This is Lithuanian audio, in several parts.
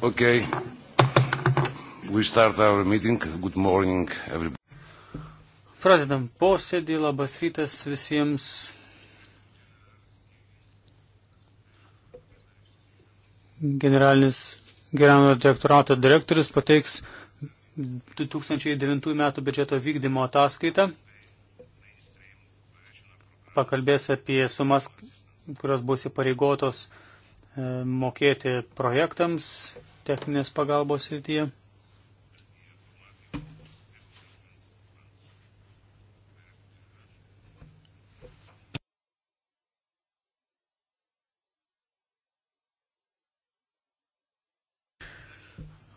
Okay. We start our meeting. Good morning, everybody. Pradedam posėdį, labas rytas visiems. Generalinis generalinio direktorato direktorius pateiks 2009 metų biudžeto vykdymo ataskaitą. Pakalbės apie sumas, kurios bus įpareigotos e, mokėti projektams techninės pagalbos srityje.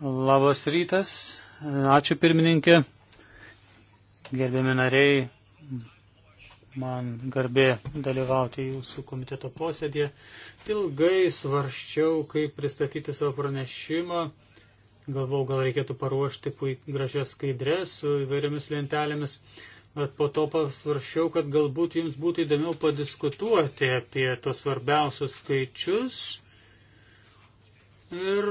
Labas rytas, ačiū pirmininkė, gerbėmi nariai, man garbė dalyvauti jūsų komiteto posėdėje. Ilgai svarščiau, kaip pristatyti savo pranešimą. Galvau, gal reikėtų paruošti puik, gražias skaidrės su įvairiomis lentelėmis, bet po to pasvaršiau, kad galbūt jums būtų įdomiau padiskutuoti apie tos svarbiausius skaičius ir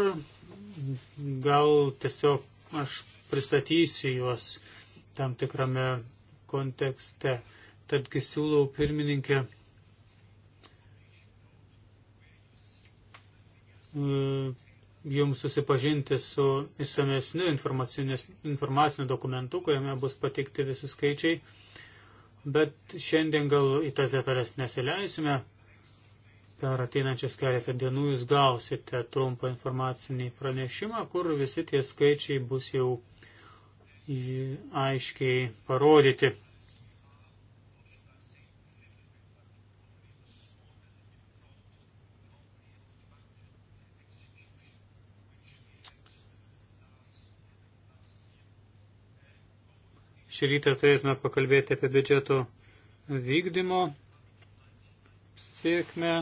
gal tiesiog aš pristatysiu juos tam tikrame kontekste. Taipgi siūlau pirmininkę e, jums susipažinti su įsamesniu informaciniu dokumentu, kuriame bus pateikti visi skaičiai. Bet šiandien gal į tas detalės nesileisime. Per ateinančias keletą dienų jūs gausite trumpą informacinį pranešimą, kur visi tie skaičiai bus jau aiškiai parodyti. Šį rytą turėtume pakalbėti apie biudžeto vykdymo sėkmę.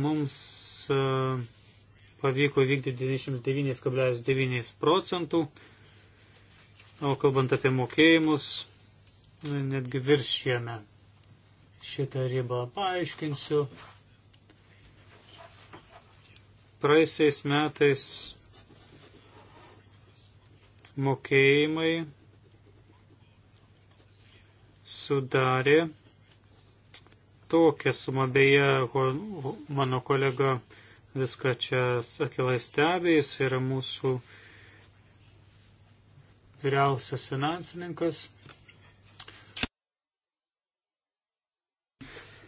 Mums e, pavyko vykdyti 99,9 procentų, o kalbant apie mokėjimus, e, netgi viršėme šitą ribą. Paaiškinsiu. Praeisiais metais mokėjimai sudarė tokią sumą, beje, mano kolega viską čia akilai stebė, jis yra mūsų vyriausias finansininkas.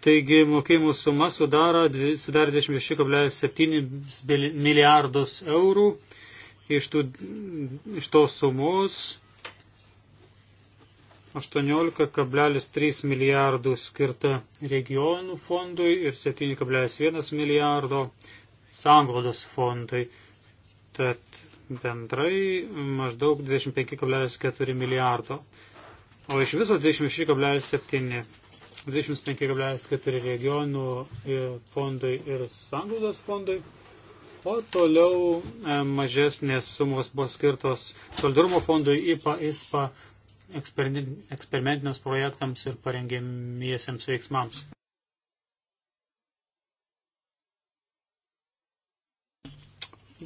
Taigi mokėjimų suma sudaro 26,7 milijardus eurų iš, tų, iš tos sumos 18,3 milijardų skirta regionų fondui ir 7,1 milijardo sąnglaudos fondui. Tad bendrai maždaug 25,4 milijardo. O iš viso 26,7. 25,4 regionų e, fondui ir sąnglaudos fondui O toliau e, mažesnės sumos buvo skirtos solidarumo fondui IPA, ISPA, eksperimentiniams projektams ir parengėmiesiems veiksmams.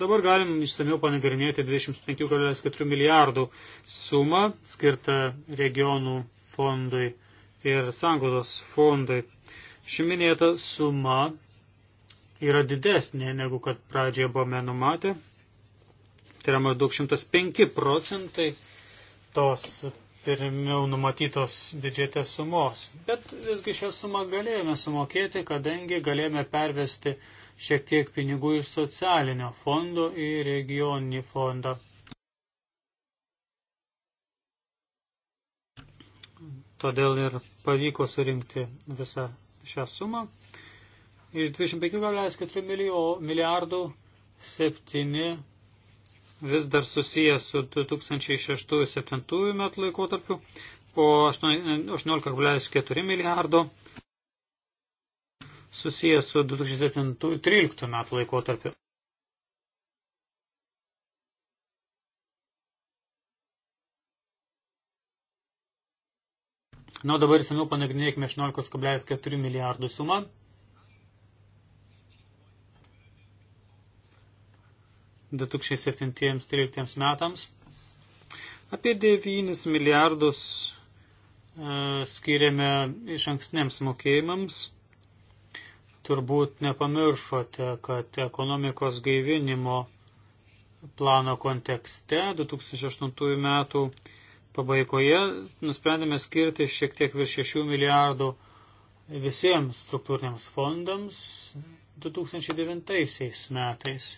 Dabar galim išsamiau panagrinėti 25,4 milijardų sumą skirtą regionų fondui ir sanglaudos fondui. Ši minėta suma yra didesnė negu kad pradžioje buvome numatę. Tai yra maždaug 105 procentai tos pirmiau numatytos biudžete sumos. Bet visgi šią sumą galėjome sumokėti, kadangi galėjome pervesti šiek tiek pinigų iš socialinio fondo į regioninį fondą. Todėl ir pavyko surinkti visą šią sumą iš 25,4 milijardų 7 vis dar susijęs su 2006-2007 metų laikotarpiu, o 18,4 milijardo susijęs su 2007-2013 metų laikotarpiu. Na, dabar seniau panagrinėkime 18,4 milijardų sumą. 2007-2013 metams. Apie 9 milijardus e, skiriame iš ankstiniams mokėjimams. Turbūt nepamiršote, kad ekonomikos gaivinimo plano kontekste 2008 metų pabaigoje nusprendėme skirti šiek tiek virš 6 milijardų visiems struktūriniams fondams 2009 metais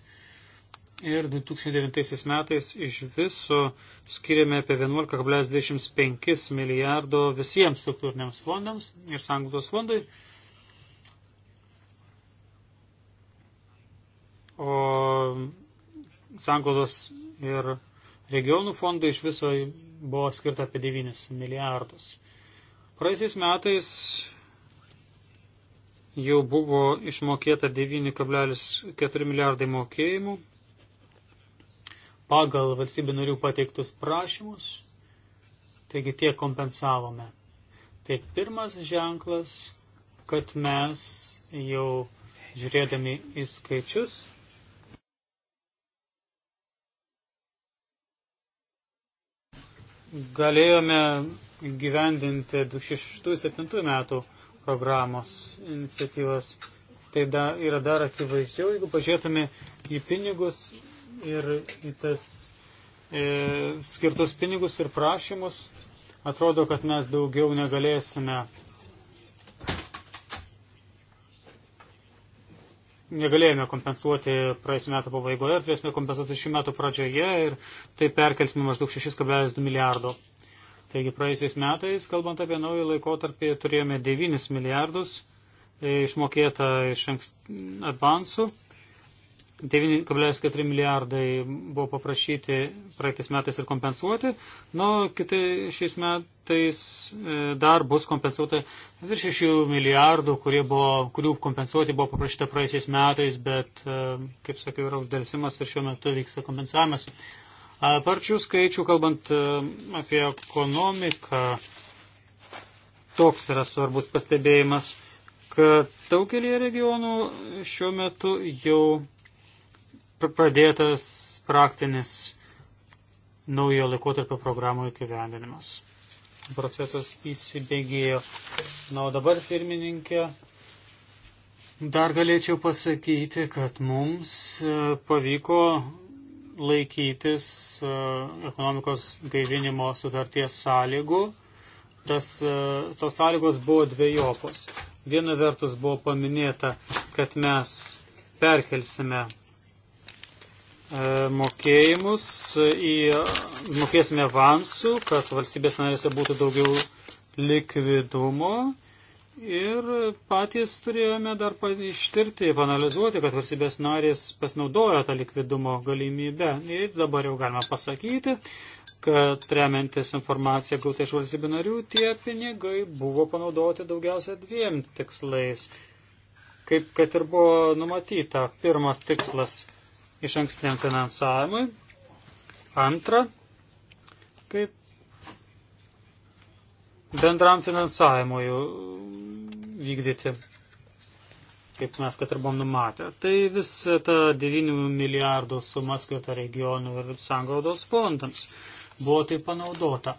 ir 2009 metais iš viso skiriame apie 11,25 milijardo visiems struktūriniams fondams ir sanglaudos fondui. O sanglaudos ir regionų fondui iš viso buvo skirta apie 9 milijardus. Praeisiais metais jau buvo išmokėta 9,4 milijardai mokėjimų pagal valstybių narių pateiktus prašymus, taigi tie kompensavome. Tai pirmas ženklas, kad mes jau žiūrėdami į skaičius galėjome gyvendinti 2006-2007 metų programos iniciatyvas. Tai da, yra dar akivaizdžiau, jeigu pažiūrėtume į pinigus ir į tas e, skirtus pinigus ir prašymus. Atrodo, kad mes daugiau negalėsime. Negalėjome kompensuoti praėjusiu metu pabaigoje, turėsime kompensuoti šių metų pradžioje ir tai perkelsime maždaug 6,2 milijardo. Taigi praėjusiais metais, kalbant apie naują laikotarpį, turėjome 9 milijardus e, išmokėta iš ankst... advansų 9,4 milijardai buvo paprašyti praeitais metais ir kompensuoti, nu, kitai šiais metais e, dar bus kompensuota virš 6 milijardų, buvo, kurių kompensuoti buvo paprašyta praeisiais metais, bet, e, kaip sakiau, yra uždėlsimas ir šiuo metu vyksta kompensavimas. Parčių skaičių, kalbant e, apie ekonomiką, toks yra svarbus pastebėjimas, kad daugelį regionų šiuo metu jau pradėtas praktinis naujo laikotarpio programų įgyvendinimas. Procesas įsibėgėjo. Na, o dabar, pirmininkė, dar galėčiau pasakyti, kad mums e, pavyko laikytis e, ekonomikos gaivinimo sutarties sąlygų. Tas, e, tos sąlygos buvo dviejopos. Viena vertus buvo paminėta, kad mes perkelsime E, mokėjimus, į, mokėsime avansų, kad valstybės narėse būtų daugiau likvidumo. Ir patys turėjome dar ištirti, panalizuoti, kad valstybės narės pasinaudojo tą likvidumo galimybę. Ir dabar jau galima pasakyti, kad remiantis informacija gauta iš valstybių narių, tie pinigai buvo panaudoti daugiausia dviem tikslais. Kaip kad ir buvo numatyta, pirmas tikslas iš ankstiniam finansavimui. Antra, kaip bendram finansavimui vykdyti, kaip mes kad ir buvom numatę. Tai vis ta 9 milijardų suma skirta regionų ir sangaudos fondams buvo tai panaudota.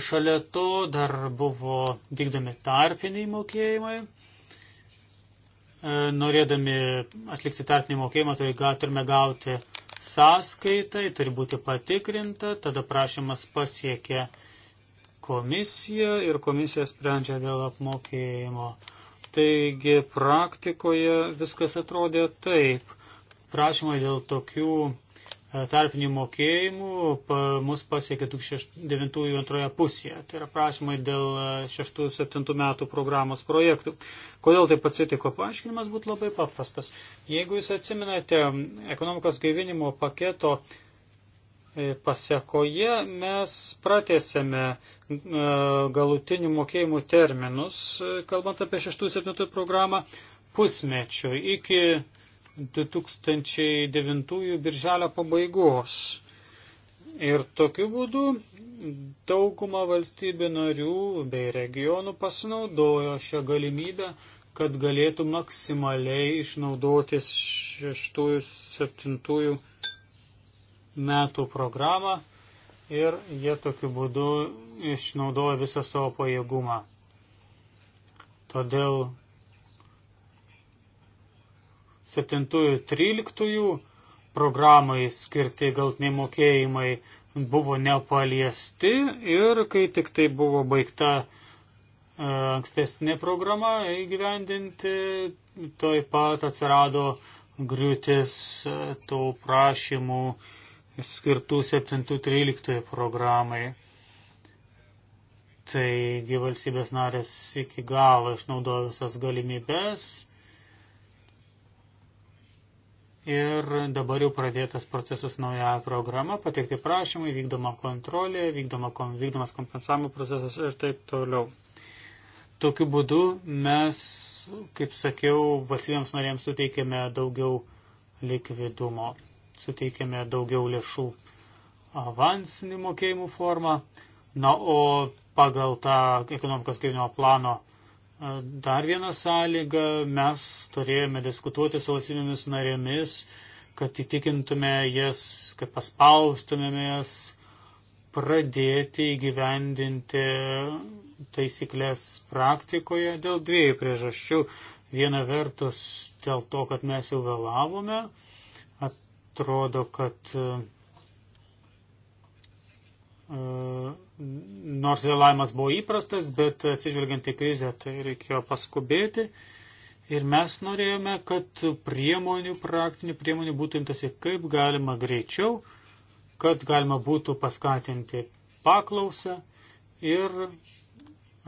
Šalia to dar buvo vykdomi tarpiniai mokėjimai E, norėdami atlikti tarpinį mokėjimą, tai turime gauti sąskaitą, turi būti patikrinta, tada prašymas pasiekia komisiją ir komisija sprendžia dėl apmokėjimo. Taigi praktikoje viskas atrodė taip. Prašymai dėl tokių tarpinių mokėjimų pa, mus pasiekė 2009 antroje pusėje. Tai yra prašymai dėl 6-7 e, metų programos projektų. Kodėl taip atsitiko? Paaiškinimas būtų labai paprastas. Jeigu jūs atsiminate ekonomikos gaivinimo paketo e, pasiekoje mes pratėsėme e, galutinių mokėjimų terminus, kalbant apie 6-7 programą, pusmečių iki 2009 birželio pabaigos. Ir tokiu būdu dauguma valstybių narių bei regionų pasinaudojo šią galimybę, kad galėtų maksimaliai išnaudoti 6-7 metų programą ir jie tokiu būdu išnaudojo visą savo pajėgumą. Todėl 7-13 programai skirti galtiniai mokėjimai buvo nepaliesti ir kai tik tai buvo baigta e, ankstesnė programa įgyvendinti, toj pat atsirado griūtis e, tų prašymų skirtų 7-13 programai. Taigi valstybės narės iki galo išnaudojo visas galimybės, Ir dabar jau pradėtas procesas nauja programa, pateikti prašymai, vykdoma kontrolė, vykdoma, vykdomas kompensavimo procesas ir taip toliau. Tokiu būdu mes, kaip sakiau, valstybėms norėms suteikėme daugiau likvidumo, suteikėme daugiau lėšų avansinių mokėjimų formą. Na, o pagal tą ekonomikos gyvenimo plano Dar viena sąlyga, mes turėjome diskutuoti su valstybėmis narėmis, kad įtikintume jas, kad paspaustumėme jas pradėti įgyvendinti taisyklės praktikoje dėl dviejų priežasčių. Viena vertus dėl to, kad mes jau vėlavome, atrodo, kad nors vėlavimas buvo įprastas, bet atsižvelgiant į krizę, tai reikėjo paskubėti. Ir mes norėjome, kad priemonių, praktinių priemonių būtų imtasi kaip galima greičiau, kad galima būtų paskatinti paklausą ir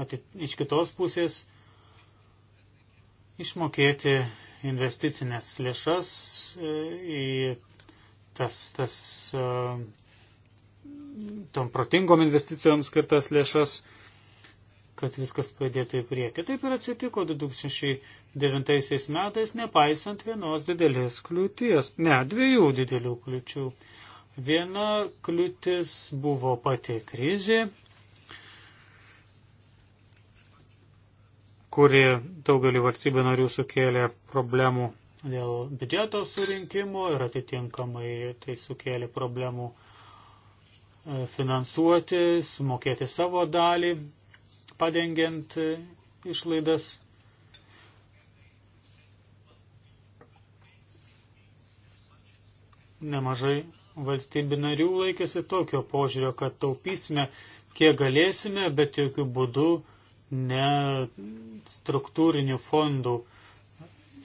atit, iš kitos pusės išmokėti investicinės lėšas e, į tas, tas uh, tom protingom investicijom skirtas lėšas, kad viskas padėtų į priekį. Taip ir atsitiko 2009 metais, nepaisant vienos didelės kliūties. Ne, dviejų didelių kliūčių. Viena kliūtis buvo pati krizė, kuri daugelį valstybių narių sukėlė problemų dėl biudžeto surinkimo ir atitinkamai tai sukėlė problemų finansuoti, sumokėti savo dalį, padengiant išlaidas. Nemažai valstybių narių laikėsi tokio požiūrio, kad taupysime, kiek galėsime, bet jokių būdų ne struktūrinių fondų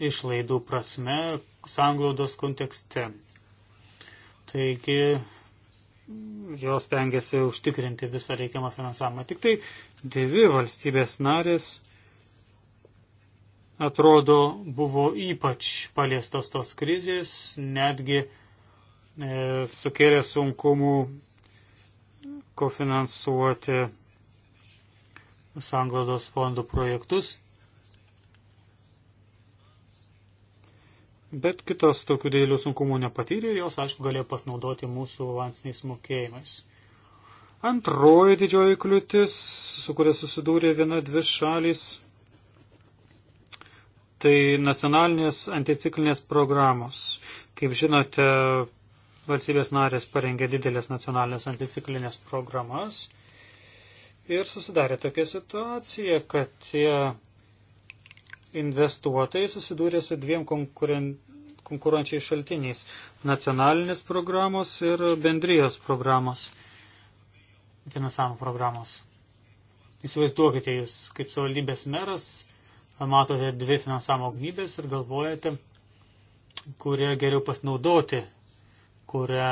išlaidų prasme, sanglaudos kontekste. Taigi jos tengiasi užtikrinti visą reikiamą finansavimą. Tik tai dvi valstybės narės atrodo buvo ypač paliestos tos krizės, netgi e, sukėlė sunkumų kofinansuoti sanglaudos fondų projektus. bet kitos tokių didelių sunkumų nepatyrė, jos, aišku, galėjo pasinaudoti mūsų avansiniais mokėjimais. Antroji didžioji kliūtis, su kuria susidūrė viena dvi šalis, tai nacionalinės anticiklinės programos. Kaip žinote, valstybės narės parengė didelės nacionalinės anticiklinės programas ir susidarė tokia situacija, kad tie investuotojai susidūrė su dviem konkuren... konkuruojančiais šaltiniais - nacionalinės programos ir bendrijos programos, finansavimo programos. Įsivaizduokite jūs, kaip savaldybės meras, matote dvi finansavimo ugnybės ir galvojate, kurie geriau pasinaudoti, kurie,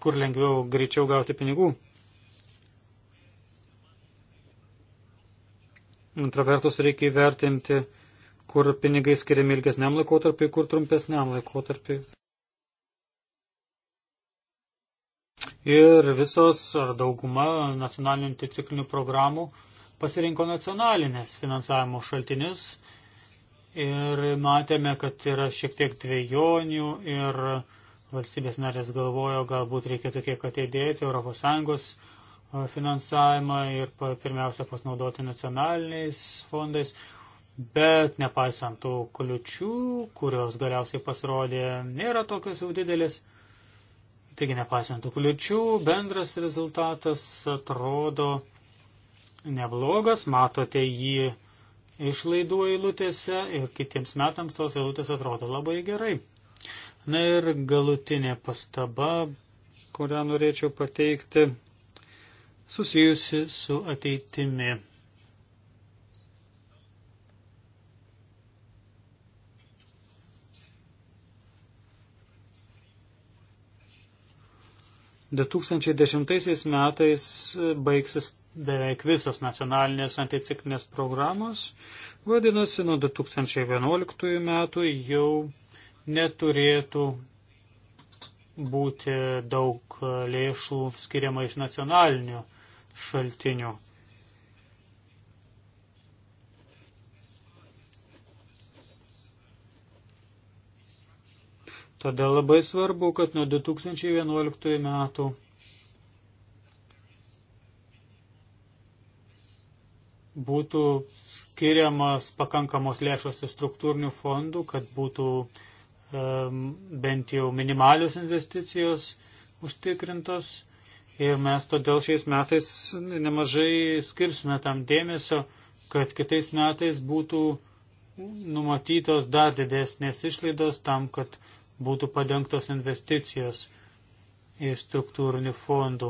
kur lengviau greičiau gauti pinigų. Antra vertus, reikia įvertinti, kur pinigai skiriami ilgesniam laikotarpiu, kur trumpesniam laikotarpiu. Ir visos ar dauguma nacionalinių antiциklinių programų pasirinko nacionalinės finansavimo šaltinius. Ir matėme, kad yra šiek tiek dviejonių ir valstybės narės galvojo, galbūt reikėtų kiek atidėti ES finansavimą ir pirmiausia pasinaudoti nacionaliniais fondais, bet nepaisant tų kliučių, kurios galiausiai pasirodė, nėra tokios jau didelis. Taigi, nepaisant tų kliučių, bendras rezultatas atrodo neblogas, matote jį išlaidų eilutėse ir kitiems metams tos eilutės atrodo labai gerai. Na ir galutinė pastaba, kurią norėčiau pateikti susijusi su ateitimi. De 2010 metais baigsis beveik visos nacionalinės anticiklinės programos, vadinasi, nuo 2011 metų jau neturėtų būti daug lėšų skiriama iš nacionalinių šaltinių. Todėl labai svarbu, kad nuo 2011 metų būtų skiriamas pakankamos lėšos iš struktūrinių fondų, kad būtų um, bent jau minimalios investicijos užtikrintos Ir mes todėl šiais metais nemažai skirsime tam dėmesio, kad kitais metais būtų numatytos dar didesnės išlaidos tam, kad būtų padengtos investicijos į struktūrinių fondų,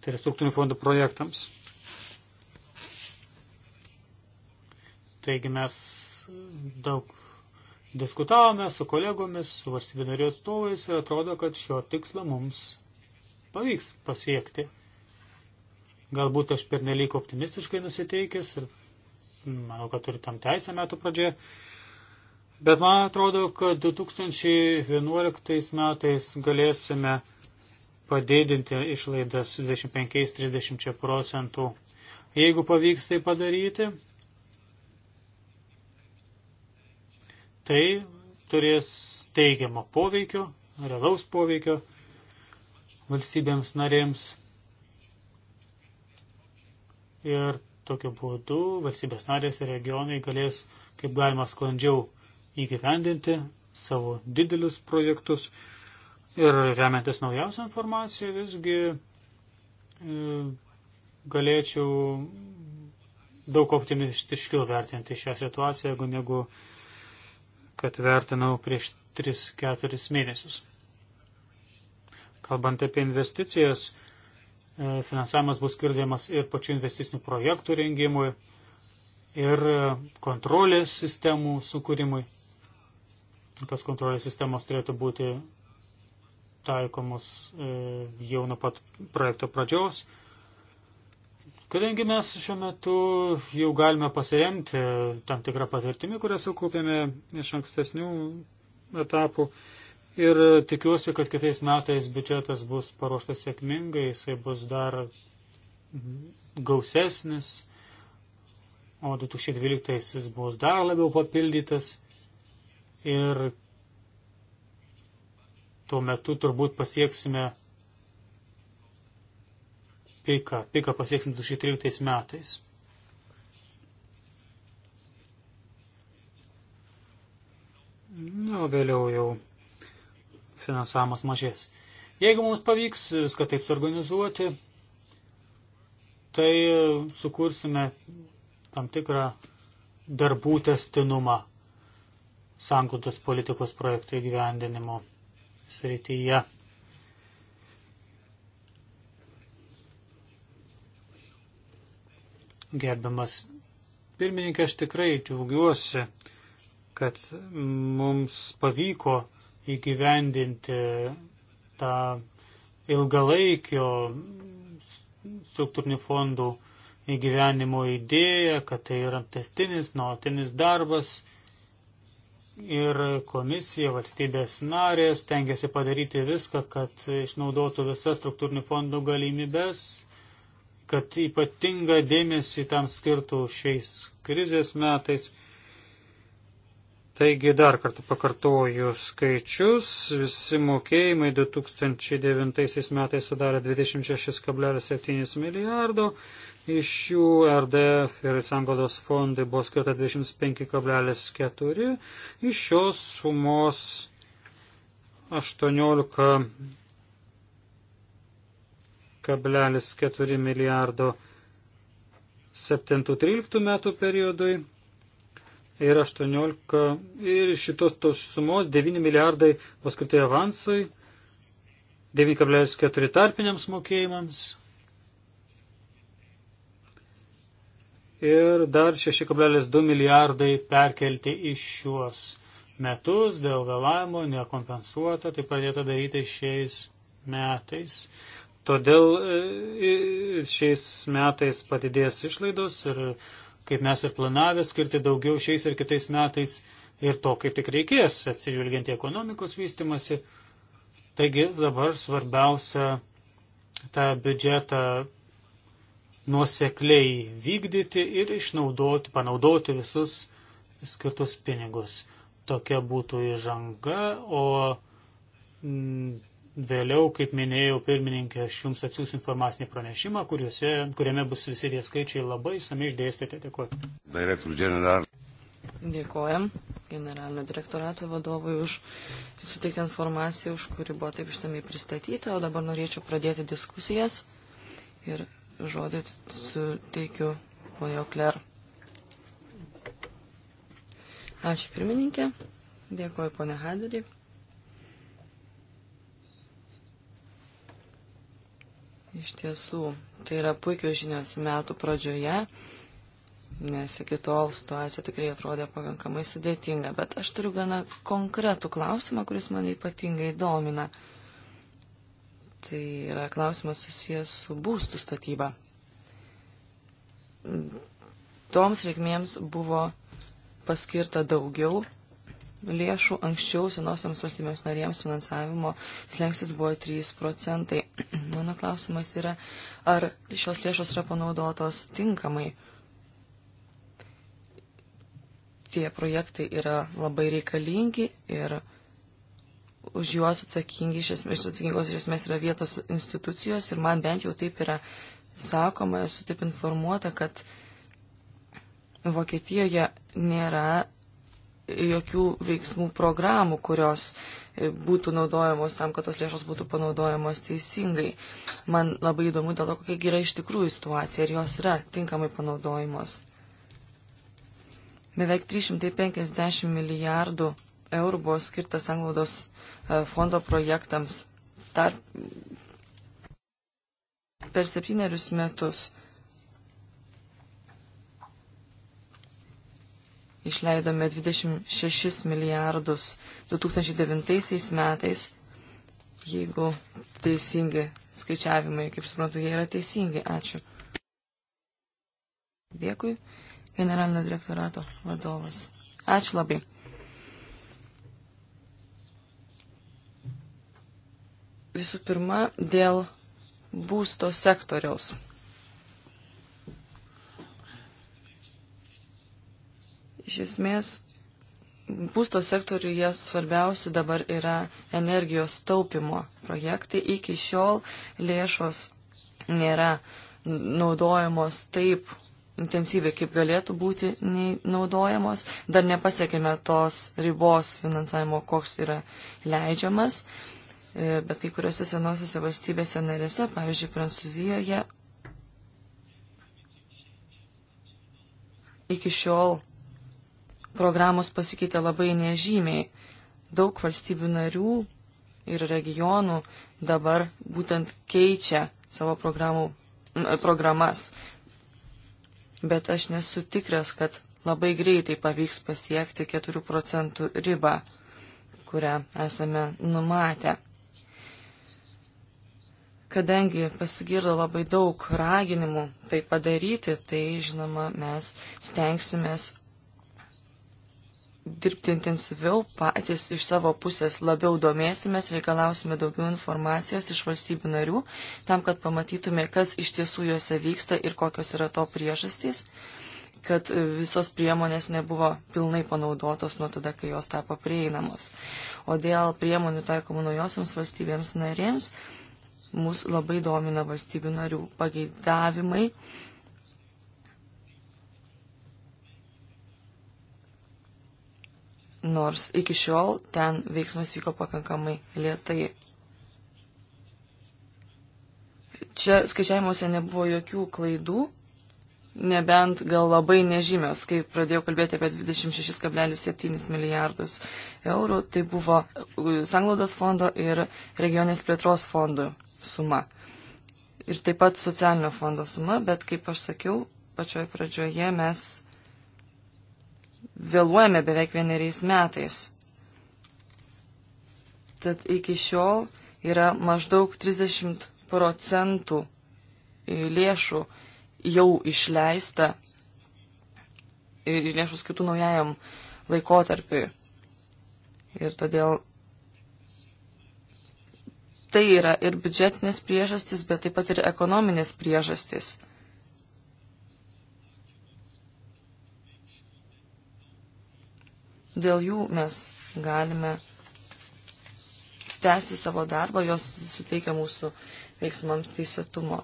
tai yra struktūrinių fondų projektams. Taigi mes daug diskutavome su kolegomis, su valstybinarių atstovais ir atrodo, kad šio tikslo mums pavyks pasiekti. Galbūt aš pernelyg optimistiškai nusiteikęs ir manau, kad turiu tam teisę metų pradžioje. Bet man atrodo, kad 2011 metais galėsime padėdinti išlaidas 25-30 procentų. Jeigu pavyks tai padaryti, tai turės teigiamą poveikio, realaus poveikio valstybėms narėms. Ir tokiu būdu valstybės narės ir regionai galės kaip galima sklandžiau įgyvendinti savo didelius projektus. Ir remiantis naujausią informaciją visgi e, galėčiau daug optimistiškiau vertinti šią situaciją, jeigu negu kad vertinau prieš 3-4 mėnesius. Kalbant apie investicijas, e, finansavimas bus skirdamas ir pačių investicinių projektų rengimui, ir kontrolės sistemų sukūrimui. Tas kontrolės sistemos turėtų būti taikomus e, jau nuo pat projekto pradžios. Kadangi mes šiuo metu jau galime pasiremti tam tikrą patirtimį, kurią sukaupėme iš ankstesnių etapų, Ir tikiuosi, kad kitais metais biudžetas bus paruoštas sėkmingai, jisai bus dar gausesnis, o 2012 jis bus dar labiau papildytas. Ir tuo metu turbūt pasieksime piką, piką pasieksim 2013 metais. Na, vėliau jau finansavimas mažės. Jeigu mums pavyks viską taip suorganizuoti, tai sukursime tam tikrą darbų testinumą sankutos politikos projektų įgyvendinimo srityje. Gerbiamas pirmininkas, aš tikrai džiaugiuosi, kad mums pavyko įgyvendinti tą ilgalaikio struktūrinių fondų įgyvenimo idėją, kad tai yra testinis, nuolatinis darbas ir komisija, valstybės narės tengiasi padaryti viską, kad išnaudotų visas struktūrinių fondų galimybės, kad ypatinga dėmesį tam skirtų šiais krizės metais Taigi dar kartą pakartoju skaičius. Visi mokėjimai 2009 metais sudarė 26,7 milijardo. Iš jų RDF ir Sangodos fondai buvo skirta 25,4. Iš šios sumos 18,4 milijardo 7-13 metų periodui ir 18 ir šitos tos sumos 9 milijardai bus skirti avansui, 9,4 tarpiniams mokėjimams ir dar 6,2 milijardai perkelti iš šiuos metus dėl vėlavimo nekompensuota, tai pradėta daryti šiais metais. Todėl e, šiais metais padidės išlaidos ir kaip mes ir planavę, skirti daugiau šiais ir kitais metais ir to, kaip tik reikės, atsižvelgiant į ekonomikos vystimasi. Taigi dabar svarbiausia tą biudžetą nuosekliai vykdyti ir išnaudoti, panaudoti visus skirtus pinigus. Tokia būtų įžanga, o Vėliau, kaip minėjau, pirmininkė, aš jums atsiųsiu informacinį pranešimą, kuriuose, kuriame bus visi tie skaičiai labai samiai išdėstyti. Dėkuoju. Direktorius general. Dėkojam generalinio direktorato vadovui už suteiktą informaciją, už kuri buvo taip išsamei pristatyta, o dabar norėčiau pradėti diskusijas ir žodį suteikiu ponio Kler. Ačiū pirmininkė, dėkoju ponė Hadarį. Iš tiesų, tai yra puikios žinios metų pradžioje, nes iki tol situacija tikrai atrodė pakankamai sudėtinga, bet aš turiu gana konkretų klausimą, kuris mane ypatingai domina. Tai yra klausimas susijęs su būstų statyba. Toms reikmėms buvo paskirta daugiau lėšų, anksčiau senosiams valstybės narėms finansavimo slengstis buvo 3 procentai. Mano klausimas yra, ar šios lėšos yra panaudotos tinkamai. Tie projektai yra labai reikalingi ir už juos atsakingi, iš esmės, atsakingos iš esmės yra vietos institucijos ir man bent jau taip yra sakoma, esu taip informuota, kad Vokietijoje nėra jokių veiksmų programų, kurios e, būtų naudojamos tam, kad tos lėšos būtų panaudojamos teisingai. Man labai įdomu dėl to, kokia yra iš tikrųjų situacija ir jos yra tinkamai panaudojamos. Beveik 350 milijardų eurų buvo skirtas anglaudos e, fondo projektams tarp per septynerius metus. išleidome 26 milijardus 2009 metais, jeigu teisingi skaičiavimai, kaip suprantu, jie yra teisingi. Ačiū. Dėkui, generalinio direktorato vadovas. Ačiū labai. Visų pirma, dėl būsto sektoriaus. Iš esmės, būsto sektoriuje svarbiausi dabar yra energijos taupimo projektai. Iki šiol lėšos nėra naudojamos taip intensyviai, kaip galėtų būti naudojamos. Dar nepasiekime tos ribos finansavimo, koks yra leidžiamas. E, bet kai kuriuose senosiuose valstybėse narėse, pavyzdžiui, Prancūzijoje, iki šiol programos pasikeitė labai nežymiai. Daug valstybių narių ir regionų dabar būtent keičia savo programų, programas. Bet aš nesu tikras, kad labai greitai pavyks pasiekti 4 procentų ribą, kurią esame numatę. Kadangi pasigirdo labai daug raginimų tai padaryti, tai žinoma, mes stengsimės dirbti intensyviau, patys iš savo pusės labiau domėsimės, reikalausime daugiau informacijos iš valstybių narių, tam, kad pamatytume, kas iš tiesų juose vyksta ir kokios yra to priežastys, kad e, visos priemonės nebuvo pilnai panaudotos nuo tada, kai jos tapo prieinamos. O dėl priemonių taikomų naujosiams valstybėms narėms, mus labai domina valstybių narių pageidavimai nors iki šiol ten veiksmas vyko pakankamai lietai. Čia skaičiavimuose nebuvo jokių klaidų, nebent gal labai nežymios, kai pradėjau kalbėti apie 26,7 milijardus eurų, tai buvo Sanglaudos fondo ir regionės plėtros fondo suma. Ir taip pat socialinio fondo suma, bet kaip aš sakiau, pačioje pradžioje mes vėluojame beveik vieneriais metais. Tad iki šiol yra maždaug 30 procentų lėšų jau išleista ir lėšų skirtų naujajam laikotarpiui. Ir todėl tai yra ir biudžetinės priežastys, bet taip pat ir ekonominės priežastys. Dėl jų mes galime tęsti savo darbą, jos suteikia mūsų veiksmams teisėtumo.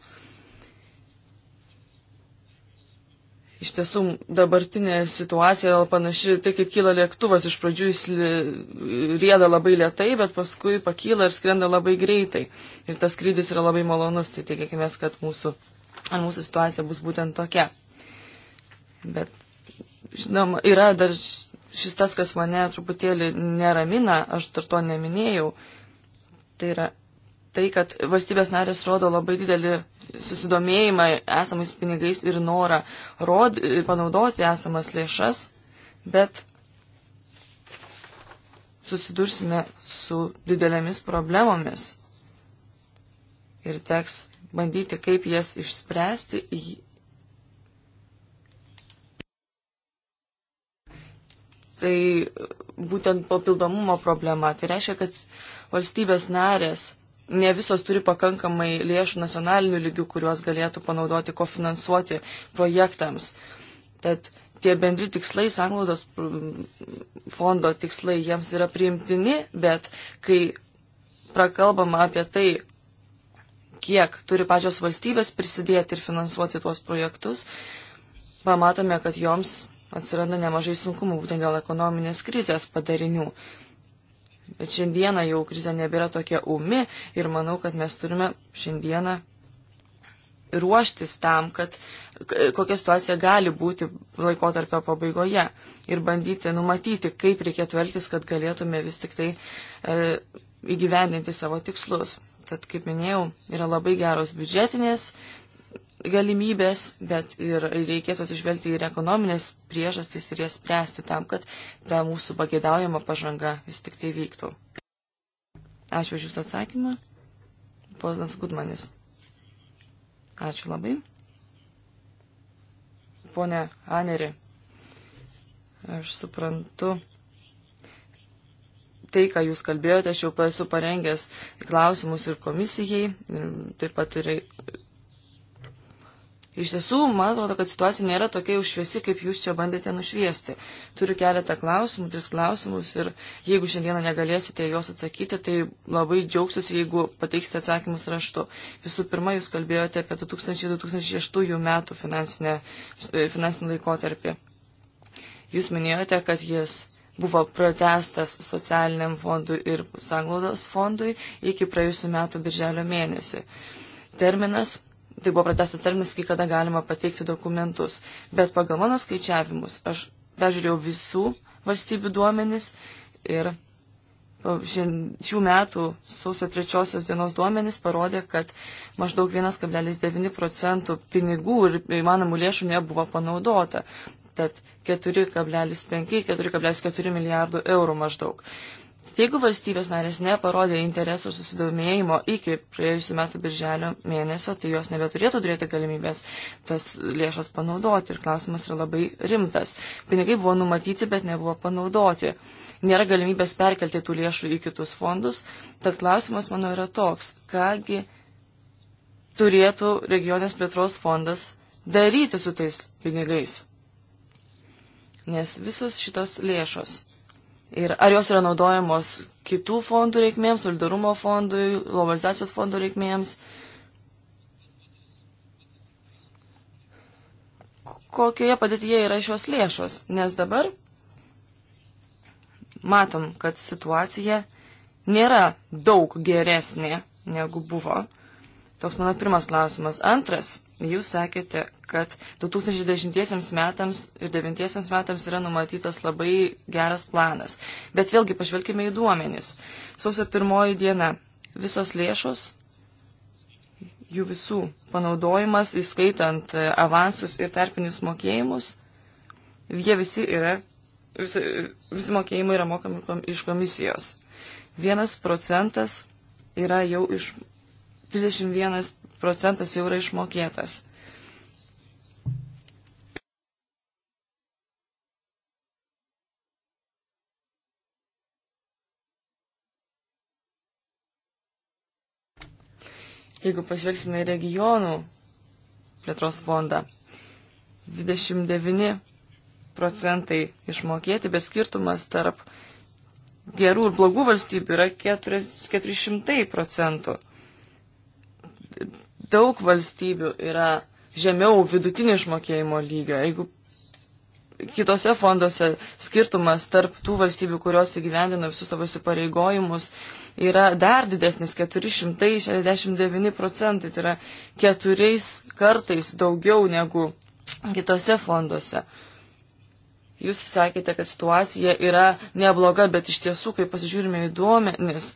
Iš tiesų, dabartinė situacija yra panaši, tai kaip kyla lėktuvas, iš pradžių jis rieda labai lietai, bet paskui pakyla ir skrenda labai greitai. Ir tas skrydis yra labai malonus, tai tikėkime, kad mūsų, ar mūsų situacija bus būtent tokia. Bet, žinoma, yra dar šis tas, kas mane truputėlį neramina, aš dar to neminėjau, tai yra tai, kad valstybės narės rodo labai didelį susidomėjimą esamais pinigais ir norą rod, panaudoti esamas lėšas, bet susidursime su didelėmis problemomis ir teks bandyti, kaip jas išspręsti, tai būtent papildomumo problema. Tai reiškia, kad valstybės narės ne visos turi pakankamai lėšų nacionalinių lygių, kuriuos galėtų panaudoti, kofinansuoti projektams. Tad tie bendri tikslai, sanglaudos fondo tikslai jiems yra priimtini, bet kai prakalbama apie tai, kiek turi pačios valstybės prisidėti ir finansuoti tuos projektus, pamatome, kad joms atsiranda nemažai sunkumų būtent dėl ekonominės krizės padarinių. Bet šiandieną jau krizė nebėra tokia umi ir manau, kad mes turime šiandieną ruoštis tam, kad kokia situacija gali būti laikotarpio pabaigoje ir bandyti numatyti, kaip reikėtų elgtis, kad galėtume vis tik tai e, įgyvendinti savo tikslus. Tad, kaip minėjau, yra labai geros biudžetinės galimybės, bet ir reikėtų atsižvelgti ir ekonominės priežastys ir jas spręsti tam, kad ta mūsų pagėdaujama pažanga vis tik tai vyktų. Ačiū už Jūsų atsakymą. Ponas Gudmanis. Ačiū labai. Pone Aneri, aš suprantu, tai, ką jūs kalbėjote, aš jau esu parengęs klausimus ir komisijai, ir taip pat ir Iš tiesų, man atrodo, kad situacija nėra tokia užšviesi, kaip jūs čia bandėte nušviesti. Turiu keletą klausimų, tris klausimus ir jeigu šiandieną negalėsite juos atsakyti, tai labai džiaugsiuosi, jeigu pateiksite atsakymus raštu. Visų pirma, jūs kalbėjote apie 2000-2006 metų finansinę, e, finansinį laikotarpį. Jūs minėjote, kad jis buvo pratestas socialiniam fondui ir sanglaudos fondui iki praėjusiu metu birželio mėnesį. Terminas tai buvo pratestas terminas, kai kada galima pateikti dokumentus. Bet pagal mano skaičiavimus aš peržiūrėjau visų valstybių duomenis ir šių metų sausio trečiosios dienos duomenys parodė, kad maždaug 1,9 procentų pinigų ir įmanomų lėšų nebuvo panaudota. Tad 4,5-4,4 milijardų eurų maždaug. Jeigu valstybės narės neparodė interesų susidomėjimo iki praėjusiu metu birželio mėnesio, tai jos nebeturėtų turėti galimybės tas lėšas panaudoti ir klausimas yra labai rimtas. Pinigai buvo numatyti, bet nebuvo panaudoti. Nėra galimybės perkelti tų lėšų į kitus fondus, tad klausimas mano yra toks, kągi turėtų regionės plėtros fondas daryti su tais pinigais. Nes visos šitos lėšos Ir ar jos yra naudojamos kitų fondų reikmėms, solidarumo fondui, globalizacijos fondų reikmėms? Kokioje padėtyje yra šios lėšos? Nes dabar matom, kad situacija nėra daug geresnė negu buvo. Toks mano pirmas klausimas. Antras Jūs sakėte, kad 2010 metams ir 2009 metams yra numatytas labai geras planas. Bet vėlgi pažvelkime į duomenis. Sausio pirmoji diena visos lėšos, jų visų panaudojimas, įskaitant e, avansus ir tarpinius mokėjimus, jie visi yra, visi, visi mokėjimai yra mokami iš komisijos. Vienas procentas yra jau iš 31 procentas jau yra išmokėtas. Jeigu pasvelgsime į regionų plėtros fondą, 29 procentai išmokėti, bet skirtumas tarp gerų ir blogų valstybių yra 400 procentų daug valstybių yra žemiau vidutinio išmokėjimo lygio. Jeigu kitose fonduose skirtumas tarp tų valstybių, kurios įgyvendina visus savo įsipareigojimus, yra dar didesnis - 469 procentai, tai yra keturiais kartais daugiau negu kitose fonduose. Jūs sakėte, kad situacija yra nebloga, bet iš tiesų, kai pasižiūrime į duomenis,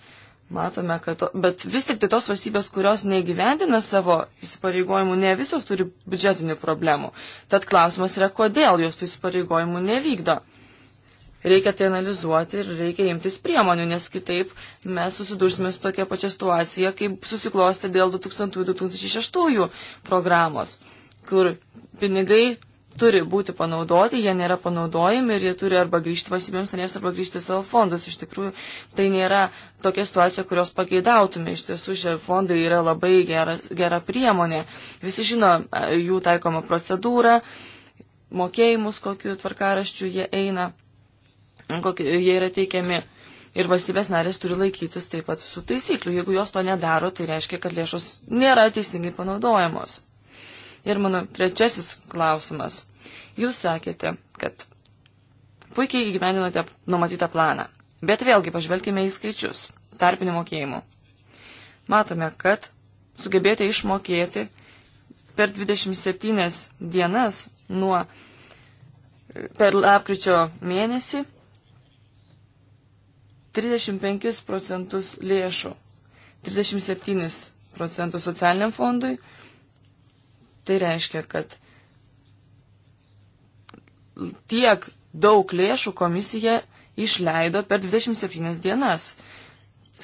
Matome, kad to, bet vis tik tai tos valstybės, kurios neįgyvendina savo įsipareigojimų, ne visos turi biudžetinių problemų. Tad klausimas yra, kodėl jos tų įsipareigojimų nevykdo. Reikia tai analizuoti ir reikia imtis priemonių, nes kitaip mes susidursime su tokia pačia situacija, kaip susiklosti dėl 2000-2006 programos, kur pinigai turi būti panaudoti, jie nėra panaudojami ir jie turi arba grįžti valstybėms narėms, arba grįžti savo fondus. Iš tikrųjų, tai nėra tokia situacija, kurios pageidautume. Iš tiesų, šie fondai yra labai gera, gera priemonė. Visi žino jų taikomą procedūrą, mokėjimus, kokiu tvarkaraščiu jie eina, kokie jie yra teikiami. Ir valstybės narės turi laikytis taip pat su taisykliu. Jeigu jos to nedaro, tai reiškia, kad lėšos nėra teisingai panaudojamos. Ir mano trečiasis klausimas. Jūs sakėte, kad puikiai įgyvendinote numatytą planą, bet vėlgi pažvelkime į skaičius tarpinių mokėjimų. Matome, kad sugebėjote išmokėti per 27 dienas nuo per lapkričio mėnesį 35 procentus lėšų, 37 procentų socialiniam fondui. Tai reiškia, kad tiek daug lėšų komisija išleido per 27 dienas.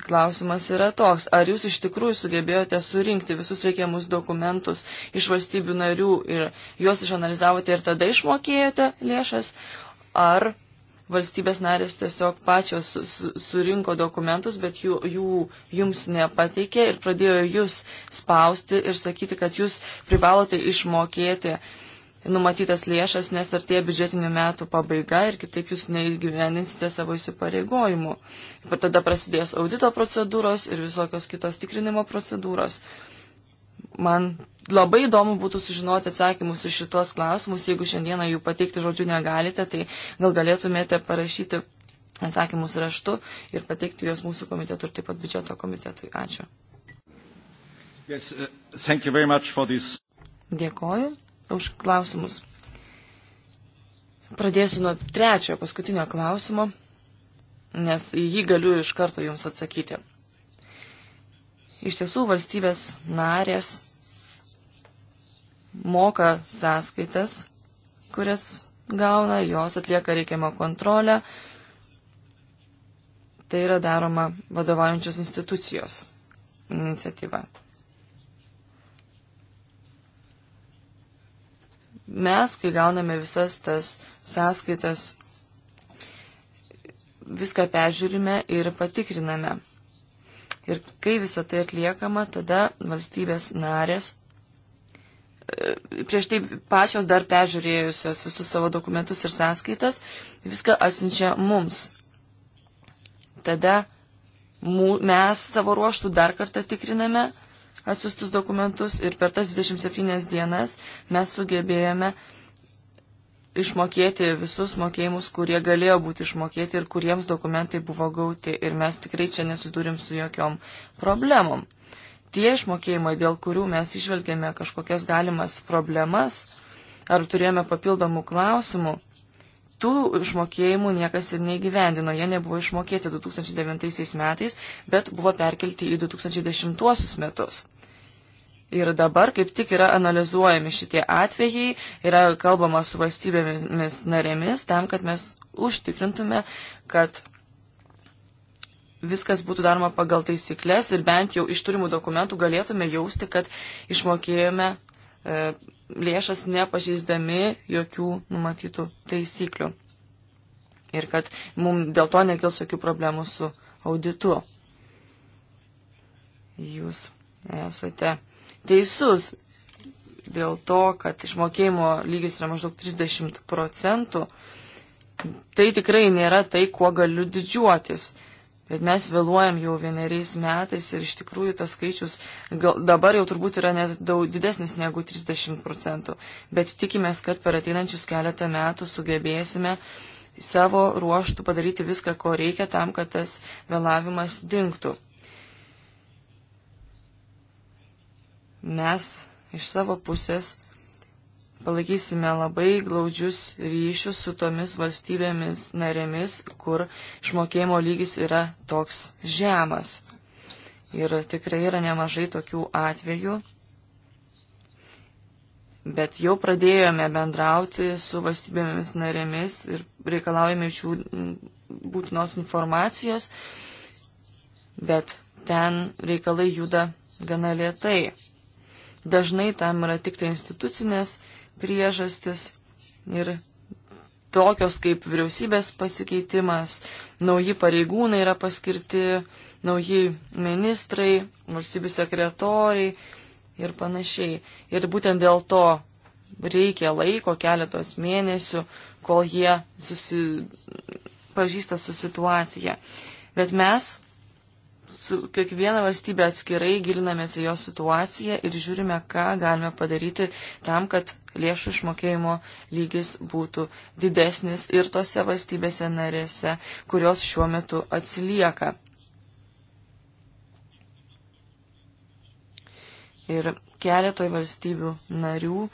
Klausimas yra toks, ar jūs iš tikrųjų sugebėjote surinkti visus reikiamus dokumentus iš valstybių narių ir juos išanalizavote ir tada išmokėjote lėšas, ar valstybės narės tiesiog pačios surinko dokumentus, bet jų, jų jums nepateikė ir pradėjo jūs spausti ir sakyti, kad jūs privalote išmokėti uh, numatytas lėšas, nes artėja biudžetinių metų pabaiga ir kitaip jūs neįgyveninsite savo įsipareigojimų. Ir tada prasidės audito procedūros ir visokios kitos tikrinimo procedūros. Man labai įdomu būtų sužinoti atsakymus iš šitos klausimus. Jeigu šiandieną jų pateikti žodžiu negalite, tai gal galėtumėte parašyti atsakymus raštu ir pateikti juos mūsų komitetui ir taip pat biudžeto komitetui. Ačiū. Yes, uh, Dėkoju už klausimus. Pradėsiu nuo trečiojo paskutinio klausimo, nes į jį galiu iš karto Jums atsakyti. Iš tiesų valstybės narės moka sąskaitas, kurias gauna, jos atlieka reikiamą kontrolę. Tai yra daroma vadovaujančios institucijos iniciatyva. mes, kai gauname visas tas sąskaitas, viską peržiūrime ir patikriname. Ir kai visą tai atliekama, tada valstybės narės, e, prieš tai pačios dar peržiūrėjusios visus savo dokumentus ir sąskaitas, viską atsiunčia mums. Tada mū, mes savo ruoštų dar kartą tikriname atsiustus dokumentus ir per tas 27 dienas mes sugebėjome išmokėti visus mokėjimus, kurie galėjo būti išmokėti ir kuriems dokumentai buvo gauti. Ir mes tikrai čia nesusidūrim su jokiom problemom. Tie išmokėjimai, dėl kurių mes išvelgėme kažkokias galimas problemas ar turėjome papildomų klausimų, tų išmokėjimų niekas ir neįgyvendino. Jie nebuvo išmokėti 2009 metais, bet buvo perkelti į 2010 metus. Ir dabar kaip tik yra analizuojami šitie atvejai, yra kalbama su valstybėmis narėmis tam, kad mes užtikrintume, kad viskas būtų daroma pagal taisyklės ir bent jau iš turimų dokumentų galėtume jausti, kad išmokėjome e, lėšas nepažeisdami jokių numatytų taisyklių. Ir kad mums dėl to nekils jokių problemų su auditu. Jūs esate teisus dėl to, kad išmokėjimo lygis yra maždaug 30 procentų. Tai tikrai nėra tai, kuo galiu didžiuotis. Bet mes vėluojam jau vieneriais metais ir iš tikrųjų tas skaičius gal, dabar jau turbūt yra net daug didesnis negu 30 procentų. Bet tikimės, kad per ateinančius keletą metų sugebėsime savo ruoštų padaryti viską, ko reikia tam, kad tas vėlavimas dinktų. mes iš savo pusės palaikysime labai glaudžius ryšius su tomis valstybėmis narėmis, kur išmokėjimo lygis yra toks žemas. Ir tikrai yra nemažai tokių atvejų. Bet jau pradėjome bendrauti su valstybėmis narėmis ir reikalaujame iš jų būtinos informacijos, bet ten reikalai juda gana lietai. Dažnai tam yra tik tai institucinės priežastis ir tokios kaip vyriausybės pasikeitimas, nauji pareigūnai yra paskirti, nauji ministrai, valstybių sekretoriai ir panašiai. Ir būtent dėl to reikia laiko, keletos mėnesių, kol jie susipažįsta su situacija. Bet mes su kiekviena valstybė atskirai gilinamės į jos situaciją ir žiūrime, ką galime padaryti tam, kad lėšų išmokėjimo lygis būtų didesnis ir tose valstybėse narėse, kurios šiuo metu atsilieka. Ir keletoj valstybių narių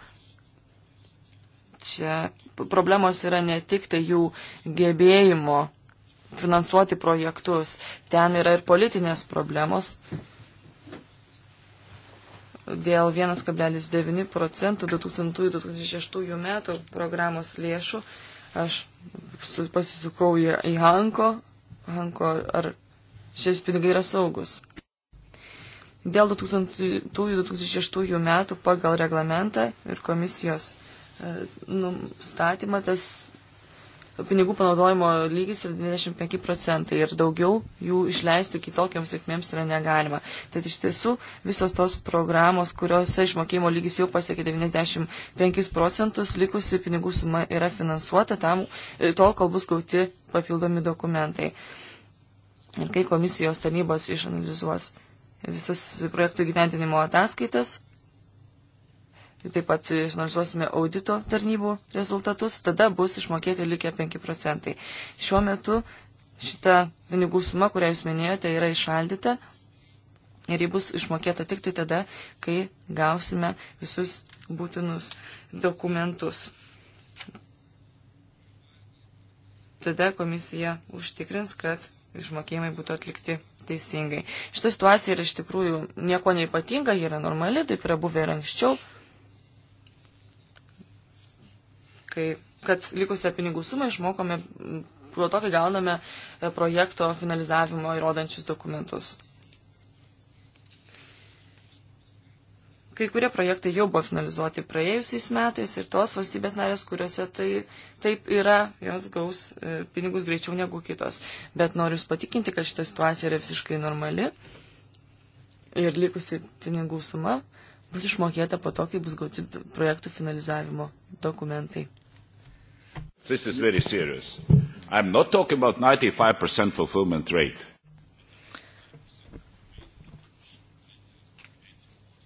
čia problemos yra ne tik tai jų gebėjimo finansuoti projektus. Ten yra ir politinės problemos. Dėl 1,9 procentų 2000-2006 metų programos lėšų aš pasisukau į Hanko, Hanko ar šis pinigai yra saugus. Dėl 2000-2006 metų pagal reglamentą ir komisijos e, nustatymą tas pinigų panaudojimo lygis yra 25 procentai ir daugiau jų išleisti kitokiams sėkmėms yra negalima. Tad iš tiesų visos tos programos, kuriuose išmokėjimo lygis jau pasiekė 95 procentus, likusi pinigų suma yra finansuota tam, e, tol, kol bus gauti papildomi dokumentai. Ir kai komisijos tarnybos išanalizuos visus projektų gyventinimo ataskaitas, taip pat išanalizuosime audito tarnybų rezultatus, tada bus išmokėti likę 5 procentai. Šiuo metu šita pinigų suma, kurią jūs minėjote, yra išaldyta ir ji bus išmokėta tik tai tada, kai gausime visus būtinus dokumentus. Tada komisija užtikrins, kad išmokėjimai būtų atlikti teisingai. Šita situacija yra iš tikrųjų nieko neipatinga, ji yra normali, taip yra buvę ir anksčiau. kai, kad likusią pinigų sumą išmokome po to, kai gauname e, projekto finalizavimo įrodančius dokumentus. Kai kurie projektai jau buvo finalizuoti praėjusiais metais ir tos valstybės narės, kuriuose tai taip yra, jos gaus e, pinigus greičiau negu kitos. Bet noriu Jūs patikinti, kad šita situacija yra visiškai normali ir likusi pinigų suma bus išmokėta po to, kai bus gauti projektų finalizavimo dokumentai. This is very serious. I'm not talking about 95% fulfillment rate.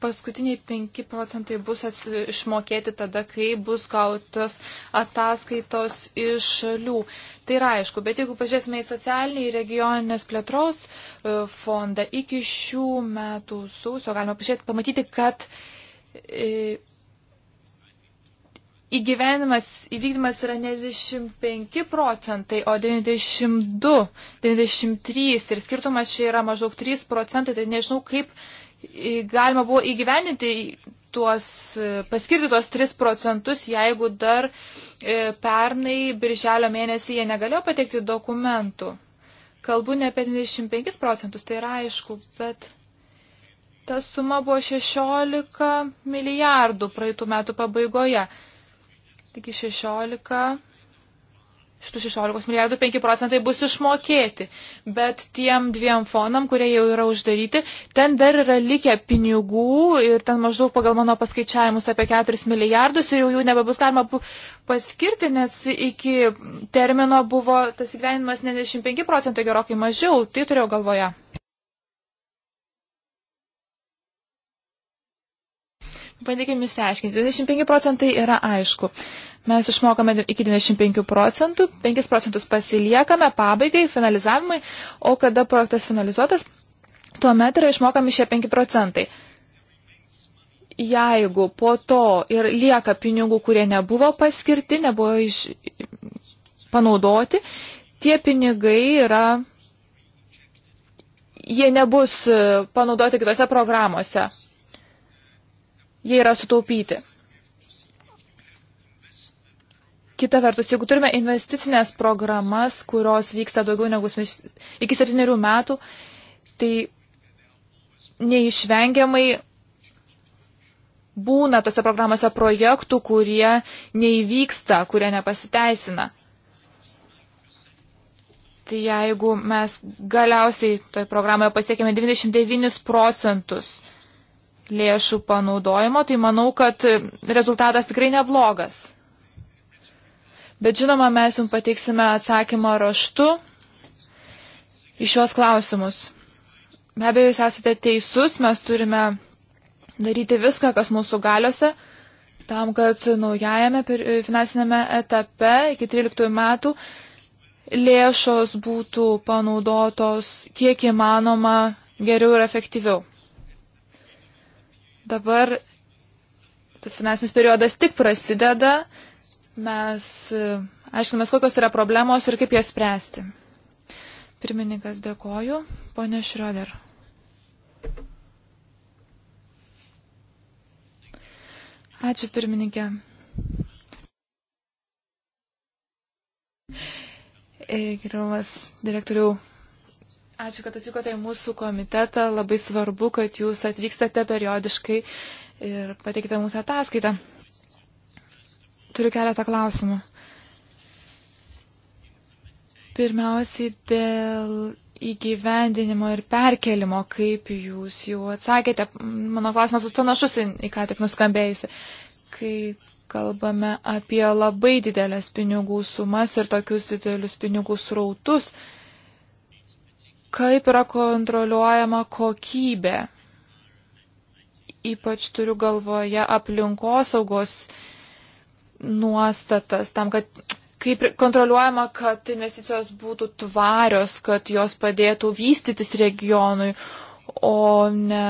paskutiniai 5 procentai bus išmokėti tada, kai bus gautos ataskaitos iš šalių. Tai yra aišku, bet jeigu pažiūrėsime į socialinį ir regioninės plėtros e, fondą iki šių metų sausio, galima pažiūrėti, pamatyti, kad e, įgyvenimas, įvykdymas yra ne 25 procentai, o 92, 93 ir skirtumas čia yra maždaug 3 procentai, tai nežinau, kaip galima buvo įgyveninti tuos, paskirti tuos 3 procentus, jeigu dar e, pernai, birželio mėnesį, jie negalėjo pateikti dokumentų. Kalbu ne apie 25 procentus, tai yra aišku, bet ta suma buvo 16 milijardų praeitų metų pabaigoje. Taigi 16, iš tų 16 milijardų 5 procentai bus išmokėti, bet tiem dviem fonam, kurie jau yra uždaryti, ten dar yra likę pinigų ir ten maždaug pagal mano paskaičiavimus apie 4 milijardus ir jau jų nebebus galima paskirti, nes iki termino buvo tas įgyvenimas 95 procentai gerokai mažiau, tai turėjau galvoje. Bandykime įsiaiškinti. 25 procentai yra aišku. Mes išmokame iki 25 procentų, 5 procentus pasiliekame pabaigai, finalizavimui, o kada projektas finalizuotas, tuomet yra išmokami šie 5 procentai. Jeigu po to ir lieka pinigų, kurie nebuvo paskirti, nebuvo iš... panaudoti, tie pinigai yra, jie nebus panaudoti kitose programuose jie yra sutaupyti. Kita vertus, jeigu turime investicinės programas, kurios vyksta daugiau negu iki septyniarių metų, tai neišvengiamai būna tose programuose projektų, kurie neįvyksta, kurie nepasiteisina. Tai jeigu mes galiausiai toje programoje pasiekėme 99 procentus lėšų panaudojimo, tai manau, kad rezultatas tikrai neblogas. Bet žinoma, mes jums pateiksime atsakymą raštu į šios klausimus. Be abejo, jūs esate teisus, mes turime daryti viską, kas mūsų galiuose, tam, kad naujajame finansinėme etape iki 13 metų lėšos būtų panaudotos kiek įmanoma geriau ir efektyviau. Dabar tas finansinis periodas tik prasideda, mes e, aiškinamės, kokios yra problemos ir kaip jas spręsti. Pirmininkas dėkoju, ponė Šrioder. Ačiū pirmininkė. E, gerbiamas direktoriau Ačiū, kad atvykote į mūsų komitetą. Labai svarbu, kad jūs atvykstate periodiškai ir pateikite mūsų ataskaitą. Turiu keletą klausimų. Pirmiausiai dėl įgyvendinimo ir perkelimo, kaip jūs jau atsakėte. Mano klausimas bus panašus į, į ką tik nuskambėjusi. Kai kalbame apie labai didelės pinigų sumas ir tokius didelius pinigų srautus, kaip yra kontroliuojama kokybė. Ypač turiu galvoje aplinkosaugos nuostatas, tam, kad kaip kontroliuojama, kad investicijos būtų tvarios, kad jos padėtų vystytis regionui, o ne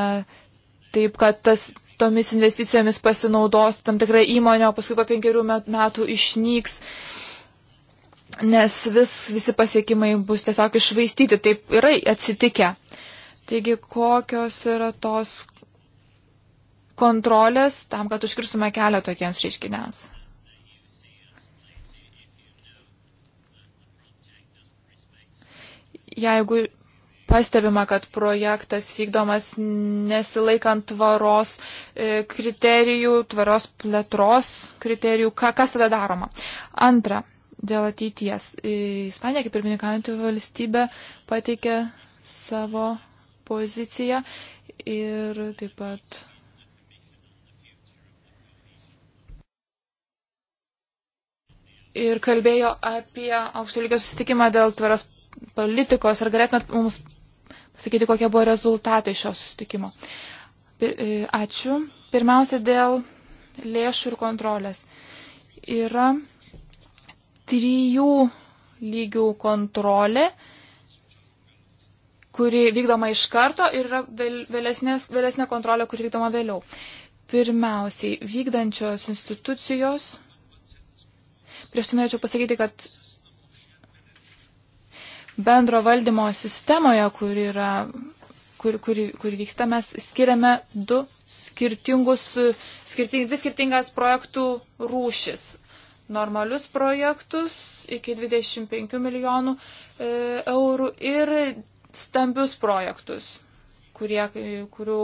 taip, kad tas, tomis investicijomis pasinaudos tam tikra įmonė, o paskui po penkerių metų išnyks. Uh, nes vis, visi pasiekimai bus tiesiog išvaistyti, taip yra atsitikę. Taigi, kokios yra tos kontrolės tam, kad užkirstume kelią tokiems reiškiniams? Jeigu pastebima, kad projektas vykdomas nesilaikant tvaros e, kriterijų, tvaros plėtros kriterijų, ką, kas tada daroma. Antra, dėl ateities. Ispanija, kaip pirmininkaujantį valstybę, pateikė savo poziciją ir taip pat. Ir kalbėjo apie aukšto lygio susitikimą dėl tvaros politikos. Ar galėtumėt mums pasakyti, kokie buvo rezultatai šio susitikimo? E, ačiū. Pirmiausia, dėl lėšų ir kontrolės. Yra trijų lygių kontrolė, kuri vykdoma iš karto ir yra vėlesnės, vėlesnė kontrolė, kuri vykdoma vėliau. Pirmiausiai, vykdančios institucijos. Prieš tai norėčiau pasakyti, kad bendro valdymo sistemoje, kur, yra, kur, kur, kur vyksta, mes skiriame du skirtingus, skirting, dvi skirtingas projektų rūšis normalius projektus iki 25 milijonų e, eurų ir stambius projektus, kurie, kurių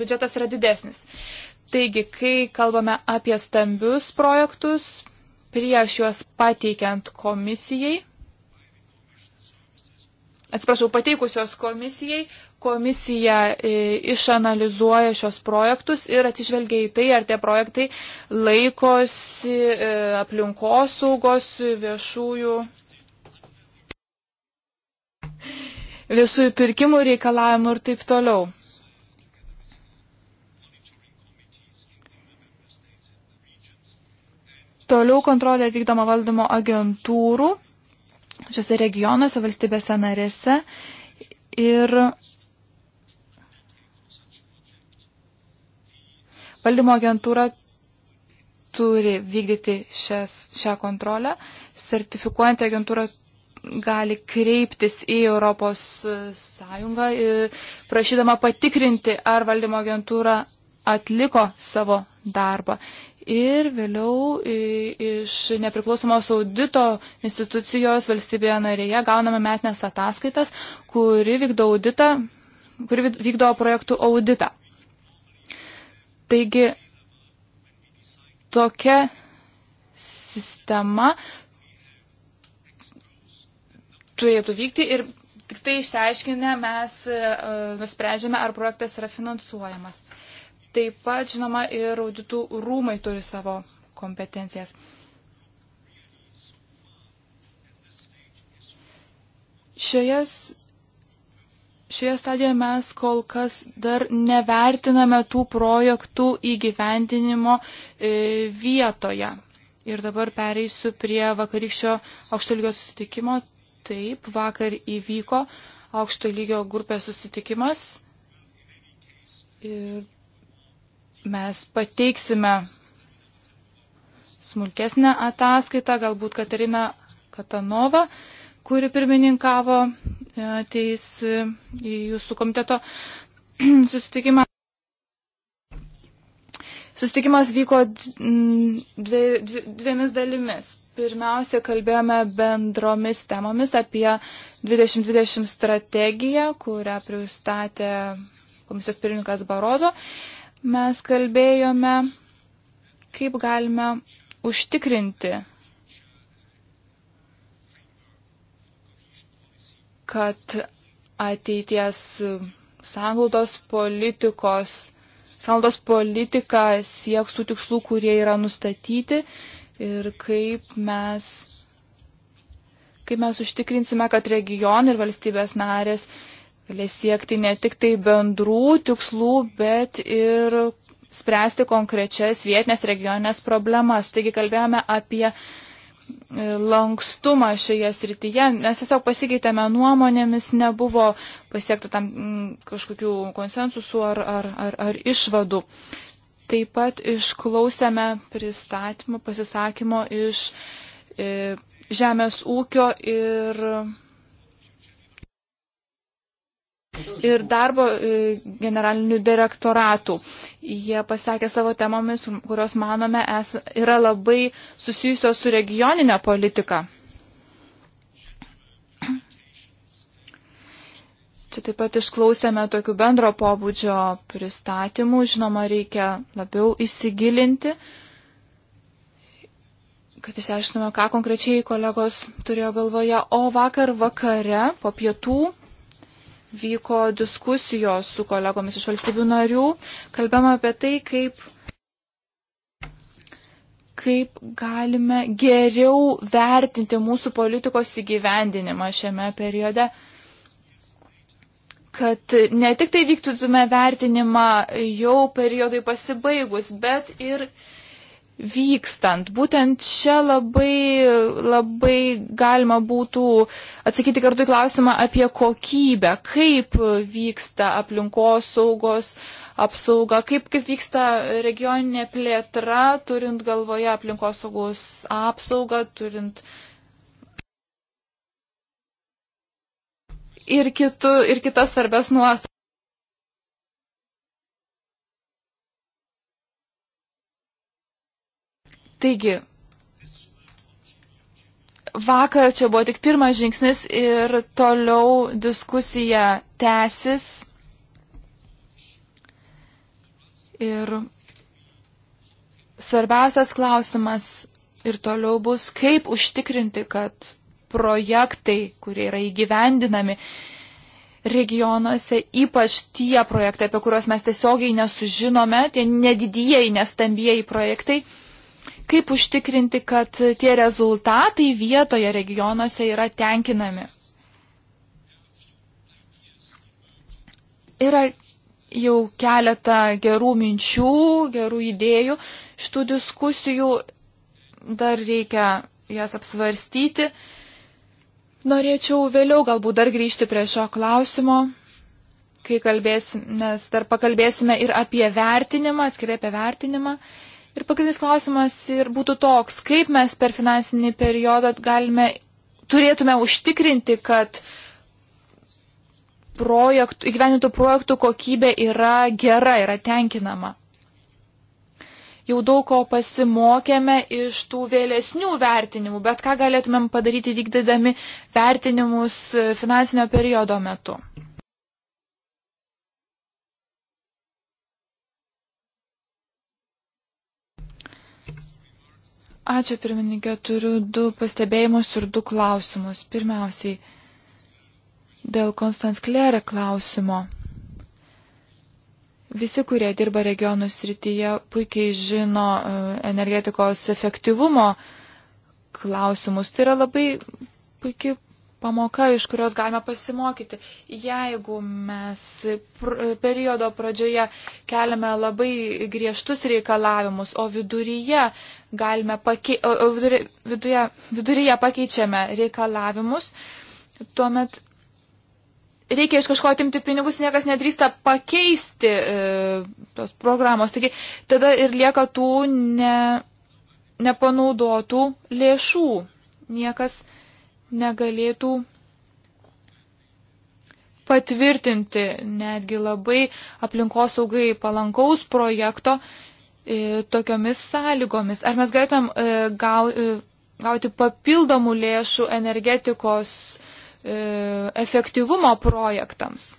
biudžetas yra didesnis. Taigi, kai kalbame apie stambius projektus, prieš juos pateikiant komisijai, atsiprašau, pateikusios komisijai, komisija e, išanalizuoja šios projektus ir atsižvelgia į tai, ar tie projektai laikosi e, aplinkosaugos viešųjų. Visųjų pirkimų reikalavimų ir taip toliau. Toliau kontrolė vykdoma valdymo agentūrų šiuose regionuose, valstybėse narėse. Ir valdymo agentūra turi vykdyti šias, šią kontrolę. Sertifikuojantį agentūrą gali kreiptis į Europos Sąjungą, e, prašydama patikrinti, ar valdymo agentūra atliko savo darbą ir vėliau iš nepriklausomos audito institucijos valstybėje narėje gauname metinės ataskaitas, kuri vykdo, auditą, kuri vykdo projektų auditą. Taigi tokia sistema turėtų vykti ir tik tai išsiaiškinę mes e, nusprendžiame, ar projektas yra finansuojamas. Taip pat, žinoma, ir auditų rūmai turi savo kompetencijas. Šioje, šioje stadijoje mes kol kas dar nevertiname tų projektų įgyvendinimo e, vietoje. Ir dabar pereisiu prie vakarykščio aukšto lygio susitikimo. Taip, vakar įvyko aukšto lygio grupės susitikimas. Ir mes pateiksime smulkesnę ataskaitą, galbūt Katerina Katanova, kuri pirmininkavo e, ateis į jūsų komiteto susitikimą. Susitikimas vyko dvie, dvie, dviemis dalimis. Pirmiausia, kalbėjome bendromis temomis apie 2020 strategiją, kurią pristatė komisijos pirmininkas Barozo. Uh, mes kalbėjome, kaip galime užtikrinti, kad ateities sanglaudos politikos, sanglaudos politika sieks tų tikslų, kurie yra nustatyti ir kaip mes, kaip mes užtikrinsime, kad regionai ir valstybės narės galės siekti ne tik tai bendrų tikslų, bet ir spręsti konkrečias vietinės regioninės problemas. Taigi kalbėjome apie e, lankstumą šioje srityje, nes tiesiog pasikeitėme nuomonėmis, nebuvo pasiekta tam mm, kažkokių konsensusų ar, ar, ar, ar išvadų. Taip pat išklausėme pristatymą, pasisakymo iš e, žemės ūkio ir ir darbo e, generalinių direktoratų. Jie pasakė savo temomis, kurios manome es, yra labai susijusios su regioninė politika. Čia taip pat išklausėme tokių bendro pobūdžio pristatymų. Žinoma, reikia labiau įsigilinti, kad išsiaiškinome, ką konkrečiai kolegos turėjo galvoje. O vakar vakare, po pietų, vyko diskusijos su kolegomis iš valstybių narių. Kalbėjome apie tai, kaip kaip galime geriau vertinti mūsų politikos įgyvendinimą šiame periode, kad ne tik tai vyktume vertinimą jau periodui pasibaigus, bet ir uh, vykstant. Būtent čia labai, labai galima būtų atsakyti kartu į klausimą apie kokybę, kaip vyksta aplinkos saugos apsauga, kaip, kaip vyksta regioninė plėtra, turint galvoje aplinkos saugos apsaugą, turint ir, kitu, ir kitas svarbės nuostatas. Taigi, vakar čia buvo tik pirmas žingsnis ir toliau diskusija tęsis. Ir svarbiausias klausimas ir toliau bus, kaip užtikrinti, kad projektai, kurie yra įgyvendinami regionuose, ypač tie projektai, apie kuriuos mes tiesiogiai nesužinome, tie nedidieji, nestambieji projektai, Kaip užtikrinti, kad tie rezultatai vietoje regionuose yra tenkinami? Yra jau keletą gerų minčių, gerų idėjų. Šitų diskusijų dar reikia jas apsvarstyti. Norėčiau vėliau galbūt dar grįžti prie šio klausimo, kai kalbėsim, nes dar pakalbėsime ir apie vertinimą, atskirai apie vertinimą. Ir pagrindinis klausimas ir būtų toks, kaip mes per finansinį periodą galime, turėtume užtikrinti, kad projektų, įgyvenintų projektų kokybė yra gera, yra tenkinama. Jau daug ko pasimokėme iš tų vėlesnių vertinimų, bet ką galėtumėm padaryti vykdydami vertinimus finansinio periodo metu. Ačiū pirmininkė, turiu du pastebėjimus ir du klausimus. Pirmiausiai, dėl Konstans Klere klausimo. Visi, kurie dirba regionų srityje, puikiai žino e, energetikos efektyvumo klausimus. Tai yra labai puikiai pamoka, iš kurios galime pasimokyti. Jeigu mes pr periodo pradžioje keliame labai griežtus reikalavimus, o viduryje, pakei, o, o vidury, viduje, viduryje pakeičiame reikalavimus, tuomet reikia iš kažko atimti pinigus, niekas nedrįsta pakeisti e, tos programos. Taigi tada ir lieka tų ne, nepanaudotų lėšų. Niekas negalėtų patvirtinti netgi labai aplinkosaugai palankaus projekto e, tokiomis sąlygomis. Ar mes galėtum e, gau, e, gauti papildomų lėšų energetikos e, efektyvumo projektams?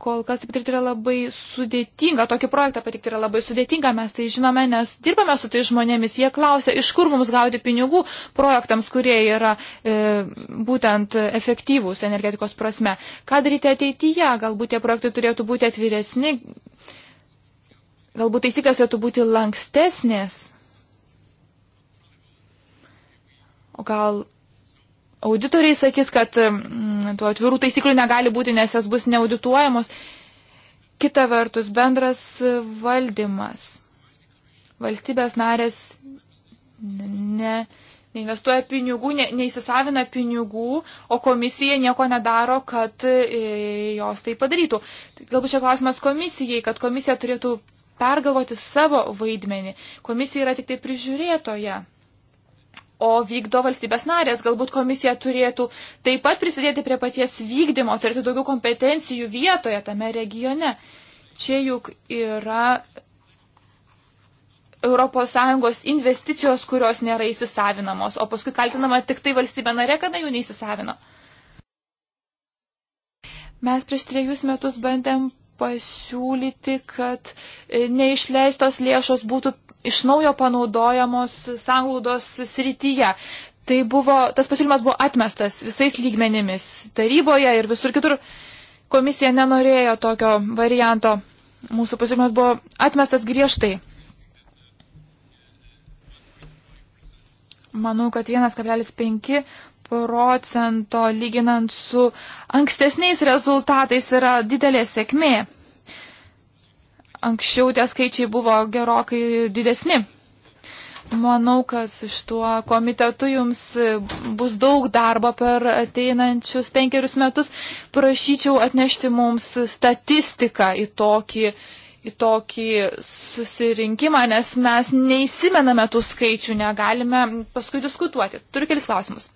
kol kas patirti yra labai sudėtinga, tokį projektą patikti yra labai sudėtinga, mes tai žinome, nes dirbame su tai žmonėmis, jie klausia, iš kur mums gauti pinigų projektams, kurie yra e, būtent efektyvūs energetikos prasme. Ką daryti ateityje, galbūt tie projektai turėtų būti atviresni, galbūt taisyklės turėtų būti lankstesnės. O gal auditoriai sakys, kad tų atvirų taisyklių negali būti, nes jos bus neaudituojamos. Kita vertus, bendras valdymas. Valstybės narės ne, neinvestuoja pinigų, ne, neįsisavina pinigų, o komisija nieko nedaro, kad e, jos tai padarytų. Galbūt čia klausimas komisijai, kad komisija turėtų pergalvoti savo vaidmenį. Komisija yra tik tai prižiūrėtoja o vykdo valstybės narės. Galbūt komisija turėtų taip pat prisidėti prie paties vykdymo, turėti daugiau kompetencijų vietoje tame regione. Čia juk yra ES investicijos, kurios nėra įsisavinamos, o paskui kaltinama tik tai valstybė narė, kad jų neįsisavino. Mes prieš trejus metus bandėm pasiūlyti, kad e, neišleistos lėšos būtų iš naujo panaudojamos sanglaudos srityje. Tai buvo, tas pasiūlymas buvo atmestas visais lygmenimis taryboje ir visur kitur. Komisija nenorėjo tokio varianto. Mūsų pasiūlymas buvo atmestas griežtai. Manau, kad 1,5 procento lyginant su ankstesniais rezultatais yra didelė sėkmė. Anksčiau tie skaičiai buvo gerokai didesni. Manau, kad su šituo komitetu jums bus daug darbo per ateinančius penkerius metus. Prašyčiau atnešti mums statistiką į tokį, į tokį susirinkimą, nes mes neįsimename tų skaičių, negalime paskui diskutuoti. Turiu kelis klausimus.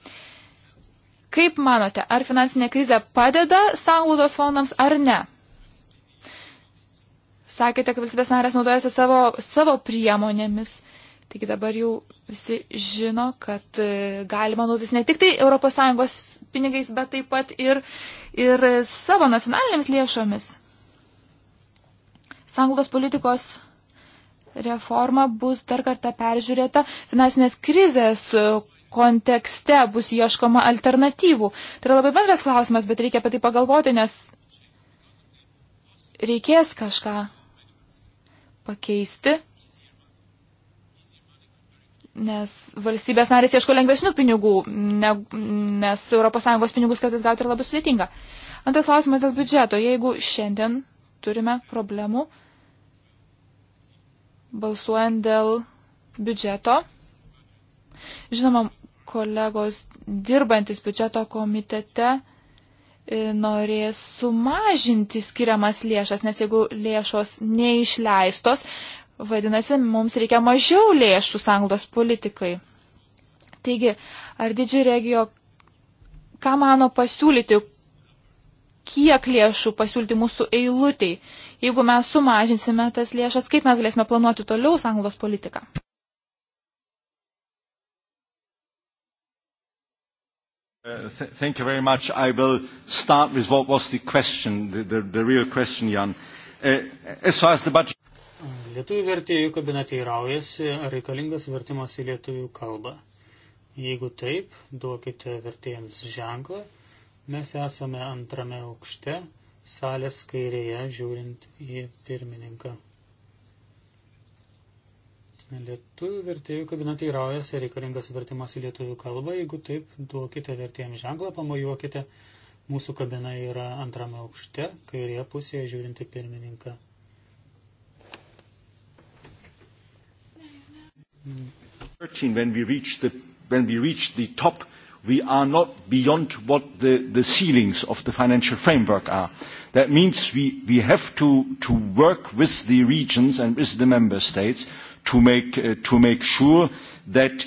Kaip manote, ar finansinė krizė padeda sanglaudos fondams ar ne? sakėte, kad valstybės narės naudojasi savo, savo priemonėmis. Taigi dabar jau visi žino, kad e, galima naudotis ne tik tai ES pinigais, bet taip pat ir, ir savo nacionalinėmis lėšomis. Sanglaudos politikos reforma bus dar kartą peržiūrėta finansinės krizės kontekste bus ieškoma alternatyvų. Tai yra labai bendras klausimas, bet reikia apie tai pagalvoti, nes reikės kažką pakeisti, nes valstybės narės ieško lengvesnių pinigų, ne, nes ES pinigus kartais gauti yra labai sudėtinga. Antras klausimas dėl biudžeto. Jeigu šiandien turime problemų balsuojant dėl biudžeto, žinoma, kolegos dirbantis biudžeto komitete E, norės sumažinti skiriamas lėšas, nes jeigu lėšos neišleistos, vadinasi, mums reikia mažiau lėšų sanglos politikai. Taigi, ar didžiai regio, ką mano pasiūlyti, kiek lėšų pasiūlyti mūsų eilutei, jeigu mes sumažinsime tas lėšas, kaip mes galėsime planuoti toliau sanglos politiką? Uh, th thank you very much. I will start with what was the question, the, the, the real question, Jan. Uh, as far as the budget... Lietuvių vertėjų kabinete įraujasi, ar reikalingas vertimas į lietuvių kalbą. Jeigu taip, duokite vertėjams ženklą. Mes esame antrame aukšte, salės kairėje, žiūrint į pirmininką. Lietuvių vertėjų kabinetai raujasi, reikalingas vertimas į lietuvių kalbą. Jeigu taip, duokite vertėjams ženklą, pamojuokite. Mūsų kabina yra antrame aukšte, kairėje pusėje žiūrinti pirmininką. When we reach the, when we reach the top, we are not beyond what the, the ceilings of the financial framework are. That means we, we have to, to work with the regions and with the member states to make, uh, to make sure that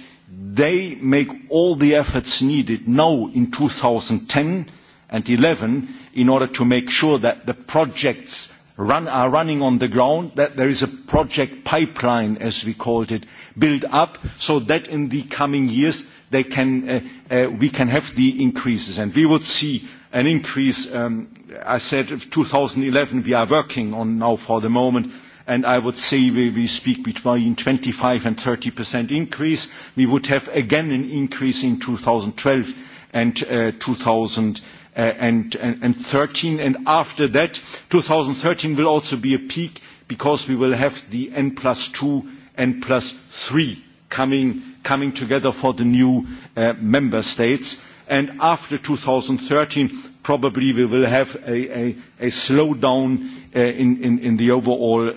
they make all the efforts needed now in 2010 and 11 in order to make sure that the projects run, are running on the ground, that there is a project pipeline, as we called it, built up so that in the coming years they can, uh, uh, we can have the increases. And we would see an increase, um, I said 2011 we are working on now for the moment, uh, and I would say we, we speak between 25% and 30% increase. We would have again an increase in 2012 and uh, 2013. Uh, and after that, 2013 will also be a peak because we will have the N plus 2, N plus 3 coming, coming together for the new uh, member states. And after 2013, probably we will have a, a, a slowdown uh, in, in, in the overall uh,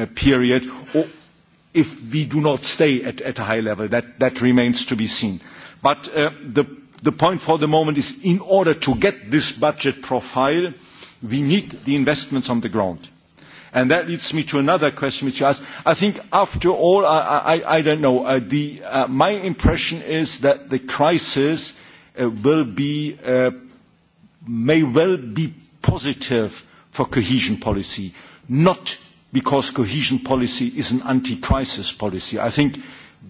uh period, or if we do not stay at, at a high level. That, that remains to be seen. But uh, the, the point for the moment is, in order to get this budget profile, we need the investments on the ground. And that leads me to another question which you asked. I think after all, I, I, I don't know, uh, the, uh, my impression is that the crisis uh, will be uh, may well be positive for cohesion policy, not because cohesion policy is an anti-crisis policy. I think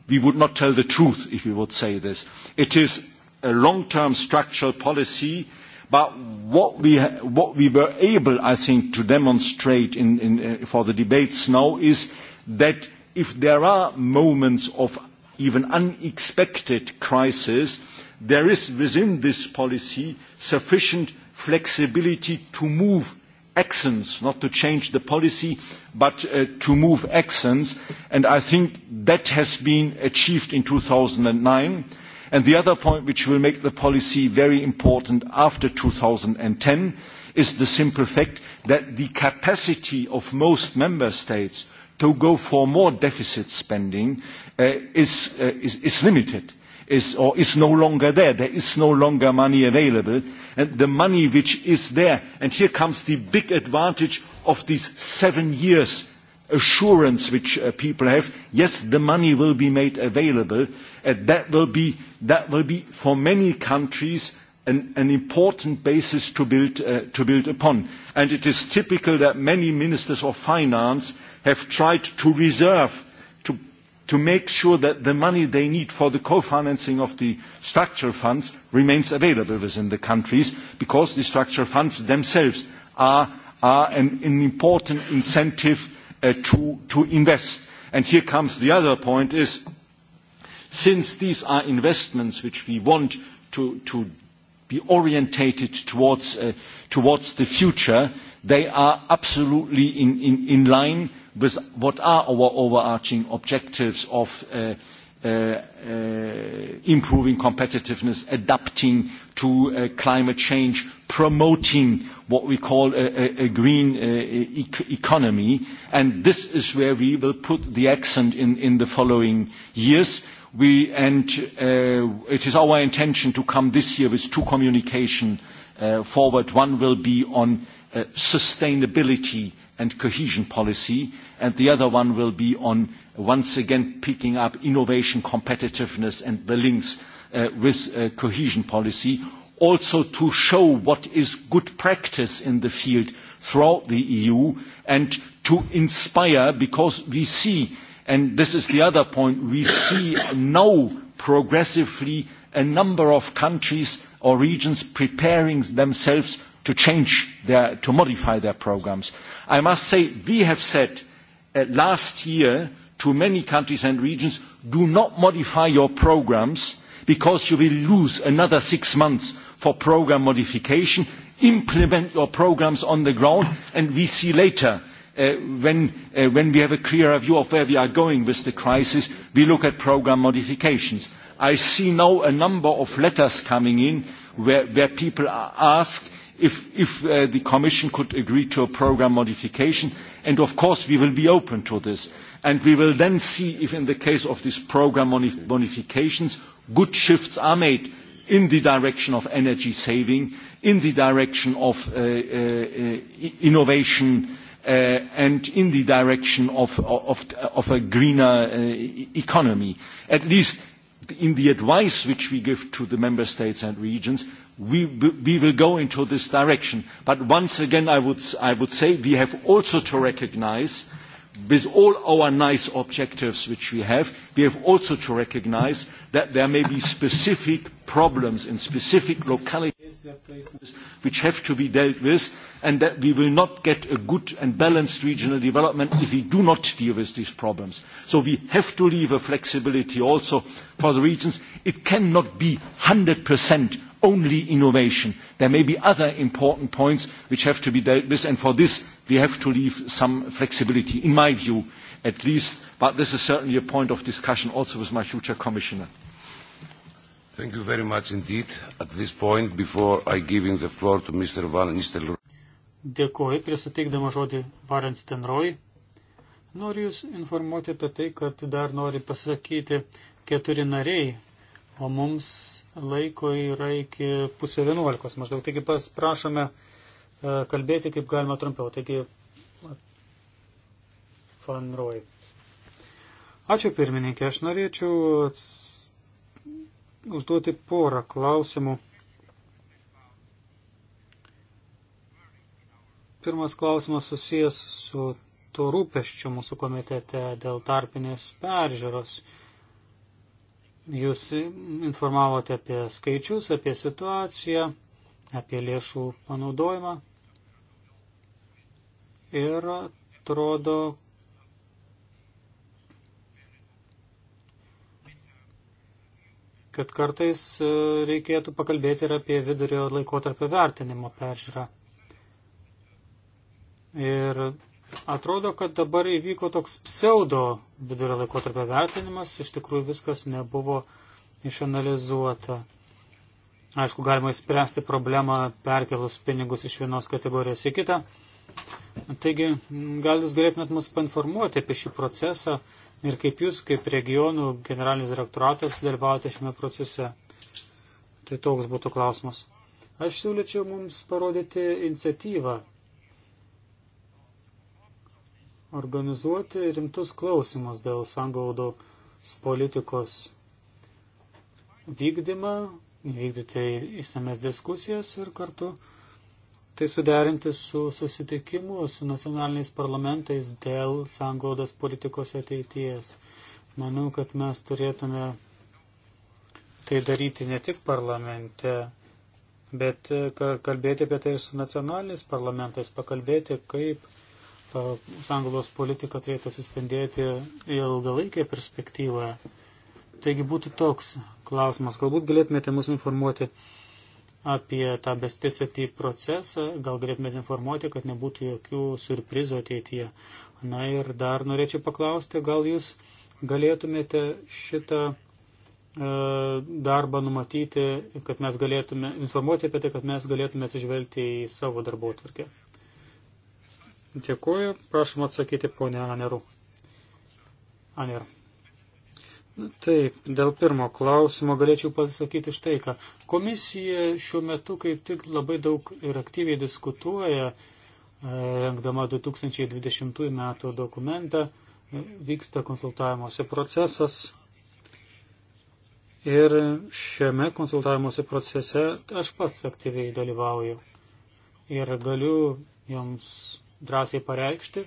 we would not tell the truth if we would say this. It is a long-term structural policy, but what we, what we were able, I think, to demonstrate in, in, uh, for the debates now is that if there are moments of even unexpected crisis, there is within this policy sufficient flexibility to move accents, not to change the policy, but uh, to move accents. And I think that has been achieved in 2009. And the other point which will make the policy very important after 2010 is the simple fact that the capacity of most member states to go for more deficit spending uh, is, uh, is, is limited. Uh, is, or is no longer there. There is no longer money available. And the money which is there, and here comes the big advantage of these seven years assurance which uh, people have. Yes, the money will be made available. And that will be, that will be for many countries an, an important basis to build, uh, to build upon. And it is typical that many ministers of finance have tried to reserve to make sure that the money they need for the co-financing of the structural funds remains available within the countries because the structural funds themselves are, are an, an important incentive uh, to, to invest. And here comes the other point is since these are investments which we want to, to be orientated towards, uh, towards the future, they are absolutely in, in, in line uh, with what are our overarching objectives of uh, uh, uh, improving competitiveness, adapting to uh, climate change, promoting what we call a, a, a green uh, e economy. And this is where we will put the accent in, in the following years. We, and uh, it is our intention to come this year with two communication uh, forward. One will be on uh, sustainability and cohesion policy, and the other one will be on, once again, picking up innovation, competitiveness, and the links uh, with uh, cohesion policy, also to show what is good practice in the field throughout the EU and to inspire, because we see, and this is the other point, we see now progressively a number of countries or regions preparing themselves to change their, to modify their programs. I must say, we have said uh, last year to many countries and regions, do not modify your programs because you will lose another six months for program modification. Implement your programs on the ground, and we see later uh, when, uh, when we have a clearer view of where we are going with the crisis, we look at program modifications. I see now a number of letters coming in where, where people ask if, if uh, the Commission could agree to a program modification. And of course, we will be open to this. And we will then see if in the case of this program modifications, good shifts are made in the direction of energy saving, in the direction of uh, uh, uh, innovation, uh, and in the direction of, of, of a greener uh, economy. At least in the advice which we give to the member states and regions, we, we will go into this direction. But once again, I would, I would say we have also to recognize, with all our nice objectives which we have, we have also to recognize that there may be specific problems in specific localities which have to be dealt with, and that we will not get a good and balanced regional development if we do not deal with these problems. So we have to leave a flexibility also for the regions. It cannot be 100% only innovation. There may be other important points which have to be dealt with, and for this we have to leave some flexibility, in my view at least, but this is certainly a point of discussion also with my future commissioner. Thank you very much indeed. At this point, before I giving the floor to Mr. Van Nistelrooy. Dėkuoju, prisateikdama žodį Varens Tenroy. Noriu Jūs informuoti apie tai, kad dar nori pasakyti keturi nariai O mums laiko yra iki pusė vienuolikos maždaug. Taigi pas prašome e, kalbėti kaip galima trumpiau. Taigi, Fan Roy. Ačiū pirmininkė, aš norėčiau ats... užduoti porą klausimų. Pirmas klausimas susijęs su to rūpeščiu mūsų komitete dėl tarpinės peržiūros. Uh, Jūs informavote apie skaičius, apie situaciją, apie lėšų panaudojimą. Ir atrodo, kad kartais e, reikėtų pakalbėti ir apie vidurio laikotarpio vertinimo peržiūrą. Ir Atrodo, kad dabar įvyko toks pseudo vidurio laikotarpio vertinimas, iš tikrųjų viskas nebuvo išanalizuota. Aišku, galima įspręsti problemą perkelus pinigus iš vienos kategorijos į kitą. Taigi, gal jūs galėtumėt mus painformuoti apie šį procesą ir kaip jūs, kaip regionų generalinis direktoratas, dalyvaujate šiame procese? Tai toks būtų klausimas. Aš siūlyčiau mums parodyti iniciatyvą organizuoti rimtus klausimus dėl sangaudos politikos vykdymą, vykdyti įsames diskusijas ir kartu tai suderinti su susitikimu su nacionaliniais parlamentais dėl sanglaudos politikos ateities. Manau, kad mes turėtume tai daryti ne tik parlamente, bet e, kalbėti apie tai ir su nacionaliniais parlamentais, pakalbėti, kaip ta sanglos politika turėtų atsispindėti ilgalaikėje perspektyvoje. Taigi būtų toks klausimas. Galbūt galėtumėte mus informuoti apie tą besticity procesą, gal galėtumėte informuoti, kad nebūtų jokių surprizų ateityje. Na ir dar norėčiau paklausti, gal jūs galėtumėte šitą e, darbą numatyti, kad mes galėtume informuoti apie tai, kad mes galėtume atsižvelgti į savo darbo atvarkę. Dėkuoju, prašom atsakyti ponė Anerų. Aner. Taip, dėl pirmo klausimo galėčiau pasakyti štai ką. Komisija šiuo metu kaip tik labai daug ir aktyviai diskutuoja, e, rengdama 2020 metų dokumentą, e, vyksta konsultavimuose procesas. Ir šiame konsultavimuose procese aš pats aktyviai dalyvauju. Ir galiu jums drąsiai pareikšti,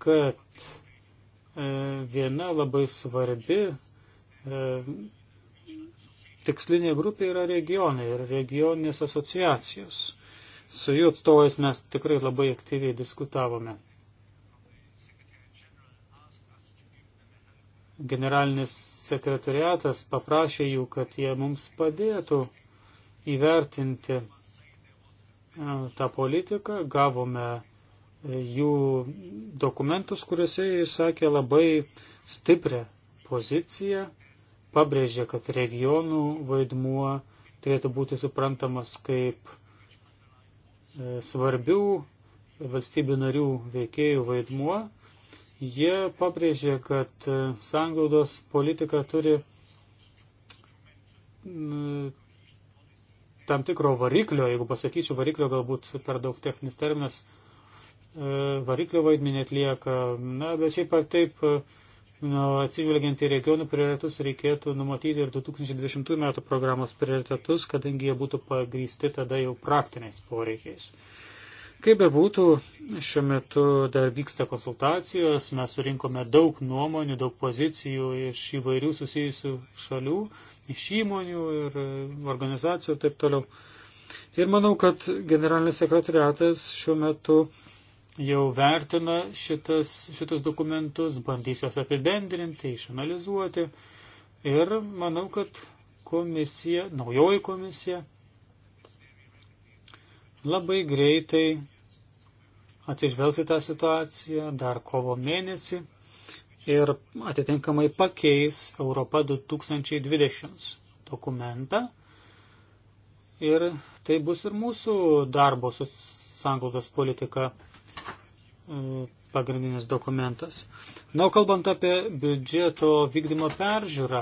kad e, viena labai svarbi e, tikslinė grupė yra regionai ir regioninės asociacijos. Su jų atstovais mes tikrai labai aktyviai diskutavome. Generalinis sekretariatas paprašė jų, kad jie mums padėtų įvertinti e, tą politiką. Gavome jų dokumentus, kuriuose jie išsakė labai stiprią poziciją, pabrėžė, kad regionų vaidmuo turėtų būti suprantamas kaip e, svarbių valstybių narių veikėjų vaidmuo. Jie pabrėžė, kad e, sąngaudos politika turi tam tikro variklio, jeigu pasakyčiau variklio, galbūt per daug techninis terminas, E, variklio vaidmenį atlieka. Na, bet šiaip ar taip, e, nu, atsižvelgiant į regionų prioritetus, reikėtų numatyti ir 2020 metų programos prioritetus, kadangi jie būtų pagrysti tada jau praktiniais poreikiais. Kaip bebūtų, šiuo metu dar vyksta konsultacijos, mes surinkome daug nuomonių, daug pozicijų iš įvairių susijusių šalių, iš įmonių ir e, organizacijų ir taip toliau. Ir manau, kad generalinis sekretariatas šiuo metu uh, jau vertina šitas, šitus dokumentus, bandys juos apibendrinti, išanalizuoti. Ir manau, kad komisija, naujoji komisija, labai greitai atsižvelgs į tą situaciją dar kovo mėnesį ir atitinkamai pakeis Europa 2020 dokumentą. Ir tai bus ir mūsų darbo su sanglaudos politika pagrindinis dokumentas. Na, kalbant apie biudžeto vykdymo peržiūrą,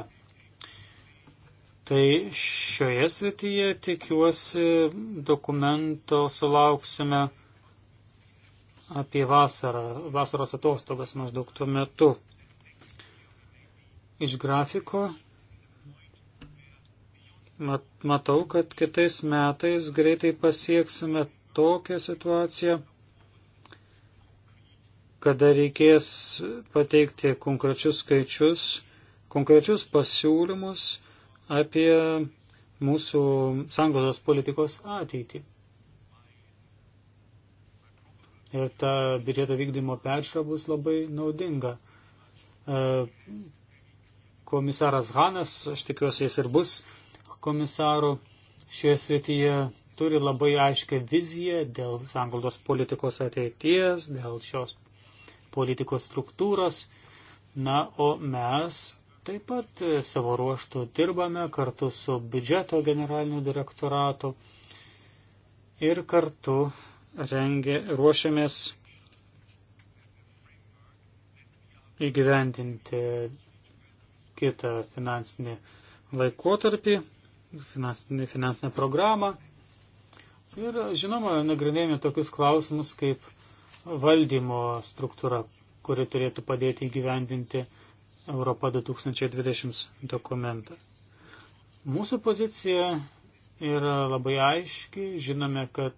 tai šioje srityje tikiuosi dokumento sulauksime apie vasarą, vasaros atostogas maždaug tuo metu. Iš grafiko mat, matau, kad kitais metais greitai pasieksime tokią situaciją, kada reikės pateikti konkrečius skaičius, konkrečius pasiūlymus apie mūsų sanglaudos politikos ateitį. Ir ta biudžeto vykdymo peršra bus labai naudinga. E, komisaras Hanas, aš tikiuosi, jis ir bus komisaru šioje srityje, turi labai aiškę viziją dėl sanglaudos politikos ateities, dėl šios politikos struktūros. Na, o mes taip pat savo ruoštų dirbame kartu su biudžeto generaliniu direktoratu ir kartu rengė, ruošiamės įgyvendinti kitą finansinį laikotarpį, finansinį, finansinę programą. Ir, žinoma, nagrinėjame tokius klausimus kaip valdymo struktūra, kuri turėtų padėti įgyvendinti Europą 2020 dokumentą. Mūsų pozicija yra labai aiški. Žinome, kad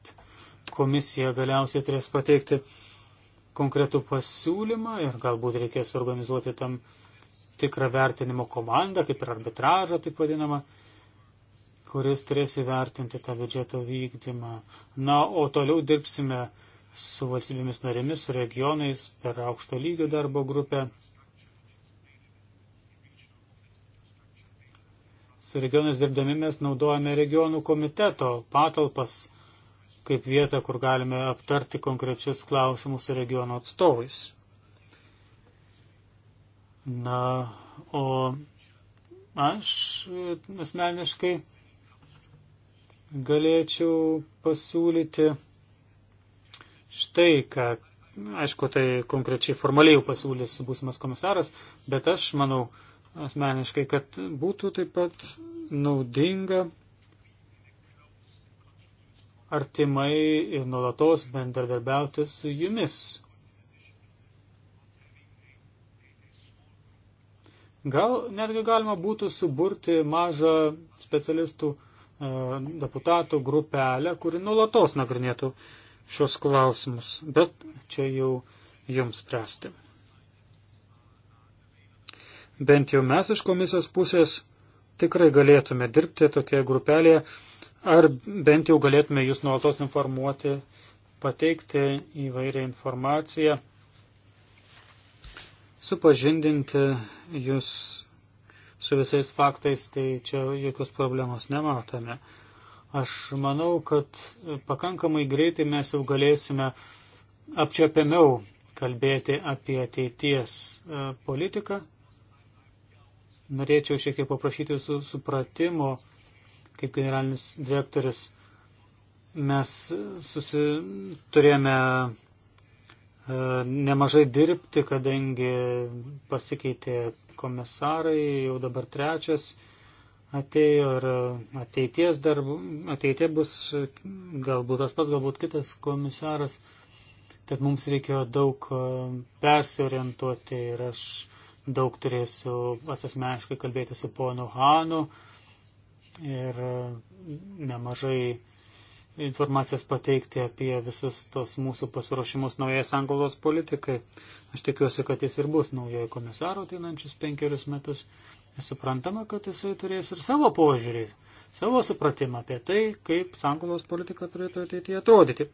komisija galiausiai turės pateikti konkretų pasiūlymą ir galbūt reikės organizuoti tam tikrą vertinimo komandą, kaip ir arbitražą, taip vadinama, kuris turės įvertinti tą biudžeto vykdymą. Na, o toliau dirbsime su valstybėmis narėmis, su regionais, per aukšto lygio darbo grupę. Su regionais dirbdami mes naudojame regionų komiteto patalpas kaip vietą, kur galime aptarti konkrečius klausimus su regiono atstovais. Na, o aš e, asmeniškai galėčiau pasiūlyti štai, ką, aišku, tai konkrečiai formaliai jau pasiūlys būsimas komisaras, bet aš manau asmeniškai, kad būtų taip pat naudinga artimai ir nuolatos bendradarbiauti su jumis. Gal netgi galima būtų suburti mažą specialistų e, deputatų grupelę, kuri nuolatos nagrinėtų uh, šios klausimus, bet čia jau jums spręsti. Bent jau mes iš komisijos pusės tikrai galėtume dirbti tokioje grupelėje, ar bent jau galėtume jūs nuolatos informuoti, pateikti įvairią informaciją, supažindinti jūs su visais faktais, tai čia jokios problemos nematome. Aš manau, kad pakankamai greitai mes jau galėsime apčiopiamiau kalbėti apie ateities e, politiką. Norėčiau šiek tiek paprašyti jūsų supratimo, kaip generalinis direktorius. Mes susi... turėjome e, nemažai dirbti, kadangi pasikeitė komisarai, jau dabar trečias atėjo ir ateities darbų, ateitie bus galbūt tas pats, galbūt kitas komisaras. Tad mums reikėjo daug e, persiorientuoti ir aš daug turėsiu asmeniškai kalbėti su ponu Hanu ir e, nemažai informacijos pateikti apie visus tos mūsų pasiruošimus naujai sangolos politikai. Aš tikiuosi, kad jis ir bus naujoje komisaro ateinančius penkerius metus. Suprantama, kad jisai turės ir savo požiūrį, savo supratimą apie tai, kaip sankulos politika turėtų ateityje atrodyti.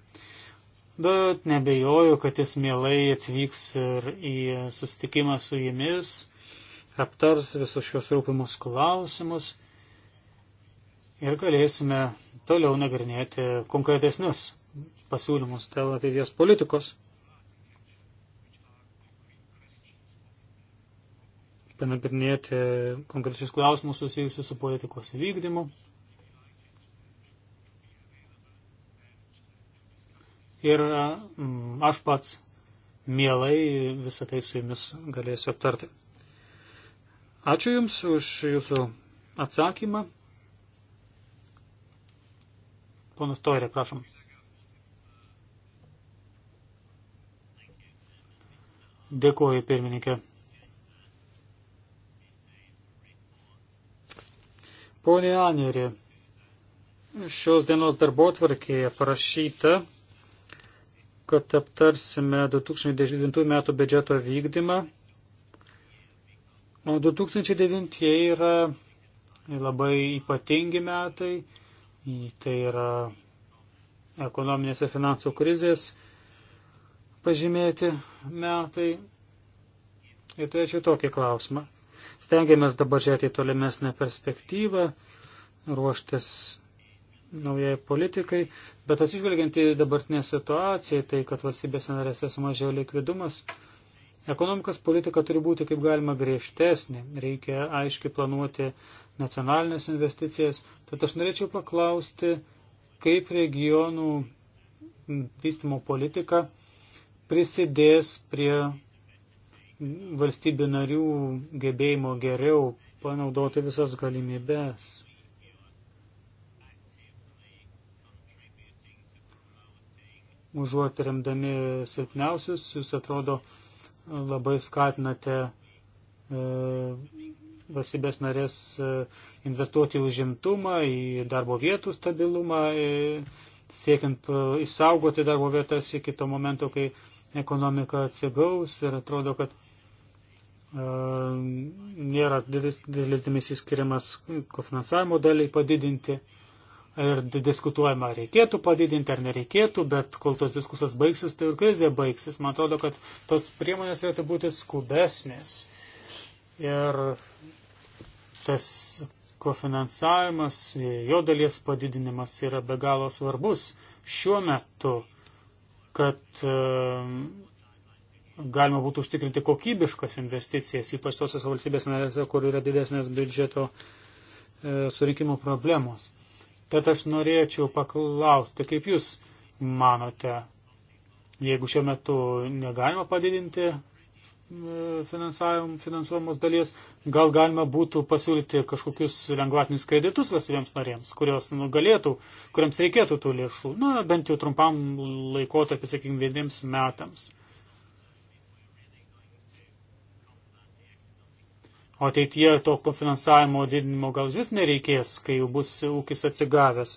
Bet nebejoju, kad jis mielai atvyks ir į susitikimą su jumis, aptars visus šios rūpimus klausimus ir galėsime toliau nagrinėti konkretesnius pasiūlymus dėl ateities politikos. panagrinėti konkrečius klausimus susijusius su politikos vykdymu. Ir mm, aš pats mielai visą tai su jumis galėsiu aptarti. Ačiū Jums už Jūsų atsakymą. Ponas Toirė, prašom. Dėkuoju, pirmininkė. Pone Anerį, šios dienos darbo tvarkėje parašyta, kad aptarsime 2009 metų biudžeto vykdymą. O 2009 yra labai ypatingi metai, tai yra ekonominės ir finansų krizės pažymėti metai. Ir turėčiau tokį klausimą. Stengiamės dabar žiūrėti į tolimesnę perspektyvą, ruoštis naujai politikai, bet atsižvelgiant į dabartinę situaciją, tai kad valstybės narėse sumažėjo likvidumas, ekonomikos politika turi būti kaip galima griežtesnė, reikia aiškiai planuoti nacionalinės investicijas, tad aš norėčiau paklausti, kaip regionų vystimo politika prisidės prie valstybių narių gebėjimo geriau panaudoti visas galimybės. Užuot remdami silpniausius, jūs atrodo labai skatinate e, valstybės narės e, investuoti užimtumą, į darbo vietų stabilumą, e, siekiant e, išsaugoti darbo vietas iki to momento, kai ekonomika atsigaus ir atrodo, kad E, nėra didelis dėmesys skiriamas kofinansavimo daliai padidinti ir diskutuojama, ar reikėtų padidinti ar nereikėtų, bet kol tos diskusijos baigsis, tai ir krizė baigsis. Man atrodo, kad tos priemonės turėtų būti skubesnės. Ir tas kofinansavimas, jo dalies padidinimas yra be galo svarbus šiuo metu, kad e, galima būtų užtikrinti kokybiškas investicijas, ypač tose valstybės narėse, kur yra didesnės biudžeto e, surinkimo problemos. Tad aš norėčiau paklausti, kaip Jūs manote, jeigu šiuo metu negalima padidinti e, finansuojamos dalies, gal galima būtų pasiūlyti kažkokius lengvatinius kreditus valstybėms narėms, kurios nu, galėtų, kuriams reikėtų tų lėšų, na, bent jau trumpam laikotarpį, sakykime, vieniems metams. O ateityje to kofinansavimo didinimo gal vis nereikės, kai jau bus ūkis atsigavęs.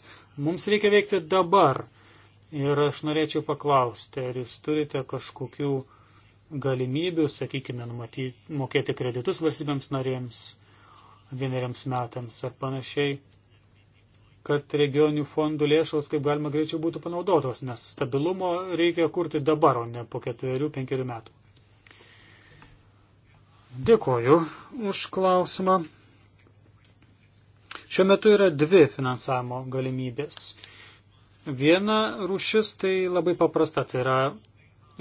Mums reikia veikti dabar. Ir aš norėčiau paklausti, ar jūs turite kažkokių galimybių, sakykime, numatyti, mokėti kreditus valstybėms narėms vieneriams metams ar panašiai, kad regioninių fondų lėšos kaip galima greičiau būtų panaudotos, nes stabilumo reikia kurti dabar, o ne po ketverių, penkerių metų. Dėkoju už klausimą. Šiuo metu yra dvi finansavimo galimybės. Viena rušis tai labai paprasta, tai yra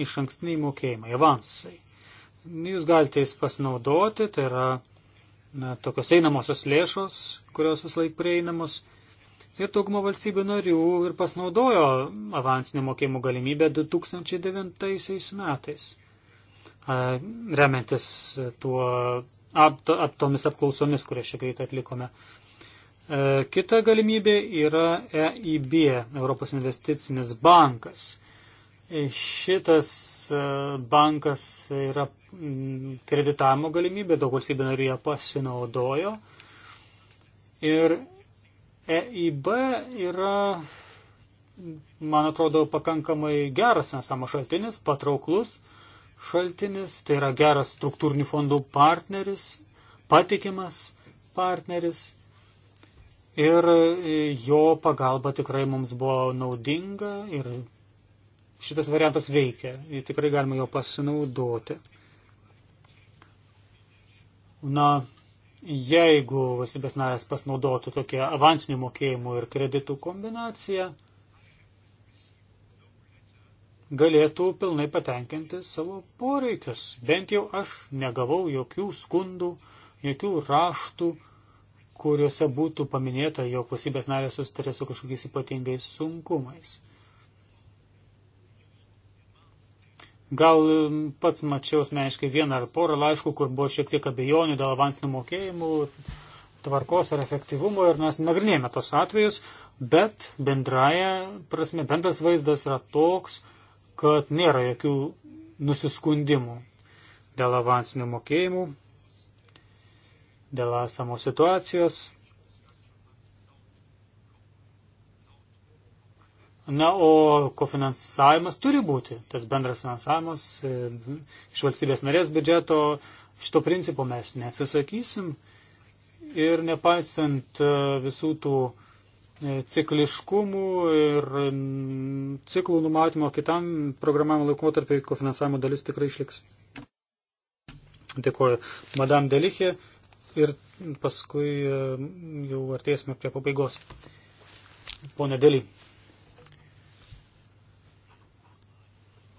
iš ankstiniai mokėjimai, avansai. Jūs galite jais pasinaudoti, tai yra na, tokios einamosios lėšos, kurios vis laik prieinamos. Ir dauguma valstybių narių ir pasinaudojo avansinio mokėjimų galimybę 2009 metais remiantis tuo ap, ap, tomis apklausomis, kurias čia greitai atlikome. E, kita galimybė yra EIB, Europos investicinis bankas. E, šitas e, bankas yra kreditavimo galimybė, daug valstybė narėje pasinaudojo. Ir EIB yra, man atrodo, pakankamai geras nesamo šaltinis, patrauklus šaltinis, tai yra geras struktūrinių fondų partneris, patikimas partneris ir jo pagalba tikrai mums buvo naudinga ir šitas variantas veikia, ir tikrai galima jo pasinaudoti. Na, jeigu valstybės narės pasinaudotų tokią avansinių mokėjimų ir kreditų kombinaciją, galėtų pilnai patenkinti savo poreikius. Bent jau aš negavau jokių skundų, jokių raštų, kuriuose būtų paminėta, jog valstybės narės susitarė su kažkokiais ypatingais sunkumais. Gal pats mačiau asmeniškai vieną ar porą laiškų, kur buvo šiek tiek abejonių dėl avansinių mokėjimų, tvarkos ar efektyvumo ir mes nagrinėjame tos atvejus, bet bendraja prasme, bendras vaizdas yra toks, kad nėra jokių nusiskundimų dėl avansinių mokėjimų, dėl esamos situacijos. Na, o kofinansavimas turi būti, tas bendras finansavimas e, iš valstybės narės biudžeto, šito principo mes neatsisakysim ir nepaisant e, visų tų uh, cikliškumų ir mm, ciklų numatymo kitam programavimo laikotarpiai kofinansavimo dalis tikrai išliks. Dėkuoju. Madame Delichė ir paskui mm, jau artėsime prie pabaigos. Pone Deli.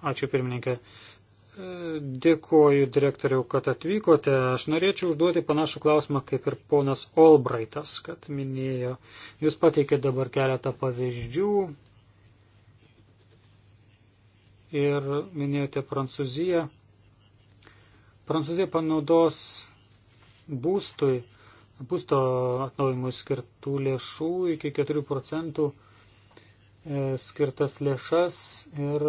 Ačiū pirmininkė. Dėkuoju direktoriau, kad atvykote. Aš norėčiau užduoti panašų klausimą kaip ir ponas Olbraitas, kad minėjo. Jūs pateikėte dabar keletą pavyzdžių ir minėjote Prancūziją. Prancūzija panaudos būstui, būsto atnaujimui skirtų lėšų iki 4 procentų e, skirtas lėšas ir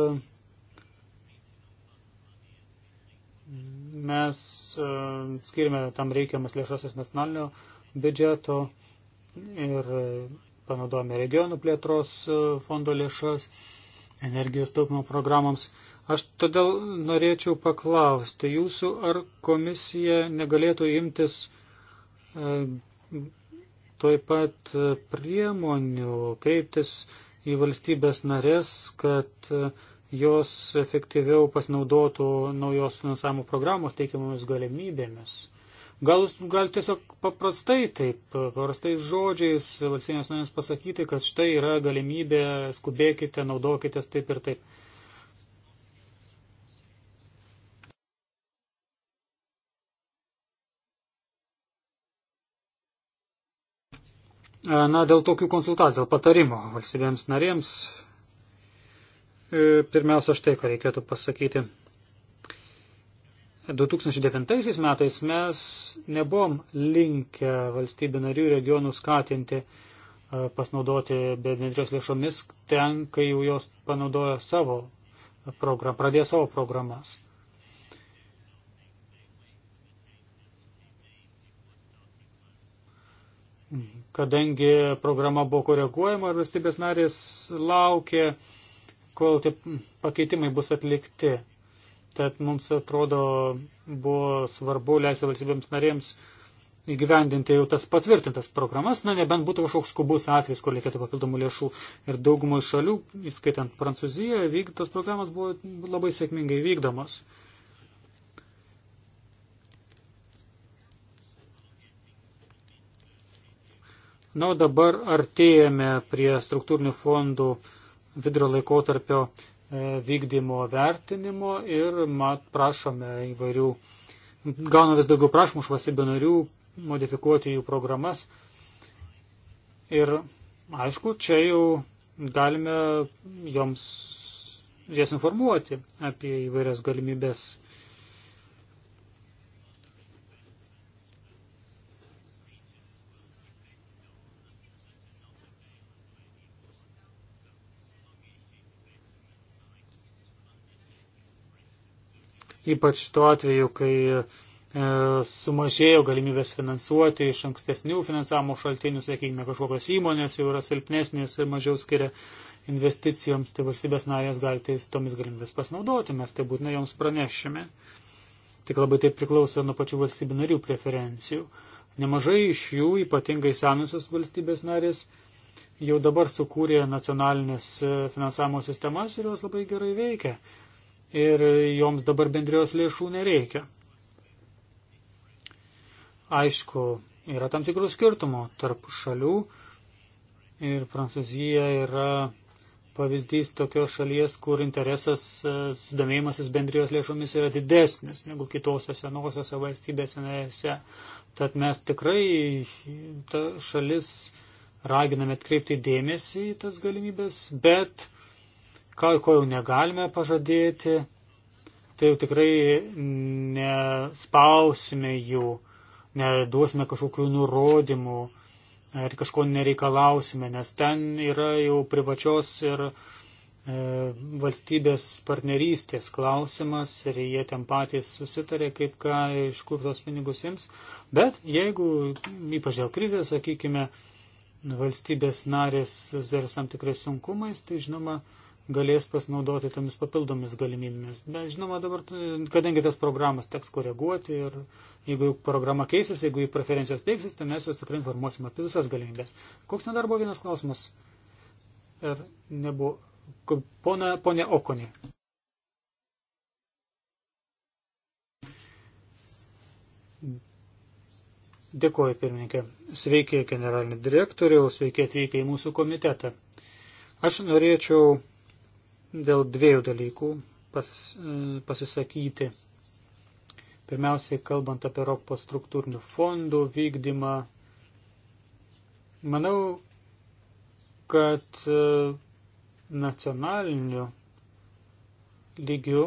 Mes e, skirime tam reikiamas lėšasis nacionalinio biudžeto ir e, panaudojame regionų plėtros e, fondo lėšas energijos taupimo programoms. Aš todėl norėčiau paklausti jūsų, ar komisija negalėtų imtis e, toj pat priemonių, kreiptis į valstybės narės, kad e, jos efektyviau pasinaudotų naujos finansavimo programos teikiamomis galimybėmis. Gal, gal tiesiog paprastai taip, paprastai žodžiais valstybės narės pasakyti, kad štai yra galimybė, skubėkite, naudokitės taip ir taip. Na, dėl tokių konsultacijų, dėl patarimo valstybėms narėms E, pirmiausia, štai ką reikėtų pasakyti. 2009 metais mes nebuvom linkę valstybių narių regionų skatinti e, pasinaudoti bendrijos lėšomis ten, kai jau jos panaudojo savo programą, pradėjo savo programas. Kadangi programa buvo koreguojama ir valstybės narės laukė kol tie pakeitimai bus atlikti. Tad mums atrodo buvo svarbu leisti valstybėms narėms įgyvendinti jau tas patvirtintas programas, na nebent būtų kažkoks skubus atvejs, kur reikėtų papildomų lėšų. Ir daugumo šalių, įskaitant Prancūziją, vykdytos programas buvo labai sėkmingai vykdomos. Na, o dabar artėjame prie struktūrinių fondų vidurio laikotarpio e, vykdymo vertinimo ir mat, prašome įvairių, gauna vis daugiau prašymų iš valstybių narių modifikuoti jų programas. Ir aišku, čia jau galime joms jas informuoti apie įvairias galimybės ypač tuo atveju, kai e, sumažėjo galimybės finansuoti iš ankstesnių finansavimo šaltinių, sakykime, kažkokios įmonės jau yra silpnesnės ir mažiau skiria investicijoms, tai valstybės narės galite tai, tomis galimybės pasinaudoti, mes tai būtinai joms pranešime. Tik labai tai priklauso nuo pačių valstybių narių preferencijų. Nemažai iš jų, ypatingai senusios valstybės narės, jau dabar sukūrė nacionalinės e, finansavimo sistemas ir jos labai gerai veikia ir joms dabar bendrijos lėšų nereikia. Aišku, yra tam tikrų skirtumų tarp šalių ir Prancūzija yra pavyzdys tokios šalies, kur interesas, e, sudomėjimasis bendrijos lėšomis yra didesnis negu kitose senosiose valstybėse narėse. Tad mes tikrai ta šalis raginame atkreipti dėmesį į tas galimybės, bet Ką, ko jau negalime pažadėti, tai jau tikrai nespausime jų, neduosime kažkokių nurodymų ir kažko nereikalausime, nes ten yra jau privačios ir e, valstybės partnerystės klausimas ir jie ten patys susitarė, kaip ką iš kur tos pinigus ims. Bet jeigu, ypač dėl krizės, sakykime, valstybės narės susidarės tam tikrais sunkumais, tai žinoma, e, galės pasinaudoti tomis papildomis galimybėmis. Bet žinoma, dabar, kadangi tas programas teks koreguoti ir jeigu programa keisis, jeigu į preferencijos teiksis, tai mes jūs tikrai informuosim apie visas galimybės. Koks nedarbo vienas klausimas? Ir nebuvo. Pone, pone Okonė. Dėkuoju, pirmininkė. Sveiki, generalinį direktorių, sveiki atvykę į mūsų komitetą. Aš norėčiau dėl dviejų dalykų pas, e, pasisakyti. Pirmiausiai, kalbant apie Europos struktūrinių fondų vykdymą, manau, kad e, nacionaliniu lygiu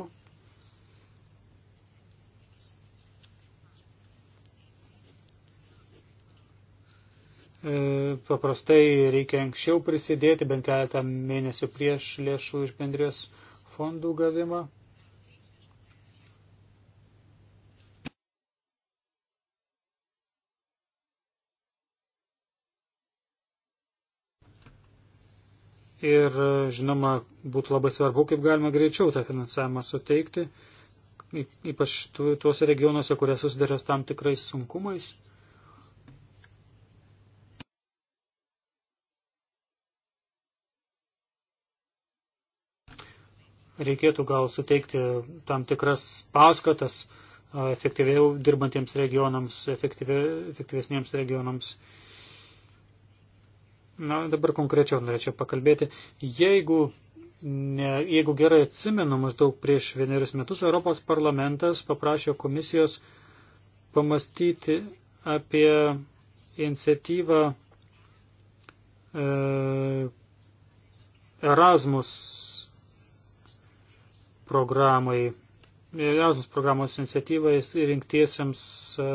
E, paprastai reikia anksčiau prisidėti, bent keletą mėnesių prieš lėšų iš bendrijos fondų gavimą. Ir žinoma, būtų labai svarbu, kaip galima greičiau tą finansavimą suteikti, ypač tuose regionuose, kurie susidarės tam tikrais sunkumais. reikėtų gal suteikti tam tikras paskatas efektyviau dirbantiems regionams, efektyvė, efektyvesniems regionams. Na, dabar konkrečiau norėčiau pakalbėti. Jeigu, ne, jeigu gerai atsimenu, maždaug prieš vienerius metus Europos parlamentas paprašė komisijos pamastyti apie iniciatyvą e, Erasmus programai, Erasmus programos iniciatyvai rinktiesiams e,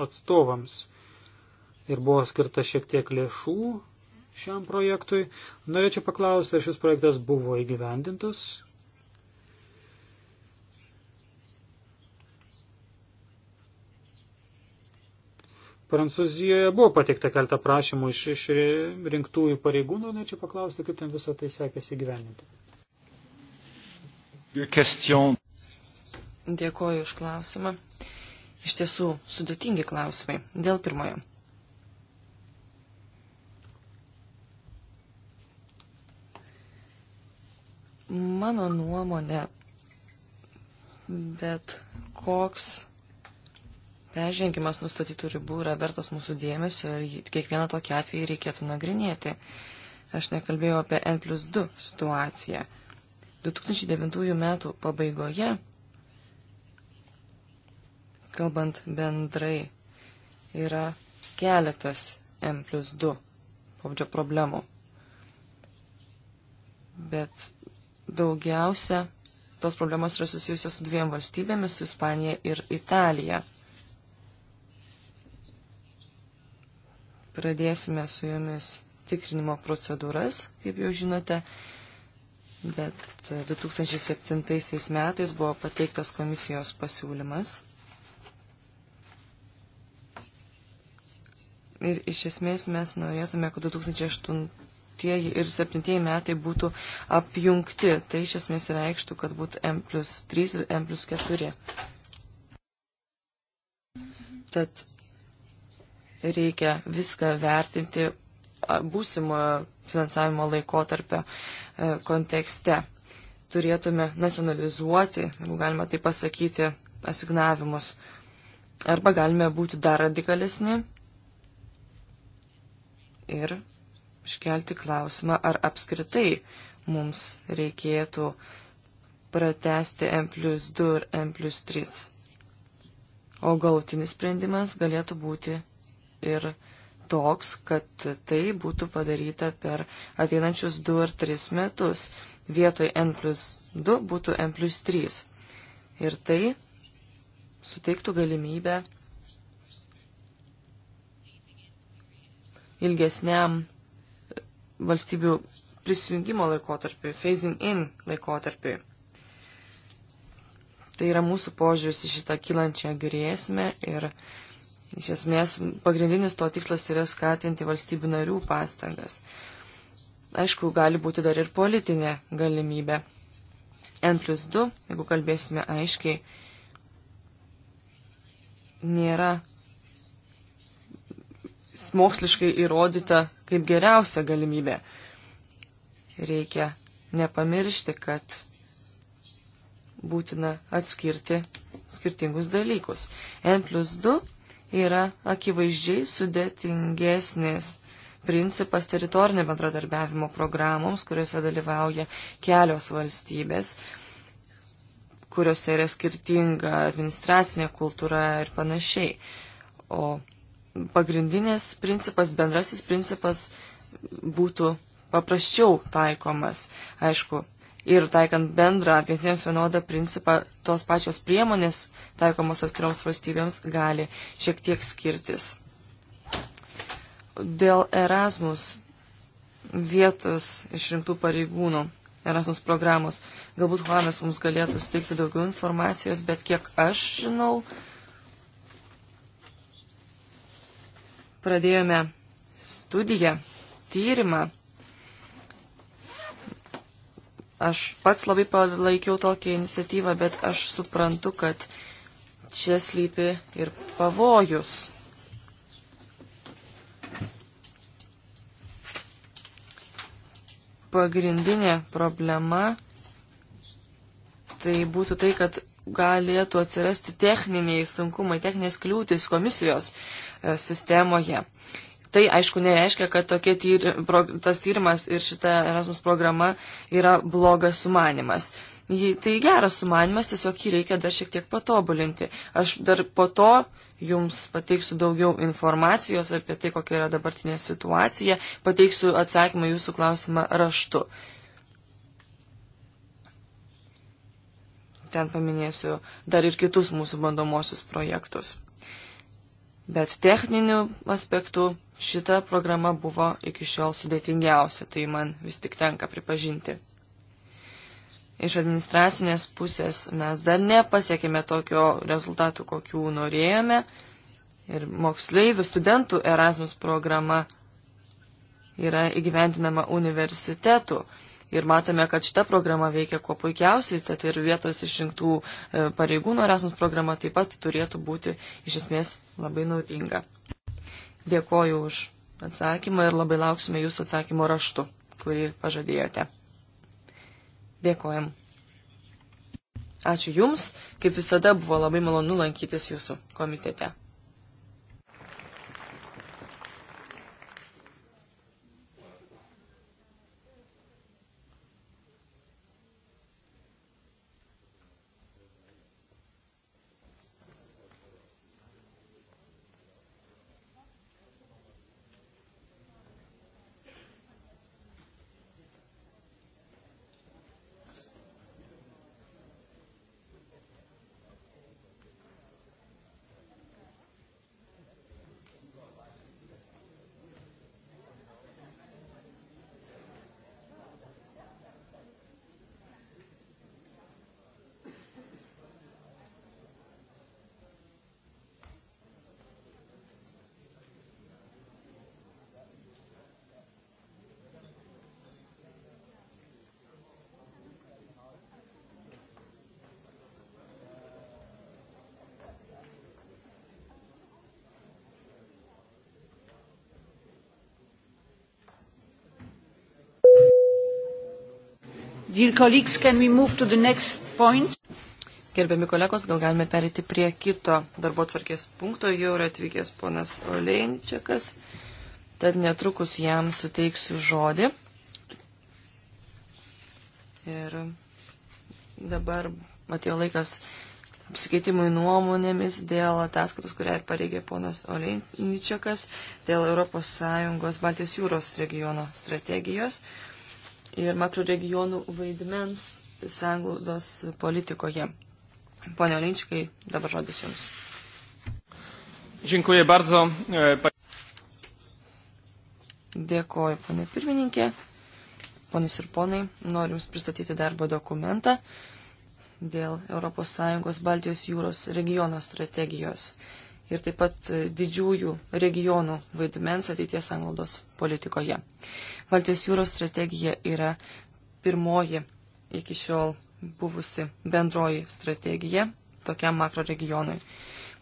atstovams. Ir buvo skirta šiek tiek lėšų šiam projektui. Norėčiau paklausti, ar šis projektas buvo įgyvendintas. Prancūzijoje buvo pateikta keltą prašymų iš, iš rinktųjų pareigūnų, norėčiau paklausti, kaip ten visą tai sekėsi gyveninti. Dėkoju už klausimą. Iš tiesų, sudėtingi klausimai. Dėl pirmojo. Mano nuomonė, bet koks peržengimas nustatytų ribų yra vertas mūsų dėmesio ir kiekvieną tokį atvejį reikėtų nagrinėti. Aš nekalbėjau apie N plus 2 situaciją. 2009 metų pabaigoje, kalbant bendrai, yra keletas M plus 2 pobūdžio problemų. Bet daugiausia tos problemos yra susijusios su dviem valstybėmis - su Ispanija ir Italija. Pradėsime su jomis tikrinimo procedūras, kaip jau žinote, bet 2007 e, metais buvo pateiktas komisijos pasiūlymas. Ir iš esmės mes norėtume, kad 2008 ir 2007 metai būtų apjungti. Tai iš esmės reikštų, kad būtų M plus 3 ir M plus 4. Tad reikia viską vertinti būsimo finansavimo laikotarpio e, kontekste. Turėtume nacionalizuoti, jeigu galima tai pasakyti, asignavimus. Arba galime būti dar radikalesni ir iškelti klausimą, ar apskritai mums reikėtų pratesti M plus 2 ir M plus 3. O galutinis sprendimas galėtų būti ir toks, kad tai būtų padaryta per ateinančius 2 ar 3 metus. Vietoj N plus 2 būtų N plus 3. Ir tai suteiktų galimybę ilgesniam valstybių prisijungimo laikotarpiu, phasing in laikotarpiu. Tai yra mūsų požiūris į šitą kilančią grėsmę ir Iš esmės, pagrindinis to tikslas yra skatinti valstybių narių pastangas. Aišku, gali būti dar ir politinė galimybė. N plus 2, jeigu kalbėsime aiškiai, nėra moksliškai įrodyta kaip geriausia galimybė. Reikia nepamiršti, kad būtina atskirti skirtingus dalykus. N plus 2 yra akivaizdžiai sudėtingesnis principas teritorinio bendradarbiavimo programoms, kuriuose dalyvauja kelios valstybės, kuriuose yra skirtinga administracinė kultūra ir panašiai. O pagrindinės principas, bendrasis principas būtų paprasčiau taikomas. Aišku, ir taikant bendrą visiems vienodą principą, tos pačios priemonės taikomos atskiroms valstybėms gali šiek tiek skirtis. Dėl Erasmus vietos išrinktų pareigūnų Erasmus programos, galbūt Juanas mums galėtų steikti daugiau informacijos, bet kiek aš žinau, pradėjome studiją, tyrimą Aš pats labai palaikiau tokią iniciatyvą, bet aš suprantu, kad čia slypi ir pavojus. Pagrindinė problema tai būtų tai, kad galėtų atsirasti techniniai sunkumai, techninės kliūtis komisijos e, sistemoje. Tai aišku nereiškia, kad tyri, pro, tas tyrimas ir šita Erasmus programa yra blogas sumanimas. Jį, tai geras sumanimas, tiesiog jį reikia dar šiek tiek patobulinti. Aš dar po to jums pateiksiu daugiau informacijos apie tai, kokia yra dabartinė situacija, pateiksiu atsakymą jūsų klausimą raštu. Ten paminėsiu dar ir kitus mūsų bandomosius projektus. Bet techniniu aspektu šita programa buvo iki šiol sudėtingiausia, tai man vis tik tenka pripažinti. Iš administracinės pusės mes dar nepasiekėme tokio rezultatų, kokių norėjome. Ir moksleivių studentų Erasmus programa yra įgyventinama universitetų ir matome, kad šita programa veikia kuo puikiausiai, tad ir vietos išrinktų e, pareigūnų Erasmus programa taip pat turėtų būti iš esmės labai naudinga. Dėkoju už atsakymą ir labai lauksime jūsų atsakymo raštu, kurį pažadėjote. Dėkojam. Ačiū Jums, kaip visada buvo labai malonu lankytis Jūsų komitete. Gerbiami kolegos, gal galime perėti prie kito darbo tvarkės punkto, jau yra atvykęs ponas Oleinčiakas, tad netrukus jam suteiksiu žodį. Ir dabar atėjo laikas apsikeitimui nuomonėmis dėl ataskaitos, kurią ir pareigė ponas Oleinčiakas, dėl ES Baltijos jūros regiono strategijos ir makroregionų vaidmens sanglaudos politikoje. Pone Olinčikai, dabar žodis Jums. Dziękuję bardzo. E, Dėkoju, ponė pirmininkė. Ponis ir ponai, noriu Jums pristatyti darbo dokumentą dėl ES Baltijos jūros regiono strategijos ir taip pat e, didžiųjų regionų vaidmens ateities anglodos politikoje. Baltijos jūros strategija yra pirmoji iki šiol buvusi bendroji strategija tokiam makro regionui.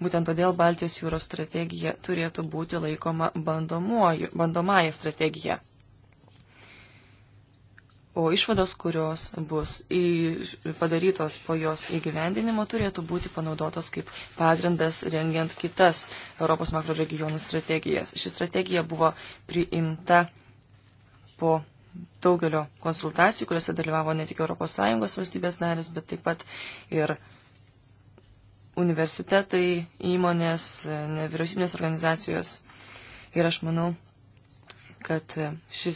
Būtent todėl Baltijos jūros strategija turėtų būti laikoma bandomąją strategiją. O išvados, kurios bus į, padarytos po jos įgyvendinimo, turėtų būti panaudotos kaip pagrindas rengiant kitas Europos makro regionų strategijas. Ši strategija buvo priimta po daugelio konsultacijų, kuriuose dalyvavo ne tik ES valstybės narės, bet taip pat ir universitetai, įmonės, nevyriausybinės organizacijos. Ir aš manau, kad ši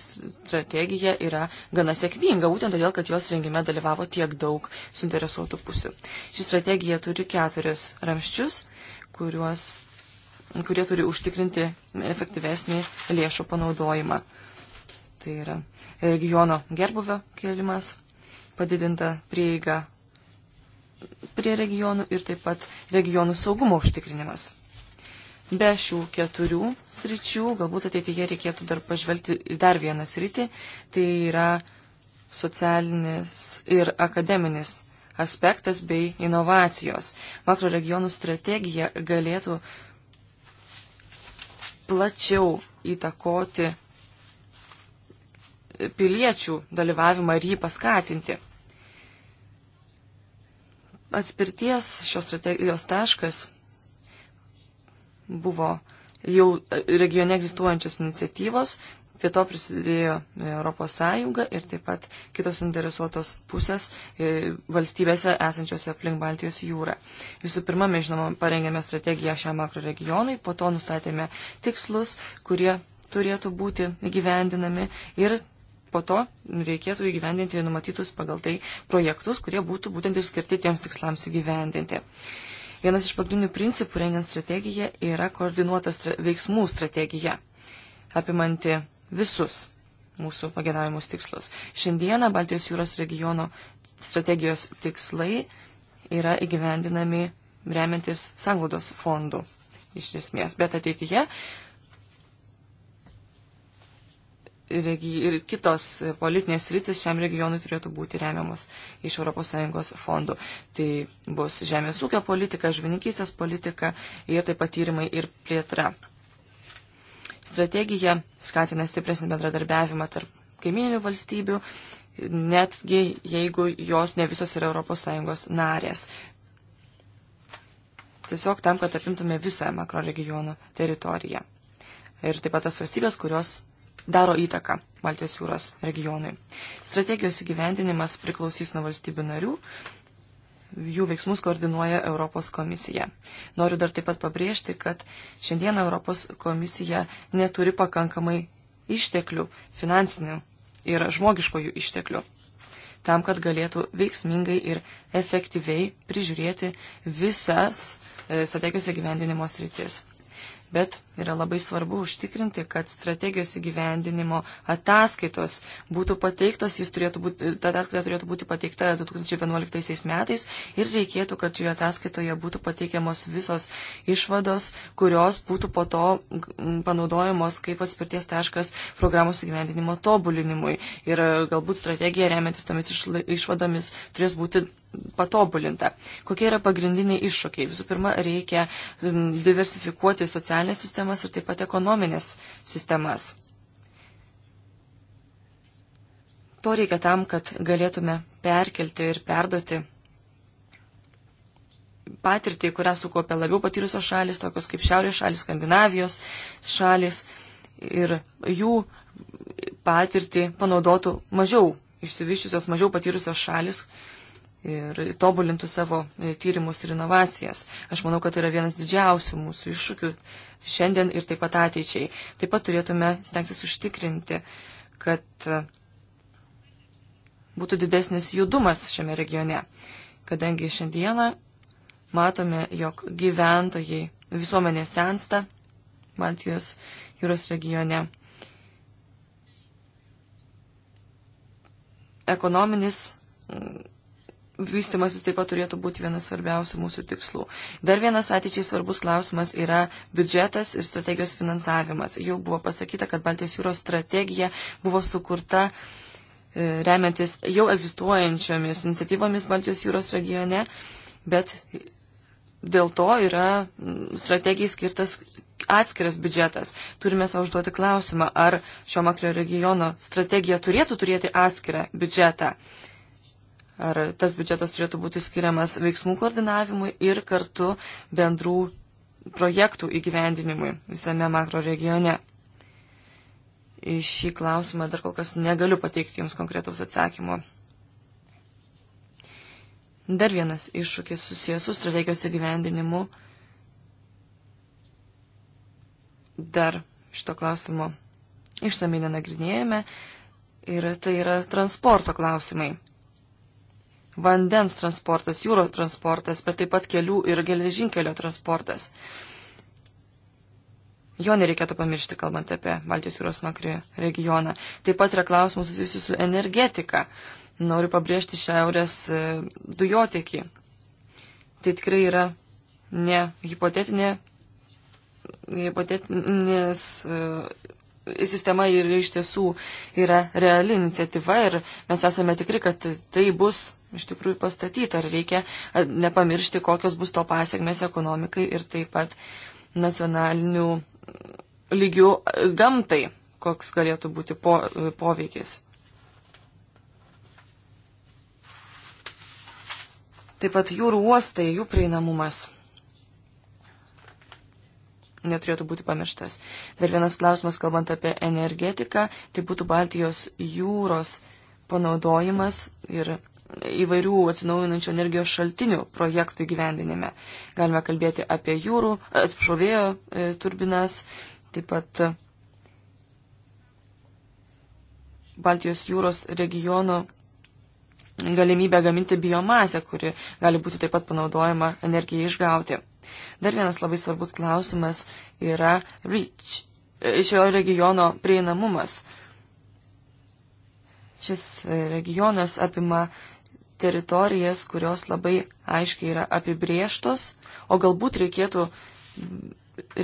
strategija yra gana sėkminga, būtent todėl, kad jos rengime dalyvavo tiek daug suinteresuotų pusių. Ši strategija turi keturis ramščius, kuriuos, kurie turi užtikrinti efektyvesnį lėšų panaudojimą. Tai yra regiono gerbuvio kelimas, padidinta prieiga prie regionų ir taip pat regionų saugumo užtikrinimas be šių keturių sričių, galbūt ateityje reikėtų dar pažvelgti dar vieną sritį, tai yra socialinis ir akademinis aspektas bei inovacijos. Makro regionų strategija galėtų plačiau įtakoti piliečių dalyvavimą ir jį paskatinti. Atspirties šios strategijos taškas buvo jau regione egzistuojančios iniciatyvos, prie to prisidėjo ES ir taip pat kitos interesuotos pusės e, valstybėse esančiose aplink Baltijos jūrą. Visų pirma, mes žinoma parengėme strategiją šiam makro regionui, po to nustatėme tikslus, kurie turėtų būti gyvendinami ir po to reikėtų įgyvendinti numatytus pagal tai projektus, kurie būtų būtent ir skirti tiems tikslams įgyvendinti. Uh, Vienas iš pagrindinių principų rengiant strategiją yra koordinuota stra veiksmų strategija, apimanti visus mūsų pagėdavimus tikslus. Šiandieną Baltijos jūros regiono strategijos tikslai yra įgyvendinami remiantis sanglaudos fondų iš esmės, bet ateityje ir kitos politinės rytis šiam regionui turėtų būti remiamos iš ES fondų. Tai bus žemės ūkio politika, žvininkystės politika, jie taip pat tyrimai ir plėtra. Strategija skatina stipresnį bendradarbiavimą tarp kaimininių valstybių, netgi jeigu jos ne visos yra ES narės. Tiesiog tam, kad apimtume visą makroregiono teritoriją. Ir taip pat tas valstybės, kurios daro įtaką Baltijos jūros regionui. Strategijos įgyvendinimas priklausys nuo valstybių narių, jų veiksmus koordinuoja Europos komisija. Noriu dar taip pat pabrėžti, kad šiandien Europos komisija neturi pakankamai išteklių, finansinių ir žmogiškojų išteklių, tam, kad galėtų veiksmingai ir efektyviai prižiūrėti visas e, strategijos įgyvendinimo sritis. Bet Yra labai svarbu užtikrinti, kad strategijos įgyvendinimo ataskaitos būtų pateiktos, jis turėtų būti, ta ataskaita turėtų būti pateikta 2011 metais ir reikėtų, kad šioje ataskaitoje būtų pateikiamos visos išvados, kurios būtų po to panaudojamos kaip atspirties taškas programos įgyvendinimo tobulinimui. Ir e, galbūt strategija remiantis tomis išvadomis turės būti patobulinta. Kokie yra pagrindiniai iššūkiai? Visų pirma, reikia diversifikuoti socialinę sistemą sistemas ir taip pat ekonominės sistemas. To reikia tam, kad galėtume perkelti ir perduoti patirtį, kurią sukaupė labiau patyrusios šalis, tokios kaip Šiaurės šalis, Skandinavijos šalis, ir jų patirtį panaudotų mažiau išsivyščiusios, mažiau patyrusios šalis, ir tobulintų savo e, tyrimus ir inovacijas. Aš manau, kad tai yra vienas didžiausių mūsų iššūkių šiandien ir taip pat ateičiai. Taip pat turėtume stengtis užtikrinti, kad e, būtų didesnis judumas šiame regione, kadangi šiandieną matome, jog gyventojai visuomenė sensta Baltijos jūros regione. Ekonominis vystimasis taip pat turėtų būti vienas svarbiausių mūsų tikslų. Dar vienas ateičiai svarbus klausimas yra biudžetas ir strategijos finansavimas. Jau buvo pasakyta, kad Baltijos jūros strategija buvo sukurta e, remiantis jau egzistuojančiomis iniciatyvomis Baltijos jūros regione, bet dėl to yra strategijai skirtas atskiras biudžetas. Turime savo užduoti klausimą, ar šio makro regiono strategija turėtų turėti atskirą biudžetą. Uh, ar tas biudžetas turėtų būti skiriamas veiksmų koordinavimui ir kartu bendrų projektų įgyvendinimui visame makro regione. Į šį klausimą dar kol kas negaliu pateikti Jums konkretaus atsakymo. Dar vienas iššūkis susijęs su strategijos įgyvendinimu. Dar šito klausimo išsamei nenagrinėjame ir tai yra transporto klausimai vandens transportas, jūro transportas, bet taip pat kelių ir geležinkelio transportas. Jo nereikėtų pamiršti, kalbant apie Baltijos jūros makri regioną. Taip pat yra klausimų susijusių su energetika. Noriu pabrėžti šiaurės e, dujotiekį. Tai tikrai yra ne hipotetinė, hipotetinis e, sistema yra iš tiesų yra reali iniciatyva ir mes esame tikri, kad tai bus iš tikrųjų pastatyta. Ar reikia nepamiršti, kokios bus to pasiekmes ekonomikai ir taip pat nacionalinių lygių gamtai, koks galėtų būti po, poveikis. Taip pat jūrų uostai, jų prieinamumas neturėtų būti pamirštas. Dar vienas klausimas, kalbant apie energetiką, tai būtų Baltijos jūros panaudojimas ir įvairių atsinaujinančių energijos šaltinių projektų įgyvendinime. Galime kalbėti apie jūrų, atsiprašau, vėjo e, turbinas, taip pat Baltijos jūros regiono galimybę gaminti biomasę, kuri gali būti taip pat panaudojama energijai išgauti. Dar vienas labai svarbus klausimas yra REACH, šio regiono prieinamumas. Šis regionas apima teritorijas, kurios labai aiškiai yra apibrieštos, o galbūt reikėtų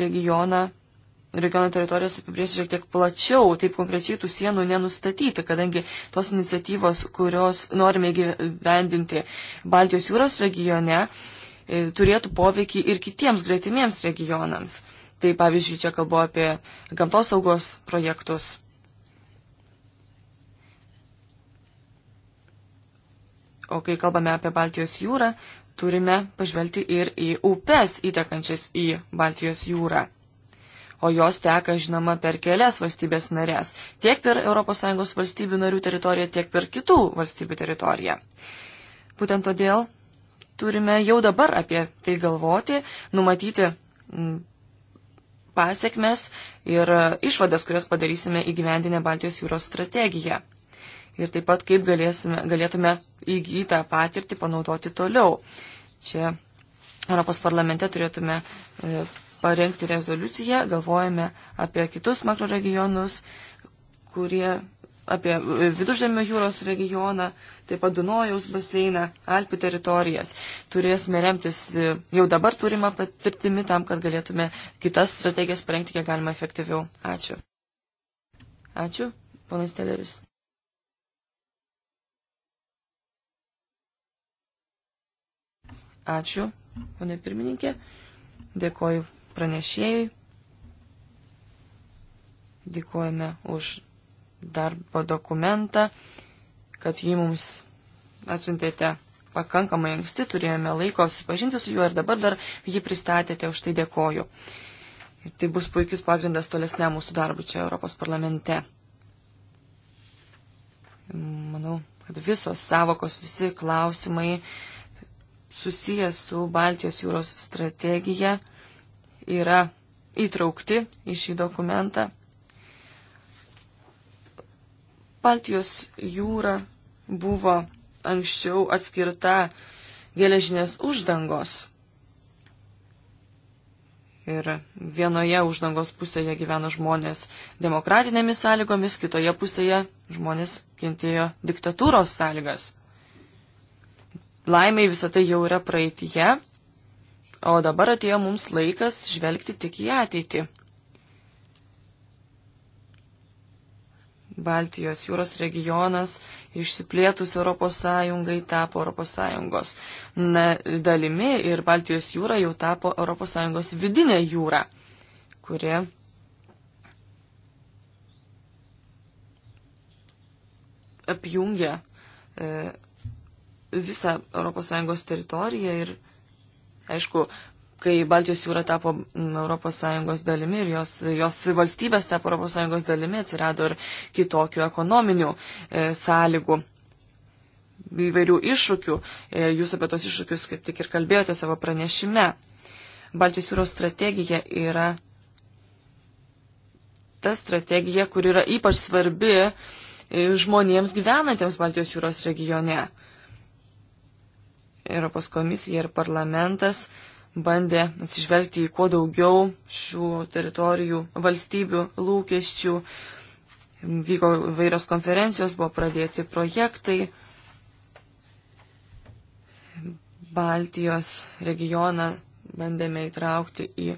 regioną regiono teritorijos apibrėžti šiek tiek plačiau, taip konkrečiai tų sienų nenustatyti, kadangi tos iniciatyvos, kurios norime gyvendinti Baltijos jūros regione, e, turėtų poveikį ir kitiems greitimiems regionams. Tai pavyzdžiui, čia kalbu apie gamtosaugos projektus. O kai kalbame apie Baltijos jūrą, turime pažvelgti ir į upes įtekančias į Baltijos jūrą o jos teka, žinoma, per kelias valstybės narės, tiek per ES valstybių narių teritoriją, tiek per kitų valstybių teritoriją. Būtent todėl turime jau dabar apie tai galvoti, numatyti pasiekmes ir e, išvadas, kurias padarysime įgyvendinę Baltijos jūros strategiją ir taip pat kaip galėsime, galėtume įgytą patirtį panaudoti toliau. Čia Europos parlamente turėtume e, parengti rezoliuciją, galvojame apie kitus makroregionus, kurie apie Viduržėmio jūros regioną, taip pat Dunojaus baseiną, Alpių teritorijas. Turėsime remtis e, jau dabar turimą patirtimi tam, kad galėtume kitas strategijas parengti kiek galima efektyviau. Ačiū. Ačiū, ponas Teleris. Ačiū, ponė pirmininkė. Dėkoju pranešėjui. Dėkojame už darbo dokumentą, kad jį mums atsiuntėte pakankamai anksti, turėjome laiko susipažinti su juo ir dabar dar jį pristatėte, už tai dėkoju. Ir tai bus puikius pagrindas tolesnė mūsų darbų čia Europos parlamente. Manau, kad visos savokos, visi klausimai susijęs su Baltijos jūros strategija yra įtraukti į šį dokumentą. Baltijos jūra buvo anksčiau atskirta geležinės uždangos. Ir vienoje uždangos pusėje gyveno žmonės demokratinėmis sąlygomis, kitoje pusėje žmonės kentėjo diktatūros sąlygas. Laimiai visą tai jau yra praeitie O dabar atėjo mums laikas žvelgti tik į ateitį. Baltijos jūros regionas išsiplėtus Europos Sąjungai tapo Europos Sąjungos Na, dalimi ir Baltijos jūra jau tapo Europos Sąjungos vidinė jūra, kuri apjungia e, visą Europos Sąjungos teritoriją ir Aišku, kai Baltijos jūra tapo mm, ES dalimi ir jos, jos valstybės tapo ES dalimi, atsirado ir kitokių ekonominių e, sąlygų įvairių iššūkių. E, jūs apie tos iššūkius kaip tik ir kalbėjote savo pranešime. Baltijos jūros strategija yra ta strategija, kur yra ypač svarbi e, žmonėms gyvenantiems Baltijos jūros regione. Europos komisija ir parlamentas bandė atsižvelgti į kuo daugiau šių teritorijų valstybių lūkesčių. Vyko vairios konferencijos, buvo pradėti projektai. Baltijos regioną bandėme įtraukti į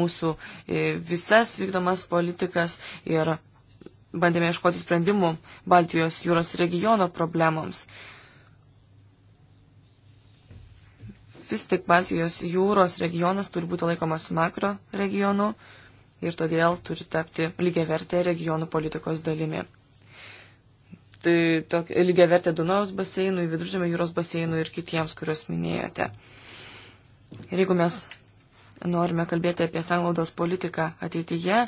mūsų e, visas vykdomas politikas ir bandėme iškoti sprendimų Baltijos jūros regiono problemams. Vis tik Baltijos jūros regionas turi būti laikomas makro regionu ir todėl turi tapti lygiavertė regionų politikos dalimi. Tai tokia lygiavertė Dunaus baseinui, Viduržėmio jūros baseinui ir kitiems, kuriuos minėjote. Ir jeigu mes norime kalbėti apie sanglaudos politiką ateityje,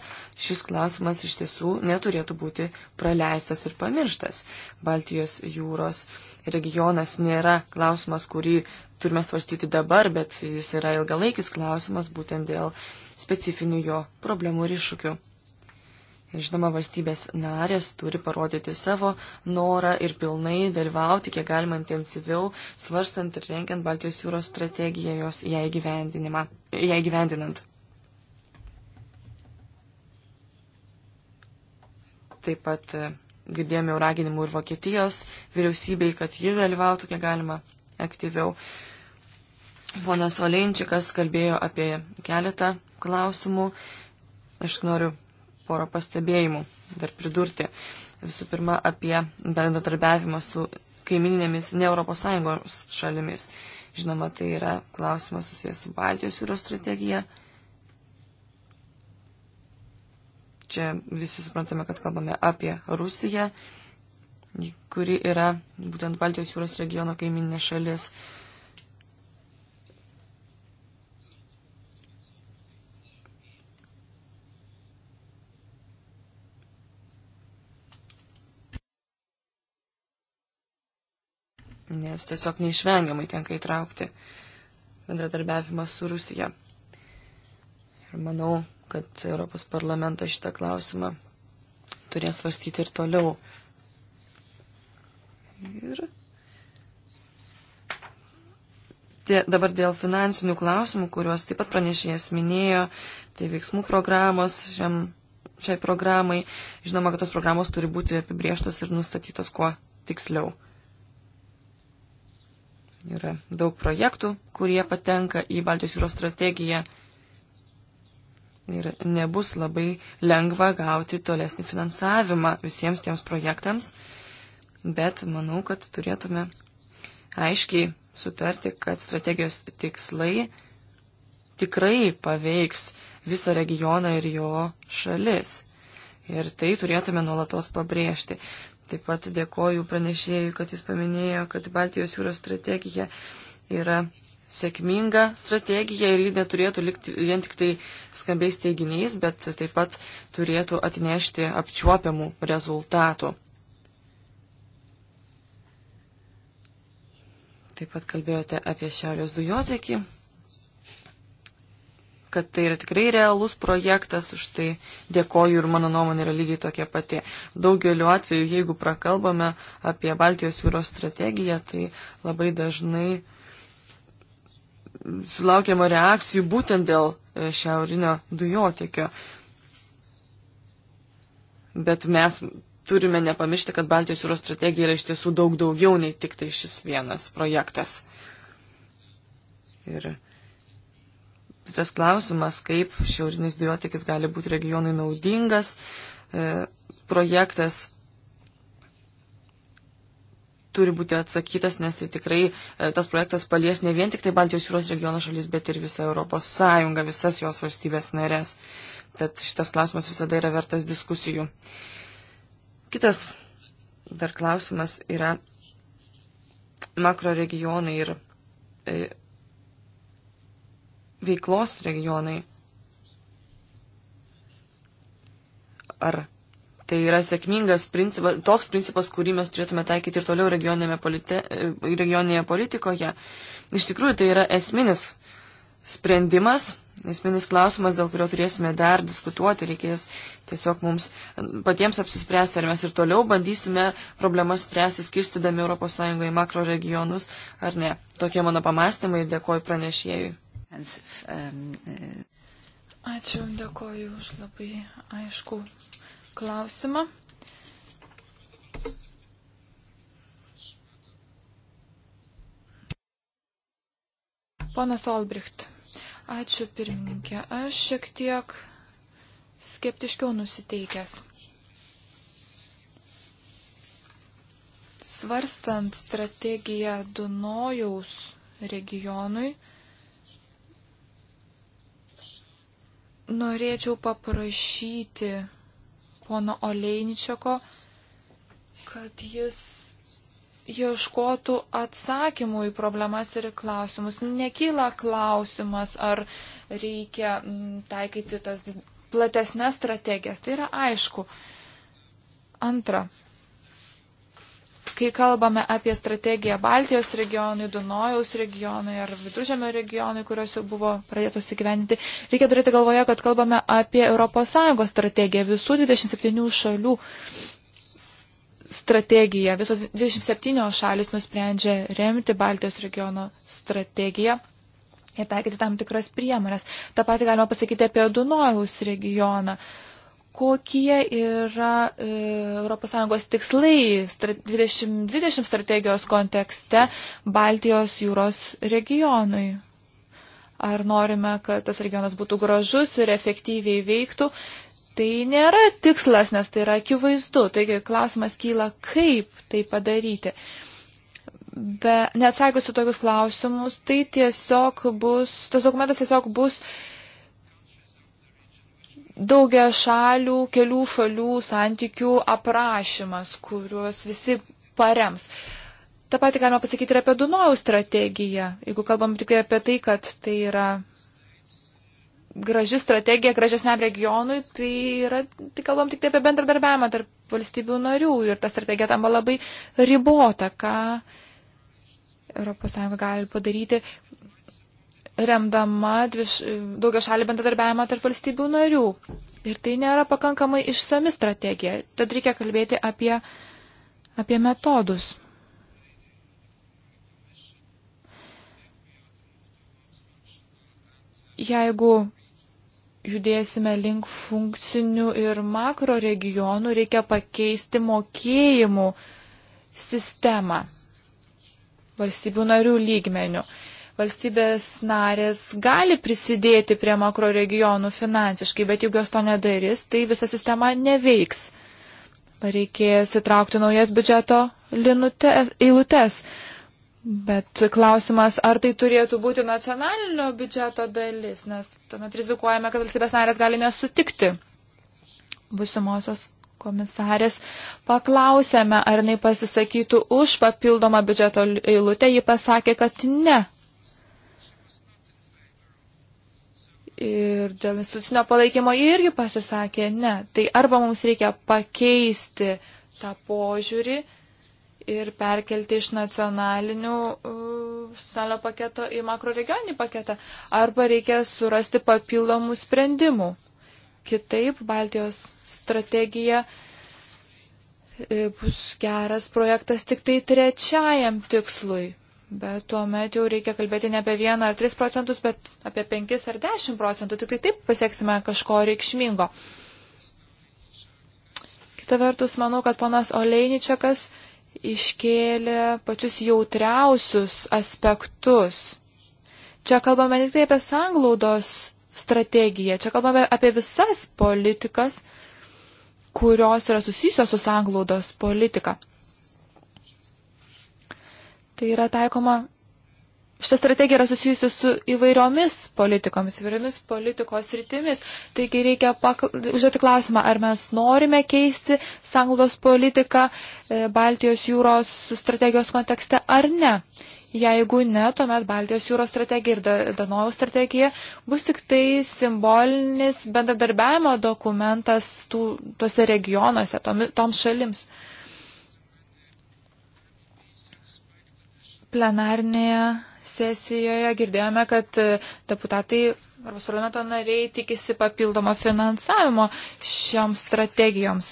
šis klausimas iš tiesų neturėtų būti praleistas ir pamirštas. Baltijos jūros regionas nėra klausimas, kurį turime svarstyti dabar, bet jis yra ilgalaikis klausimas būtent dėl specifinių jo problemų ir iššūkių. Ir žinoma, valstybės narės turi parodyti savo norą ir pilnai dalyvauti, kiek galima intensyviau, svarstant ir renkiant Baltijos jūros strategiją jos ją įgyvendinant. Taip pat e, girdėjome raginimų ir Vokietijos vyriausybei, kad ji dalyvautų kiek galima aktyviau. Uh, Ponas Valinčikas kalbėjo apie keletą klausimų. Aš noriu porą pastebėjimų dar pridurti. Visų pirma, apie bendradarbiavimą su kaimininėmis ne ES šalimis. Žinoma, tai yra klausimas susijęs su Baltijos jūros strategija. Čia visi suprantame, kad kalbame apie Rusiją, kuri yra būtent Baltijos jūros regiono kaiminė šalis. nes tiesiog neišvengiamai tenka įtraukti bendradarbiavimą su Rusija. Ir manau, kad Europos parlamentas šitą klausimą turės svarstyti ir toliau. Ir tie, dabar dėl finansinių klausimų, kuriuos taip pat pranešėjas minėjo, tai veiksmų programos šiam, šiai programai. Žinoma, kad tos programos turi būti apibrieštos ir nustatytos kuo tiksliau. Yra daug projektų, kurie patenka į Baltijos jūros strategiją ir nebus labai lengva gauti tolesnį finansavimą visiems tiems projektams, bet manau, kad turėtume aiškiai sutarti, kad strategijos tikslai tikrai paveiks visą regioną ir jo šalis. Ir tai turėtume nuolatos pabrėžti. Taip pat dėkoju pranešėjui, kad jis paminėjo, kad Baltijos jūros strategija yra sėkminga strategija ir ji neturėtų likti vien tik tai skambiais teiginiais, bet taip pat turėtų atnešti apčiuopiamų rezultatų. Taip pat kalbėjote apie šiaurės dujotekį kad tai yra tikrai realus projektas, už tai dėkoju ir mano nuomonė yra lygiai tokia pati. Daugeliu atveju, jeigu prakalbame apie Baltijos jūros strategiją, tai labai dažnai sulaukiama reakcijų būtent dėl e, šiaurinio dujotekio. Bet mes turime nepamiršti, kad Baltijos jūros strategija yra iš tiesų daug daugiau nei tik tai šis vienas projektas. Ir visas klausimas, kaip šiaurinis dujotekis gali būti regionui naudingas. E, projektas turi būti atsakytas, nes tai tikrai e, tas projektas palies ne vien tik tai Baltijos jūros regiono šalis, bet ir visą Europos Sąjungą, visas jos valstybės narės. Tad šitas klausimas visada yra vertas diskusijų. Kitas dar klausimas yra makro regionai ir e, veiklos regionai. Ar tai yra sėkmingas principas, toks principas, kurį mes turėtume taikyti ir toliau polite, e, regioninėje politikoje? Iš tikrųjų, tai yra esminis sprendimas, esminis klausimas, dėl kurio turėsime dar diskutuoti, reikės tiesiog mums patiems apsispręsti, ar mes ir toliau bandysime problemas spręsti, skirstydami ES makro regionus, ar ne. Tokie mano pamastymai ir dėkoju pranešėjui. Um, uh, ačiū, dėkoju už labai aišku klausimą. Ponas Olbricht, ačiū pirmininkė. Aš šiek tiek skeptiškiau nusiteikęs. Svarstant strategiją Dunojaus regionui, norėčiau paprašyti pono Oleiničiako, kad jis ieškotų atsakymų į problemas ir klausimus. Nekyla klausimas, ar reikia mm, taikyti tas platesnės strategijas. Tai yra aišku. Antra, Kai kalbame apie strategiją Baltijos regionui, Dunojaus regionui ar Viduržėmio regionui, kurios jau buvo pradėtos įgyveninti, reikia turėti galvoje, kad kalbame apie ES strategiją visų 27 šalių strategiją. Visos 27 šalis nusprendžia remti Baltijos regiono strategiją ir taikyti tam tikras priemonės. Ta pati galima pasakyti apie Dunojaus regioną. Uh, kokie yra e, ES tikslai 2020 strategijos kontekste Baltijos jūros regionui. Ar norime, kad tas regionas būtų gražus ir efektyviai veiktų. Tai nėra tikslas, nes tai yra akivaizdu. Taigi klausimas kyla, kaip tai padaryti. Be, neatsakiusi tokius klausimus, tai tiesiog bus, tas dokumentas tiesiog bus uh, daugia šalių, kelių šalių santykių aprašymas, kuriuos visi parems. Ta pati galima pasakyti ir apie Dunojaus strategiją, jeigu kalbam tik apie tai, kad tai yra graži strategija gražesniam regionui, tai yra, tik kalbam tik tai apie bendradarbiavimą tarp valstybių narių ir ta strategija tampa labai ribota, ką ES gali padaryti, remdama dviš, daugia šalį bendradarbiavimą tarp valstybių narių. Ir tai nėra pakankamai išsami strategija. Tad reikia kalbėti apie, apie metodus. Jeigu judėsime link funkcinių ir makro regionų, reikia pakeisti mokėjimų sistemą valstybių narių lygmenių valstybės narės gali prisidėti prie makro regionų finansiškai, bet jeigu jos to nedarys, tai visa sistema neveiks. Reikės įtraukti naujas biudžeto linute, eilutes. Bet klausimas, ar tai turėtų būti nacionalinio biudžeto dalis, nes tuomet rizikuojame, kad valstybės narės gali nesutikti. Busimosios komisarės paklausėme, ar jinai pasisakytų už papildomą biudžeto eilutę, ji pasakė, kad ne. ir dėl institucinio palaikymo jie irgi pasisakė ne. Tai arba mums reikia pakeisti tą požiūrį ir perkelti iš nacionalinių salio uh, paketo į makroregioninį paketą, arba reikia surasti papildomų sprendimų. Kitaip Baltijos strategija uh, bus geras projektas tik tai trečiajam tikslui Bet tuomet jau reikia kalbėti ne apie 1 ar 3 procentus, bet apie 5 ar 10 procentų. Tik tai taip pasieksime kažko reikšmingo. Kita vertus, manau, kad ponas Oleiničiakas iškėlė pačius jautriausius aspektus. Čia kalbame tik tai apie sanglaudos strategiją. Čia kalbame apie visas politikas, kurios yra susijusios su sanglaudos politika. Tai yra taikoma, šita strategija yra susijusi su įvairiomis politikomis, įvairiomis politikos rytimis. Taigi reikia pakl... užduoti klausimą, ar mes norime keisti sanglos politiką e, Baltijos jūros strategijos kontekste ar ne. Jeigu ne, tuomet Baltijos jūros strategija ir Danojaus strategija bus tik tai simbolinis bendradarbiavimo dokumentas tų, tuose regionuose, tom, toms šalims. Plenarnėje sesijoje girdėjome, kad e, deputatai Europos parlamento nariai tikisi papildomo finansavimo šioms strategijoms.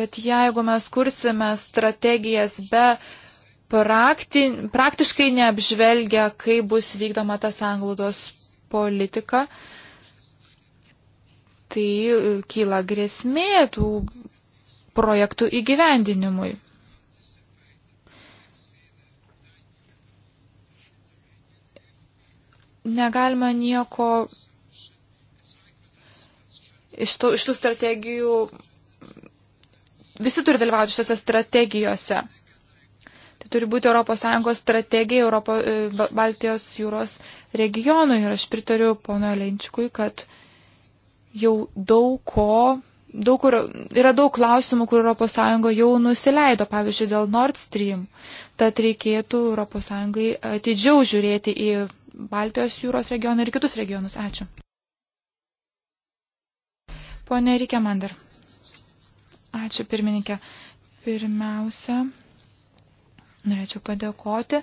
Bet jeigu mes kursime strategijas be prakti, praktiškai neapžvelgia, kaip bus vykdoma ta sanglaudos politika, tai e, kyla grėsmė tų projektų įgyvendinimui. negalima nieko iš tų, iš tų strategijų. Visi turi dalyvauti šiose strategijose. Tai turi būti ES strategija Europo, e, Baltijos jūros regionui. Ir aš pritariu pono Lenčikui, kad jau daug ko, daug kur, yra daug klausimų, kur ES jau nusileido, pavyzdžiui, dėl Nord Stream. Tad reikėtų ES atidžiau žiūrėti į Baltijos jūros regioną ir kitus regionus. Ačiū. Pone Rikė Mander. Ačiū pirmininkė. Pirmiausia, norėčiau padėkoti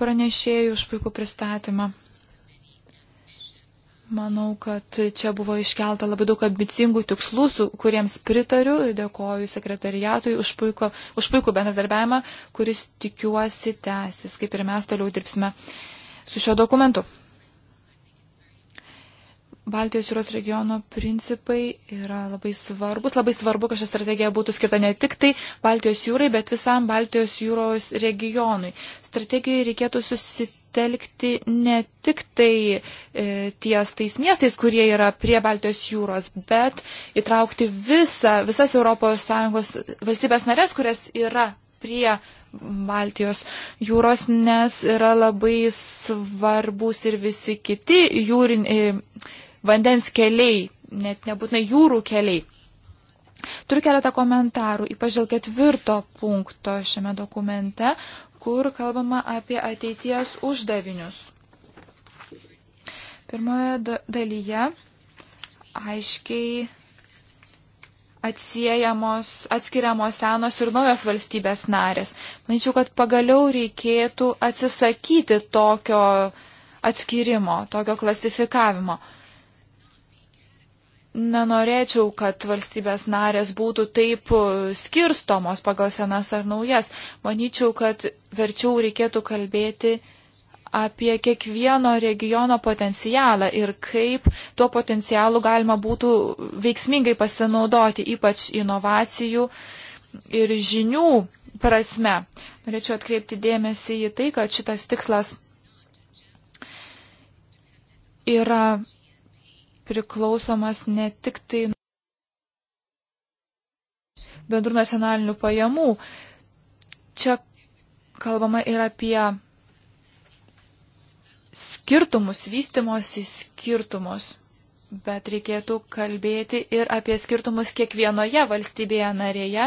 pranešėjų už puikų pristatymą. Manau, kad čia buvo iškelta labai daug ambicingų tikslų, su kuriems pritariu ir dėkoju sekretariatui už puikų, už puikų bendradarbiavimą, kuris tikiuosi tęsis, kaip ir mes toliau dirbsime su šio dokumentu. Baltijos jūros regiono principai yra labai svarbus. Labai svarbu, kad ši strategija būtų skirta ne tik tai Baltijos jūrai, bet visam Baltijos jūros regionui. Strategijoje reikėtų susitelkti ne tik tai e, ties tais miestais, kurie yra prie Baltijos jūros, bet įtraukti visą, visas ES valstybės narės, kurias yra prie Baltijos jūros, nes yra labai svarbus ir visi kiti jūrin, e, vandens keliai, net nebūtinai jūrų keliai. Turiu keletą komentarų, ypač dėl ketvirto punkto šiame dokumente, kur kalbama apie ateities uždavinius. Pirmoje dalyje aiškiai atsiejamos, atskiriamos senos ir naujos valstybės narės. Manyčiau, kad pagaliau reikėtų atsisakyti tokio atskirimo, tokio klasifikavimo. Nenorėčiau, kad valstybės narės būtų taip skirstomos pagal senas ar naujas. Manyčiau, kad verčiau reikėtų kalbėti apie kiekvieno regiono potencialą ir kaip tuo potencialu galima būtų veiksmingai pasinaudoti, ypač inovacijų ir žinių prasme. Norėčiau atkreipti dėmesį į tai, kad šitas tikslas yra priklausomas ne tik tai bendrų nacionalinių pajamų. Čia kalbama ir apie skirtumus, vystimosi skirtumus. Bet reikėtų kalbėti ir apie skirtumus kiekvienoje valstybėje narėje,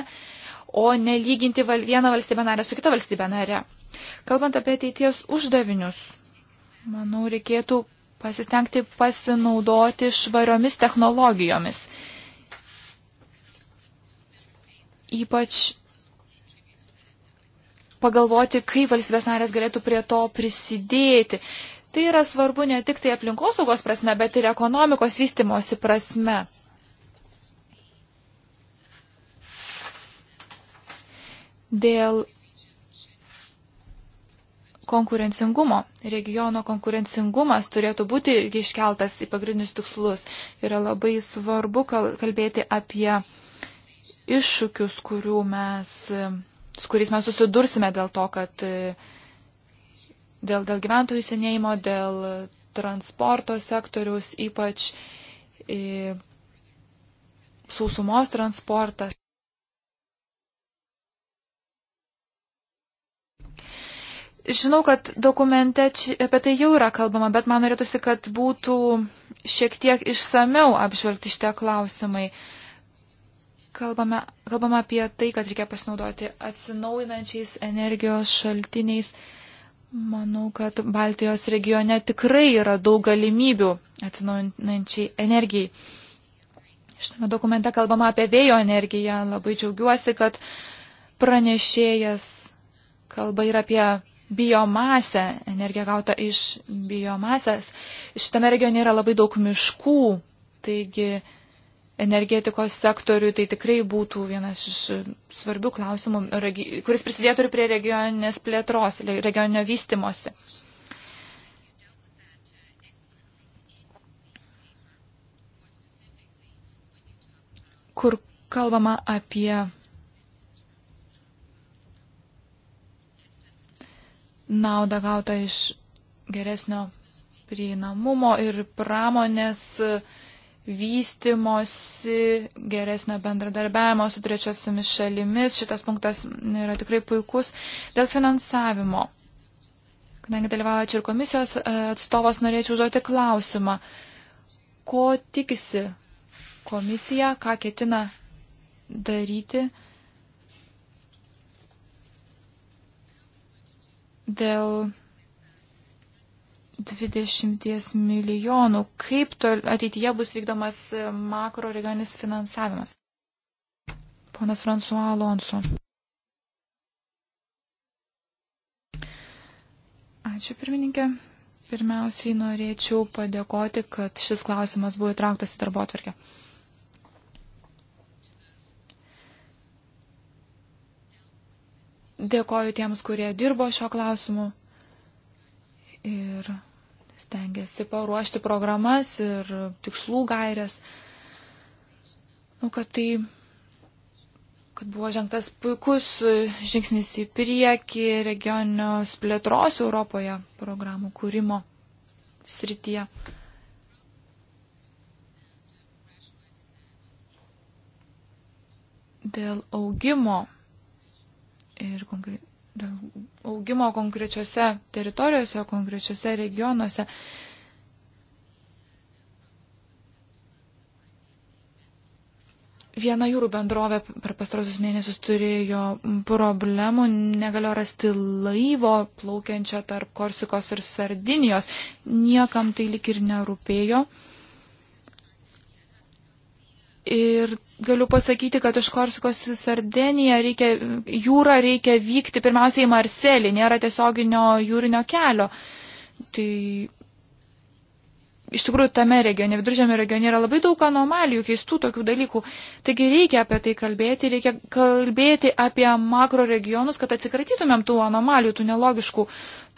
o nelyginti vieną valstybę narę su kita valstybė narė. Kalbant apie ateities uždavinius, manau, reikėtų pasistengti pasinaudoti švariomis technologijomis. Ypač pagalvoti, kaip valstybės narės galėtų prie to prisidėti. Tai yra svarbu ne tik tai aplinkosaugos prasme, bet ir ekonomikos vystimosi prasme. Dėl konkurencingumo. Regiono konkurencingumas turėtų būti irgi iškeltas į pagrindinius tikslus. Yra labai svarbu kalbėti apie iššūkius, mes, su kuriais mes susidursime dėl to, kad uh, dėl, dėl gyventojų senėjimo, dėl transporto sektorius, ypač į, e, sausumos transportas. Žinau, kad dokumente apie tai jau yra kalbama, bet man norėtųsi, kad būtų šiek tiek išsameu apžvelgti šitie klausimai. Kalbame, kalbame apie tai, kad reikia pasinaudoti atsinaujinančiais energijos šaltiniais. Manau, kad Baltijos regione tikrai yra daug galimybių atsinaujinančiai energijai. Šitame dokumente kalbama apie vėjo energiją. Labai džiaugiuosi, kad pranešėjas kalba ir apie biomasę, energiją gautą iš biomasės. Šitame regione yra labai daug miškų, taigi energetikos sektoriui, tai tikrai būtų vienas iš e, svarbių klausimų, kuris prisidėtų ir prie regioninės plėtros, regioninio vystimosi. Kur kalbama apie naudą gautą iš geresnio prieinamumo ir pramonės uh, vystimosi, geresnio bendradarbiavimo su trečiosiomis šalimis. Šitas punktas yra tikrai puikus. Dėl finansavimo. Kadangi dalyvauja čia ir komisijos e, atstovas, norėčiau užduoti klausimą. Ko tikisi komisija, ką ketina daryti dėl 20 milijonų. Kaip tol, ateityje bus vykdomas e, makro regionis finansavimas? Ponas François Alonso. Ačiū pirmininkė. Pirmiausiai norėčiau padėkoti, kad šis klausimas buvo įtrauktas į darbo atvarkę. Dėkoju tiems, kurie dirbo šio klausimu ir stengiasi paruošti programas ir tikslų gairias. Nu, kad tai, kad buvo žengtas puikus žingsnis į priekį regionios plėtros Europoje programų kūrimo srityje. Dėl augimo ir konkrečiai augimo konkrečiose teritorijose, konkrečiose regionuose. Viena jūrų bendrovė per pastarosius mėnesius turėjo problemų, negalėjo rasti laivo plaukiančio tarp Korsikos ir Sardinijos. Niekam tai lik ir nerūpėjo. Uh, Ir galiu pasakyti, kad iš Korsikos į Sardiniją reikia, jūrą reikia vykti pirmiausiai į Marselį, nėra tiesioginio jūrinio kelio. Tai iš tikrųjų tame regione, viduržėme regione yra labai daug anomalijų, keistų tokių dalykų. Taigi reikia apie tai kalbėti, reikia kalbėti apie makro regionus, kad atsikratytumėm tų anomalijų, tų nelogiškų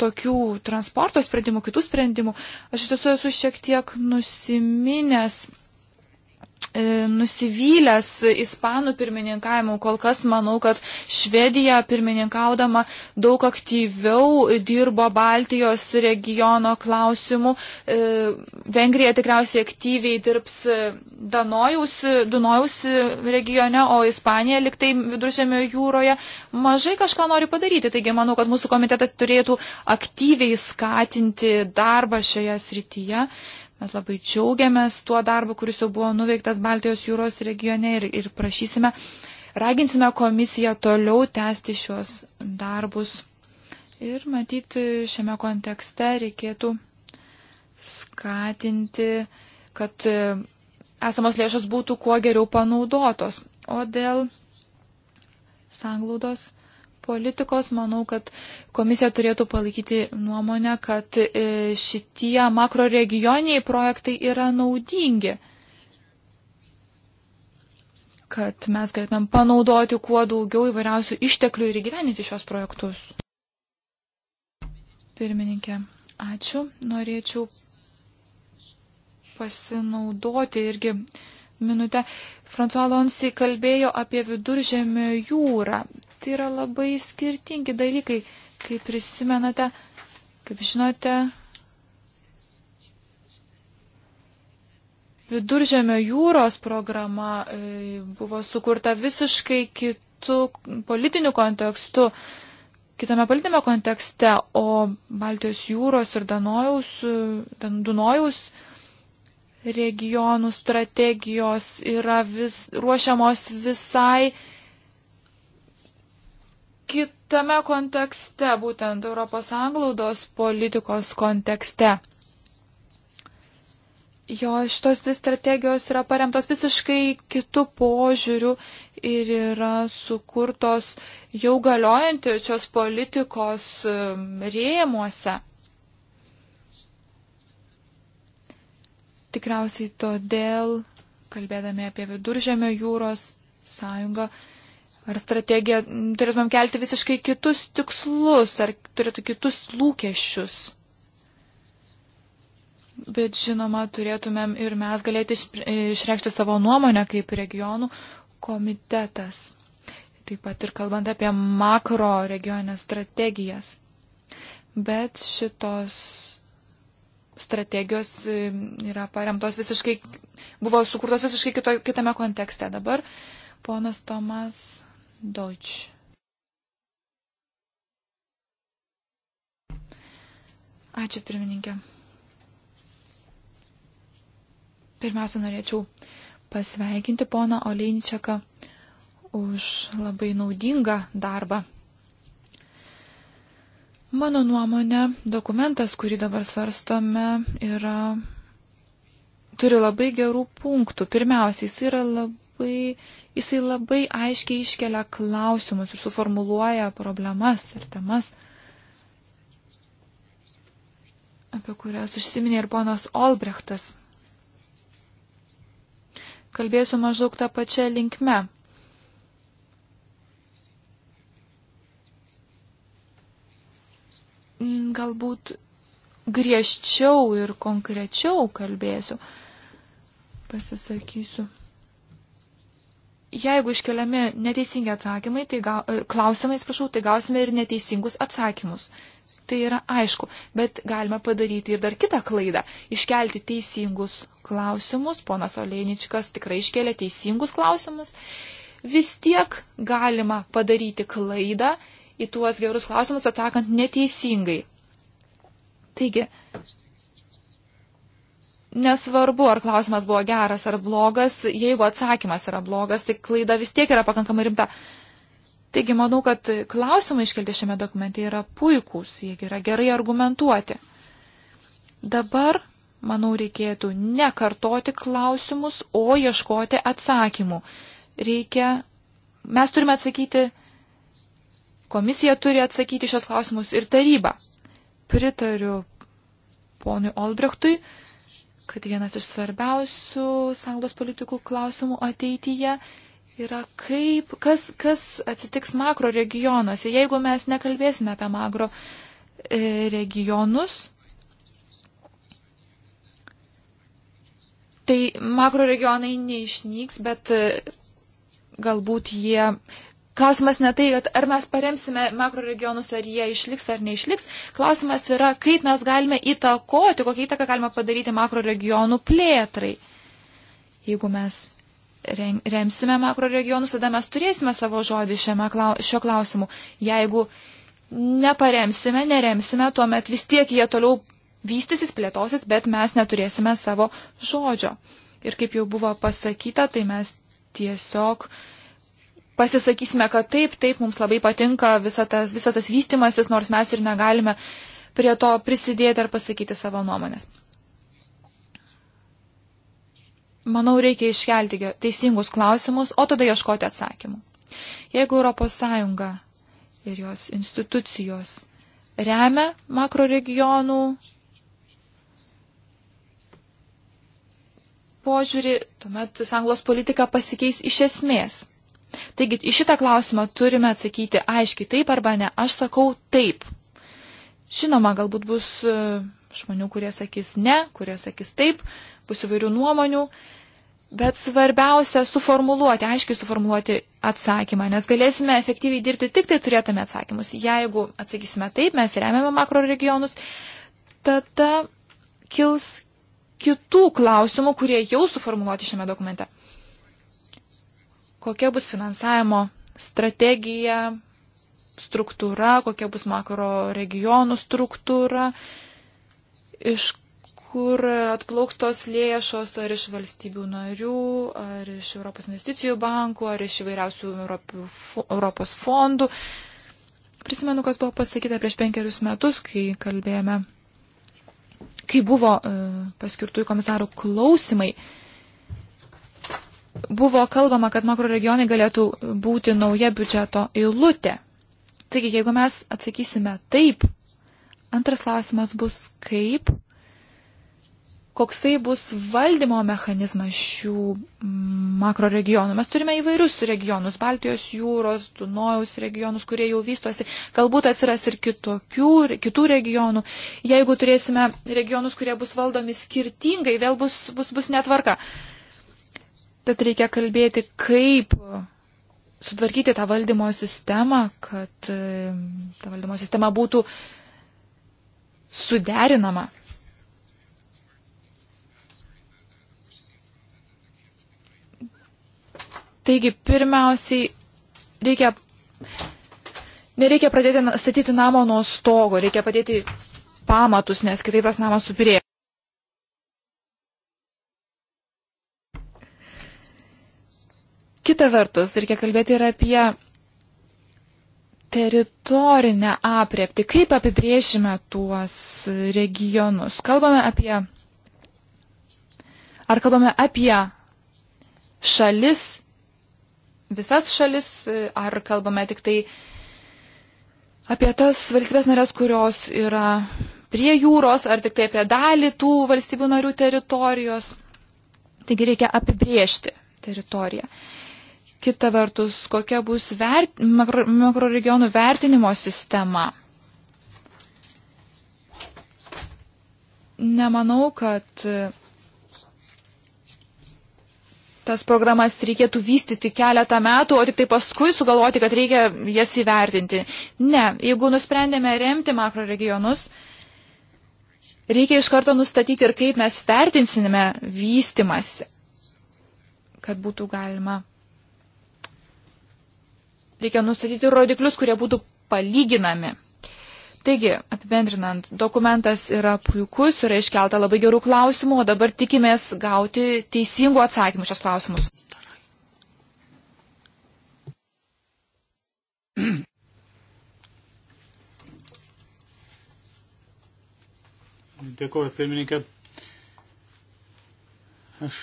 tokių transporto sprendimų, kitų sprendimų. Aš iš tiesų esu šiek tiek nusiminęs E, nusivylęs Ispanų pirmininkavimu. Kol kas manau, kad Švedija pirmininkaudama daug aktyviau dirbo Baltijos regiono klausimų. E, Vengrija tikriausiai aktyviai dirbs Danojaus, Dunojaus regione, o Ispanija liktai viduržėmio jūroje mažai kažką nori padaryti. Taigi manau, kad mūsų komitetas turėtų aktyviai skatinti darbą šioje srityje. Mes labai džiaugiamės tuo darbu, kuris jau buvo nuveiktas Baltijos jūros regione ir, ir prašysime, raginsime komisiją toliau tęsti šios darbus. Ir matyti šiame kontekste reikėtų skatinti, kad esamos lėšos būtų kuo geriau panaudotos. O dėl sanglaudos politikos, manau, kad komisija turėtų palaikyti nuomonę, kad e, šitie makroregioniniai projektai yra naudingi kad mes galėtumėm panaudoti kuo daugiau įvairiausių išteklių ir įgyveninti šios projektus. Pirmininkė, ačiū. Norėčiau pasinaudoti irgi minutę. Fransuo Alonsi kalbėjo apie viduržėmio jūrą tai yra labai skirtingi dalykai. Kaip prisimenate, kaip žinote, Viduržėmio jūros programa e, buvo sukurta visiškai kitų politinių kontekstų, kitame politinėme kontekste, o Baltijos jūros ir Danojaus, e, Dunojaus regionų strategijos yra vis, ruošiamos visai kitame kontekste, būtent Europos anglaudos politikos kontekste. Jo šitos dvi strategijos yra paremtos visiškai kitų požiūrių ir yra sukurtos jau galiojančios politikos um, rėmuose. Tikriausiai todėl, kalbėdami apie viduržėmio jūros sąjungą, ar strategiją turėtumėm kelti visiškai kitus tikslus, ar turėtų kitus lūkesčius. Bet žinoma, turėtumėm ir mes galėti išreikšti savo nuomonę kaip regionų komitetas. Taip pat ir kalbant apie makro regionės strategijas. Bet šitos strategijos e, yra paremtos visiškai, buvo sukurtos visiškai kito, kitame kontekste. Dabar ponas Tomas Deutsch. Ačiū pirmininkė. Pirmiausia, norėčiau pasveikinti poną Oleinčiaką už labai naudingą darbą. Mano nuomonė, dokumentas, kurį dabar svarstome, yra, turi labai gerų punktų. Pirmiausia, jis yra labai labai, jisai labai aiškiai iškelia klausimus ir suformuluoja problemas ir temas, apie kurias užsiminė ir ponas Olbrechtas. Kalbėsiu maždaug tą pačią linkmę. Galbūt griežčiau ir konkrečiau kalbėsiu, pasisakysiu jeigu iškeliami neteisingi atsakymai, tai ga, e, klausimai, prašau, tai gausime ir neteisingus atsakymus. Tai yra aišku, bet galime padaryti ir dar kitą klaidą - iškelti teisingus klausimus. Ponas Oleničkas tikrai iškėlė teisingus klausimus. Vis tiek galima padaryti klaidą į tuos gerus klausimus atsakant neteisingai. Taigi, Nesvarbu, ar klausimas buvo geras ar blogas, jeigu atsakymas yra blogas, tai klaida vis tiek yra pakankamai rimta. Taigi manau, kad klausimai iškelti šiame dokumente yra puikūs, jie yra gerai argumentuoti. Dabar, manau, reikėtų nekartoti klausimus, o ieškoti atsakymų. Reikia, mes turime atsakyti, komisija turi atsakyti šios klausimus ir taryba. Pritariu ponui Olbrechtui kad vienas iš svarbiausių sąjungos politikų klausimų ateityje yra kaip, kas, kas atsitiks makro regionuose, jeigu mes nekalbėsime apie makro e, regionus. Tai makro regionai neišnyks, bet e, galbūt jie Klausimas ne tai, kad ar mes paremsime makroregionus, ar jie išliks ar neišliks. Klausimas yra, kaip mes galime įtakoti, kokią įtaką galime padaryti makroregionų plėtrai. Jeigu mes remsime makroregionus, tada mes turėsime savo žodį šiame, šio klausimu. Jeigu neparemsime, neremsime, tuomet vis tiek jie toliau vystysis, plėtosis, bet mes neturėsime savo žodžio. Ir kaip jau buvo pasakyta, tai mes tiesiog uh, pasisakysime, kad taip, taip, mums labai patinka visas tas, visa tas vystimasis, nors mes ir negalime prie to prisidėti ar pasakyti savo nuomonės. Manau, reikia iškelti teisingus klausimus, o tada ieškoti atsakymų. Jeigu ES ir jos institucijos remia makroregionų požiūrį, tuomet sanglos politika pasikeis iš esmės. Taigi į šitą klausimą turime atsakyti aiškiai taip arba ne. Aš sakau taip. Žinoma, galbūt bus e, žmonių, kurie sakys ne, kurie sakys taip, bus įvairių nuomonių, bet svarbiausia suformuluoti, aiškiai suformuluoti atsakymą, nes galėsime efektyviai dirbti tik tai turėtame atsakymus. Jeigu atsakysime taip, mes remiame makro regionus, tada kils kitų klausimų, kurie jau suformuluoti šiame dokumente kokia bus finansavimo strategija, struktūra, kokia bus makro regionų struktūra, iš kur atplauks tos lėšos, ar iš valstybių narių, ar iš Europos investicijų bankų, ar iš įvairiausių Europos fondų. Prisimenu, kas buvo pasakyta prieš penkerius metus, kai kalbėjome, kai buvo e, paskirtųjų komisarų klausimai. Uh, buvo kalbama, kad makroregionai galėtų būti nauja biudžeto eilutė. Taigi, jeigu mes atsakysime taip, antras klausimas bus kaip, koksai bus valdymo mechanizmas šių makroregionų. Mes turime įvairius regionus - Baltijos jūros, Dunojaus regionus, kurie jau vystosi. Galbūt atsiras ir kitokių, kitų regionų. Jeigu turėsime regionus, kurie bus valdomi skirtingai, vėl bus, bus, bus netvarka. Uh, Tad reikia kalbėti, kaip sutvarkyti tą valdymo sistemą, kad e, ta valdymo sistema būtų suderinama. Taigi, pirmiausiai, reikia, nereikia pradėti statyti namo nuo stogo, reikia padėti pamatus, nes kitaip tas namas supirėjo. Kita vertus, reikia kalbėti ir apie teritorinę apriepti. Kaip apibriešime tuos regionus? Kalbame apie. Ar kalbame apie šalis, visas šalis, ar kalbame tik tai apie tas valstybės narės, kurios yra prie jūros, ar tik tai apie dalį tų valstybių narių teritorijos. Taigi reikia apibriežti teritoriją kita vertus, kokia bus vert, makro, makroregionų vertinimo sistema. Nemanau, kad e, tas programas reikėtų vystyti keletą metų, o tik tai paskui sugalvoti, kad reikia jas įvertinti. Ne, jeigu nusprendėme remti makroregionus, reikia iš karto nustatyti ir kaip mes vertinsime vystimasi, kad būtų galima Reikia nustatyti rodiklius, kurie būtų palyginami. Taigi, apibendrinant, dokumentas yra puikus, yra iškelta labai gerų klausimų, o dabar tikimės gauti teisingų atsakymų šios klausimus. Dėkuoju, pirmininkė. Aš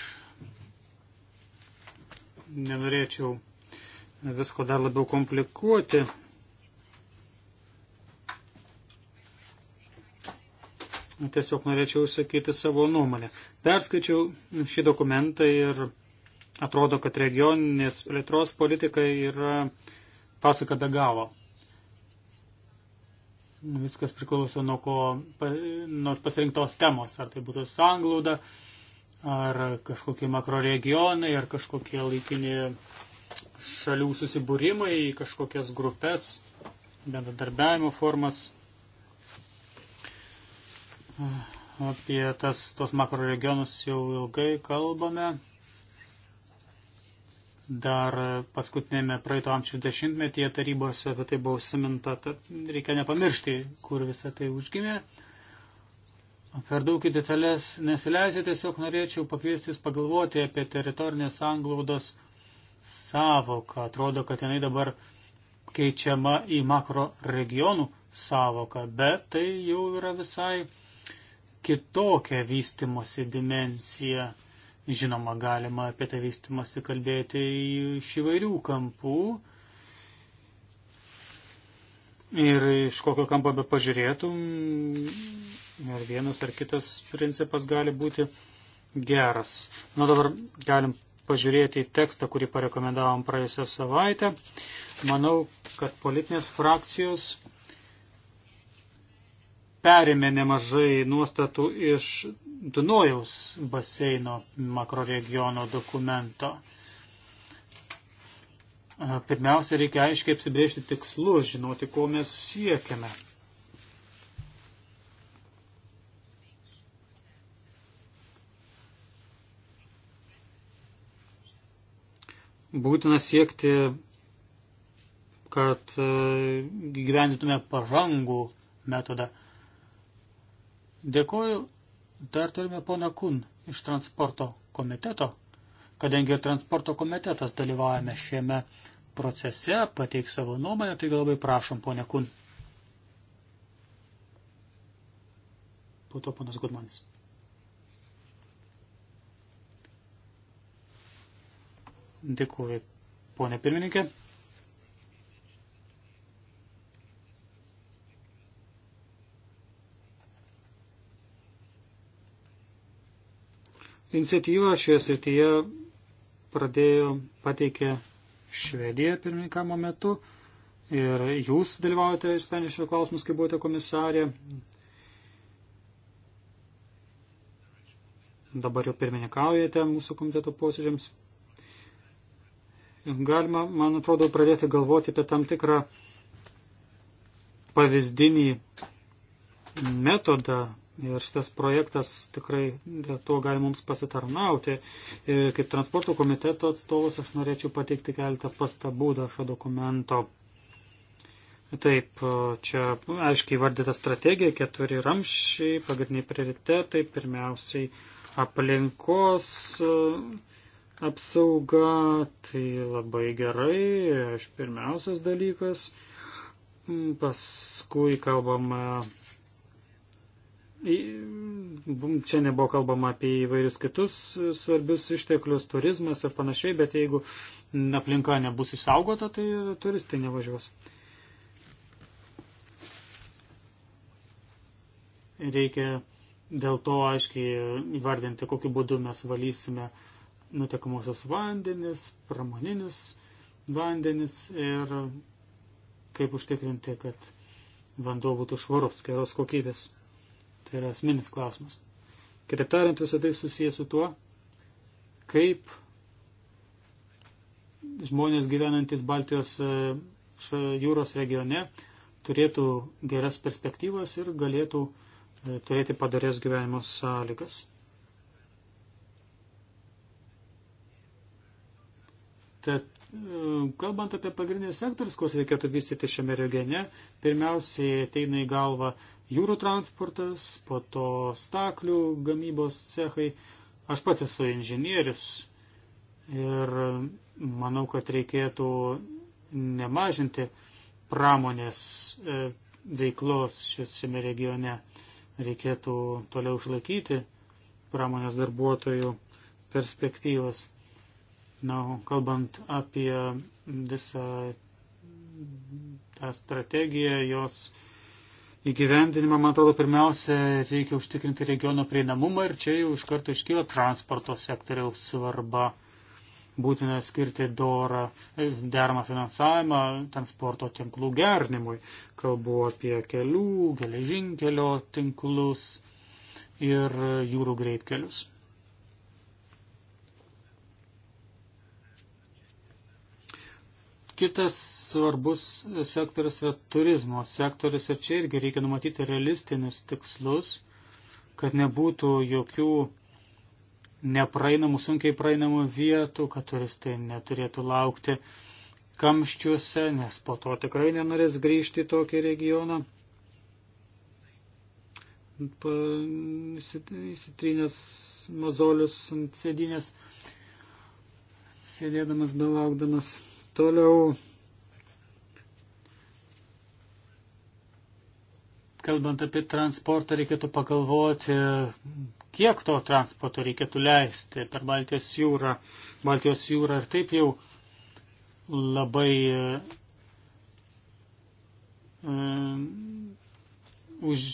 nenorėčiau visko dar labiau komplikuoti. Tiesiog norėčiau išsakyti savo nuomonę. Perskaičiau šį dokumentą ir atrodo, kad regioninės plėtros politika yra pasaka be galo. Viskas priklauso nuo, ko, nuo pasirinktos temos, ar tai būtų sanglauda, ar kažkokie makroregionai, ar kažkokie laikini šalių susibūrimai į kažkokias grupės, bendradarbiavimo formas, apie tas, tos makro regionus jau ilgai kalbame. Dar paskutinėme praeito amžiaus dešimtmetyje tarybose apie tai buvo užsiminta, tad reikia nepamiršti, kur visa tai užgimė. Per daug į detalės nesileisiu, tiesiog norėčiau pakviesti jūs pagalvoti apie teritorinės anglaudos savoką. Atrodo, kad jinai dabar keičiama į makro regionų savoką, bet tai jau yra visai kitokia vystimosi dimensija. Žinoma, galima apie tą vystimąsi kalbėti iš įvairių kampų. Ir iš kokio kampo be pažiūrėtum, ar vienas ar kitas principas gali būti geras. Na dabar galim pažiūrėti į tekstą, kurį parekomendavom praėjusią savaitę. Manau, kad politinės frakcijos perėmė nemažai nuostatų iš Dunojaus baseino makroregiono dokumento. Pirmiausia, reikia aiškiai apsibriežti tikslus, žinoti, ko mes siekiame. būtina siekti, kad e, gyvendytume pažangų metodą. Dėkoju, dar turime poną Kun iš transporto komiteto, kadangi ir transporto komitetas dalyvavome šiame procese, pateik savo nuomonę, taigi labai prašom, ponė Kun. Po to ponas Gudmanis. Dėkuoju, ponė pirmininkė. Iniciatyvą šioje srityje pradėjo, pateikė Švedija pirmininkamo metu ir jūs dalyvaujate sprendžiant šio klausimus, kai buvote komisarė. Dabar jau pirmininkaujate mūsų komiteto posėdžiams galima, man atrodo, pradėti galvoti apie tam tikrą pavyzdinį metodą. Ir šitas projektas tikrai dėl to gali mums pasitarnauti. Ir kaip transporto komiteto atstovas aš norėčiau pateikti keletą pastabų dėl šio dokumento. Taip, čia aiškiai vardyta strategija, keturi ramščiai, pagrindiniai prioritetai, pirmiausiai aplinkos. Uh, apsauga, tai labai gerai, aš pirmiausias dalykas. Mm, Paskui kalbama, mm, čia nebuvo kalbama apie įvairius kitus svarbius išteklius, turizmas ir panašiai, bet jeigu aplinka nebus išsaugota, tai turistai nevažiuos. Reikia dėl to aiškiai įvardinti, kokiu būdu mes valysime uh, nutekamosios vandenis, pramoninis vandenis ir kaip užtikrinti, kad vanduo būtų švarus, geros kokybės. Tai yra asmenis klausimas. Kitaip tariant, visą tai susijęs su tuo, kaip žmonės gyvenantis Baltijos e, jūros regione turėtų geras perspektyvas ir galėtų e, turėti padarės gyvenimo sąlygas. Tad e, kalbant apie pagrindinius sektorius, kuriuos reikėtų vystyti šiame regione, pirmiausiai ateina į galvą jūrų transportas, po to staklių gamybos cechai. Aš pats esu inžinierius ir manau, kad reikėtų nemažinti pramonės e, veiklos šis, šiame regione. Reikėtų toliau išlaikyti pramonės darbuotojų perspektyvas. Na, kalbant apie visą tą strategiją, jos įgyvendinimą, man atrodo, pirmiausia, reikia užtikrinti regiono prieinamumą ir čia jau iš karto iškyla transporto sektoriaus svarba. Būtina skirti dorą, e, deramą finansavimą transporto tinklų gernimui. Kalbu apie kelių, geležinkelio tinklus ir jūrų greitkelius. Kitas svarbus sektorius yra turizmo sektorius ir čia irgi reikia numatyti realistinius tikslus, kad nebūtų jokių nepraeinamų, sunkiai praeinamų vietų, kad turistai neturėtų laukti kamščiuose, nes po to tikrai nenorės grįžti į tokį regioną. Įsitrynęs mazolius ant sėdinės, sėdėdamas, belaukdamas. Toliau, kalbant apie transportą, reikėtų pagalvoti, kiek to transporto reikėtų leisti per Baltijos jūrą. Baltijos jūra ir taip jau labai um, už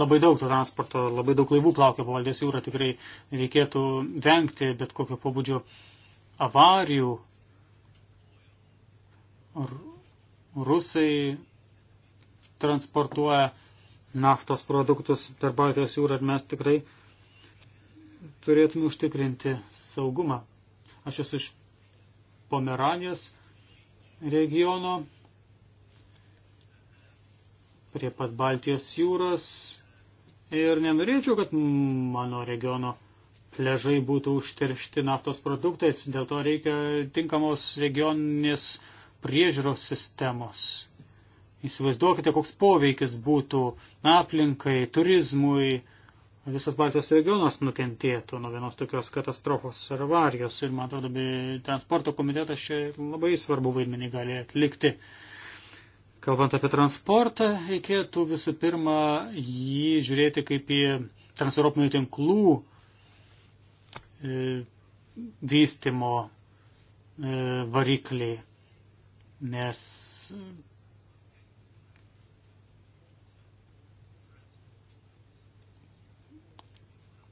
labai daug to transporto, labai daug laivų plaukia po Baltijos jūrą, tikrai reikėtų vengti bet kokio pobūdžio avarijų rusai transportuoja naftos produktus per Baltijos jūrą ir mes tikrai turėtume užtikrinti saugumą. Aš esu iš Pomeranijos regiono prie pat Baltijos jūros ir nenorėčiau, kad mano regiono pležai būtų užteršti naftos produktais, dėl to reikia tinkamos regioninės priežiūros sistemos. Įsivaizduokite, koks poveikis būtų aplinkai, turizmui, visas Baltijos regionas nukentėtų nuo vienos tokios katastrofos ar avarijos ir, man atrodo, transporto komitetas čia labai svarbu vaidmenį gali atlikti. Kalbant apie transportą, reikėtų visų pirma jį žiūrėti kaip į transeuropinių tinklų e, vystimo e, variklį nes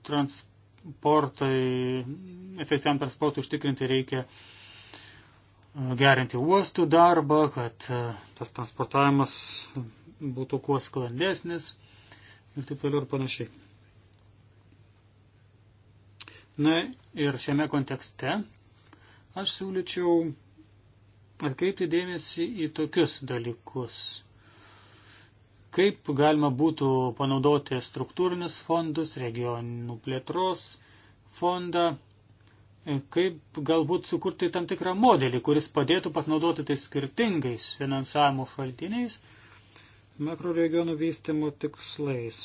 transportai, efektyviam transportui užtikrinti reikia uh, gerinti uostų darbą, kad uh, tas transportavimas būtų kuo sklandesnis ir taip toliau ir panašiai. Na ir šiame kontekste aš siūlyčiau atkreipti dėmesį į tokius dalykus. Kaip galima būtų panaudoti struktūrinius fondus, regionų plėtros fondą, kaip galbūt sukurti tam tikrą modelį, kuris padėtų pasinaudoti tai skirtingais finansavimo šaltiniais, makroregionų vystimo tikslais.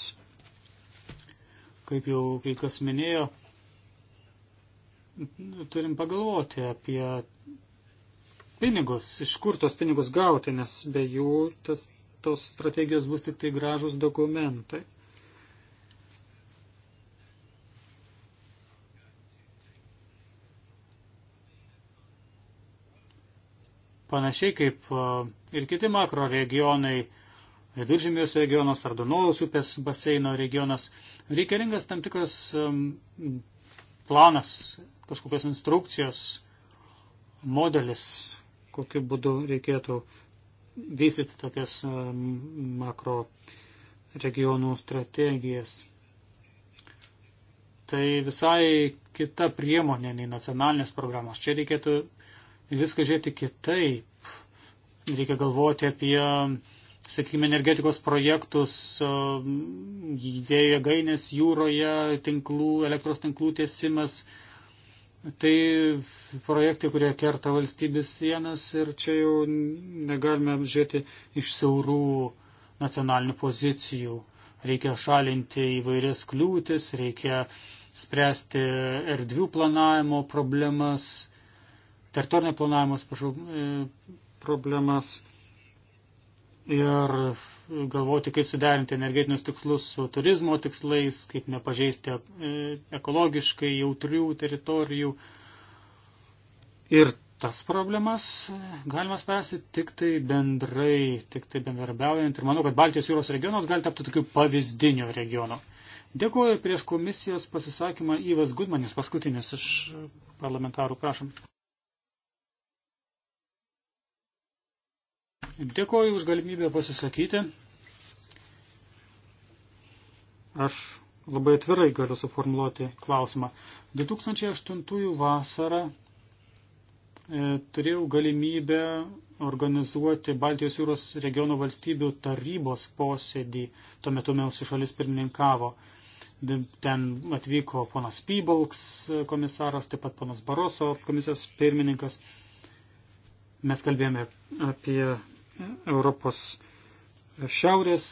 Kaip jau kai kas minėjo, turim pagalvoti apie pinigus, iš kur tos pinigus gauti, nes be jų tas, tos strategijos bus tik tai gražus dokumentai. Panašiai kaip ir kiti makro regionai, viduržymės regionas ar Dunojaus upės baseino regionas, reikalingas tam tikras planas, kažkokios instrukcijos, modelis, kokiu būdu reikėtų vystyti tokias e, makro regionų strategijas. Tai visai kita priemonė nei nacionalinės programos. Čia reikėtų viską žiūrėti kitaip. Reikia galvoti apie, sakykime, energetikos projektus, e, vėjo jėgainės jūroje, tinklų, elektros tinklų tiesimas, Tai projektai, kurie kerta valstybės sienas ir čia jau negalime apžiūrėti iš siaurų nacionalinių pozicijų. Reikia šalinti įvairias kliūtis, reikia spręsti erdvių planavimo problemas, teritorinio planavimo e, problemas ir galvoti, kaip suderinti energetinius tikslus su turizmo tikslais, kaip nepažeisti e, ekologiškai jautrių teritorijų. Ir tas problemas e, galima spręsti tik tai bendrai, tik tai bendarbiaujant. Ir manau, kad Baltijos jūros regionas gali tapti tokiu pavyzdiniu regionu. Dėkuoju prieš komisijos pasisakymą Įvas Gudmanis, paskutinis iš e, parlamentarų, prašom. Dėkoju už galimybę pasisakyti. Aš labai atvirai galiu suformuoluoti klausimą. 2008 vasarą e, turėjau galimybę organizuoti Baltijos jūros regiono valstybių tarybos posėdį. Tuo metu mūsų šalis pirmininkavo. Ten atvyko ponas Pybalks e, komisaras, taip pat ponas Baroso komisijos pirmininkas. Mes kalbėjome apie Europos šiaurės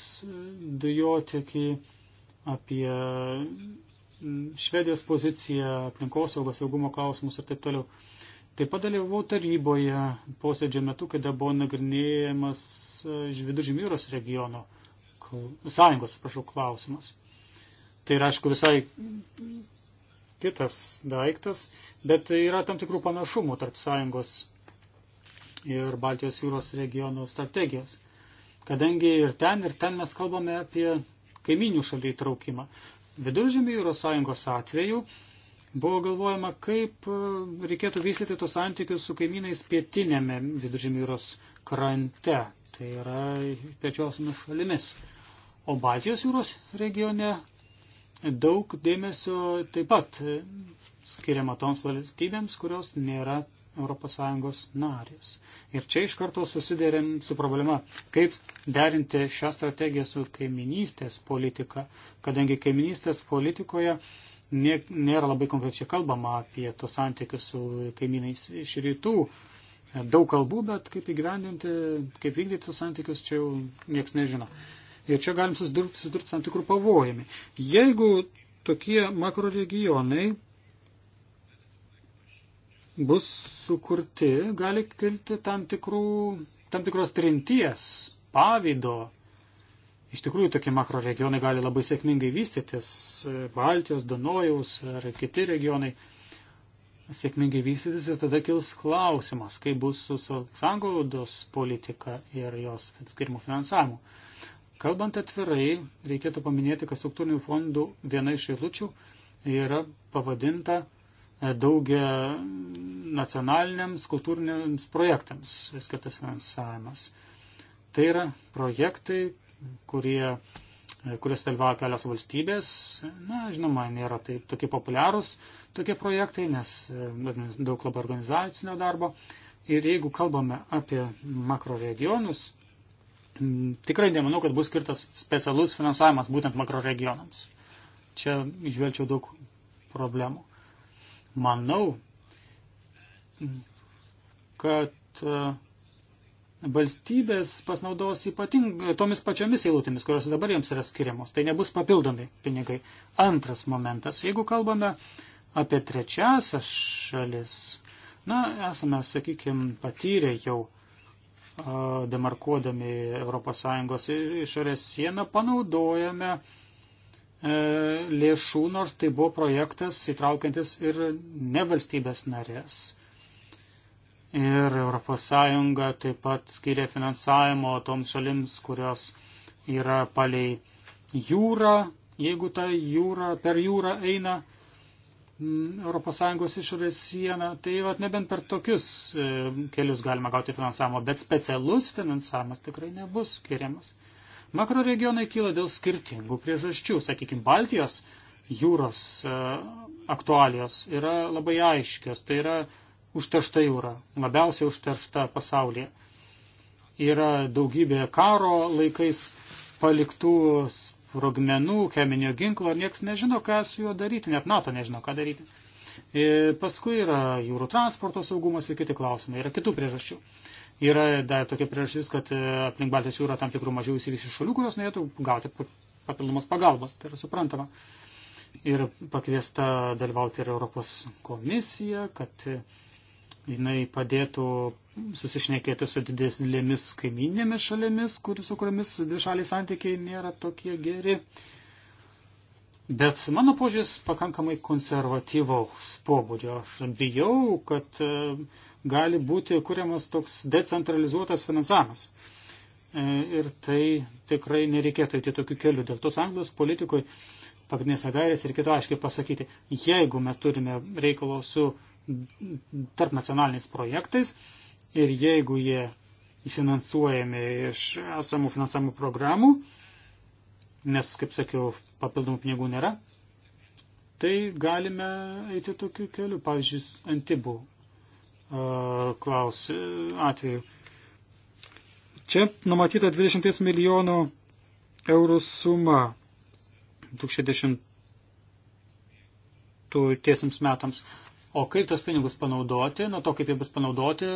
dujotiekį, apie Švedijos poziciją, aplinkosaugos saugumo klausimus ir taip toliau. Taip pat dalyvau taryboje posėdžio metu, kada buvo nagrinėjamas Viduržymio jūros regiono sąjungos, prašau, klausimas. Tai yra, aišku, visai kitas daiktas, bet yra tam tikrų panašumų tarp sąjungos ir Baltijos jūros regionų strategijos. Kadangi ir ten, ir ten mes kalbame apie kaiminių šalių įtraukimą. Viduržėmio jūros sąjungos atveju buvo galvojama, kaip e, reikėtų vystyti tos santykius su kaimynais pietinėme viduržėmio jūros krante, tai yra trečiosiomis šalimis. O Baltijos jūros regione daug dėmesio taip pat e, skiriama toms valstybėms, kurios nėra ES narės. Ir čia iš karto susidėrėm su problema, kaip derinti šią strategiją su kaiminystės politika, kadangi kaiminystės politikoje nėra labai konkrečiai kalbama apie tos santykius su kaimynais iš rytų. Daug kalbų, bet kaip įgyvendinti, kaip vykdyti tos santykius, čia jau nieks nežino. Ir čia galim susidurti, susidurti tam tikrų pavojami. Jeigu tokie makroregionai bus sukurti, gali kilti tam, tikrų, tam tikros trinties, pavydo. Iš tikrųjų, tokie makro regionai gali labai sėkmingai vystytis. Baltijos, Donojaus ar kiti regionai sėkmingai vystytis ir tada kils klausimas, kaip bus su, su sangaudos politika ir jos skirimų finansavimu. Kalbant atvirai, reikėtų paminėti, kad struktūrinių fondų viena iš eilučių yra pavadinta E, daugia nacionaliniams kultūriniams projektams skirtas finansavimas. Tai yra projektai, kurie, e, kurias dalyvauja kelios valstybės. Na, žinoma, nėra taip tokie populiarūs tokie projektai, nes e, daug labai organizacinio darbo. Ir jeigu kalbame apie makroregionus, tikrai nemanau, kad bus skirtas specialus finansavimas būtent makroregionams. Čia išvelčiau daug problemų. Manau, kad e, valstybės pasinaudos ypatingai tomis pačiomis eilutėmis, kurios dabar jiems yra skiriamos. Tai nebus papildomi pinigai. Antras momentas. Jeigu kalbame apie trečiasias šalis, na, esame, sakykime, patyrę jau e, demarkuodami ES išorės sieną, panaudojame uh, E, lėšų, nors tai buvo projektas įtraukiantis ir nevalstybės narės. Ir ES taip pat skiria finansavimo toms šalims, kurios yra palei jūrą, jeigu ta jūra per jūrą eina ES išorės sieną, tai vat, nebent per tokius e, kelius galima gauti finansavimo, bet specialus finansavimas tikrai nebus skiriamas. Makroregionai kyla dėl skirtingų priežasčių. Sakykime, Baltijos jūros e, aktualijos yra labai aiškios. Tai yra užteršta jūra, labiausiai užteršta pasaulyje. Yra daugybė karo laikais paliktų sprogmenų, cheminio ginklo, nieks nežino, ką su juo daryti, net NATO nežino, ką daryti. Ir e, paskui yra jūrų transporto saugumas ir kiti klausimai, yra kitų priežasčių. Yra dar tokia priežastis, kad e, aplink Baltijos jūrą tam tikrų mažiau įsivysių šalių, kurios norėtų gauti papildomos pagalbos. Tai yra suprantama. Ir pakviesta dalyvauti ir Europos komisija, kad e, jinai padėtų susišnekėti su didesnėmis kaiminėmis šalėmis, kur, su kuriamis dvišaliai santykiai nėra tokie geri. Bet mano požiūris pakankamai konservatyvaus pobūdžio. Aš bijau, kad e, gali būti kuriamas toks decentralizuotas finansavimas. E, ir tai tikrai nereikėtų eiti tokiu keliu. Dėl to Anglijos politikoje pagrindinėse gairėse reikėtų aiškiai pasakyti, jeigu mes turime reikalo su tarp nacionaliniais projektais ir jeigu jie finansuojami iš esamų finansavimo programų, nes, kaip sakiau, papildomų pinigų nėra, tai galime eiti tokiu keliu. Pavyzdžiui, antibų klaus, atveju. Čia numatyta 20 milijonų eurų suma 2010 tiesiams metams. O kaip tos pinigus panaudoti, nuo to, kaip jie bus panaudoti,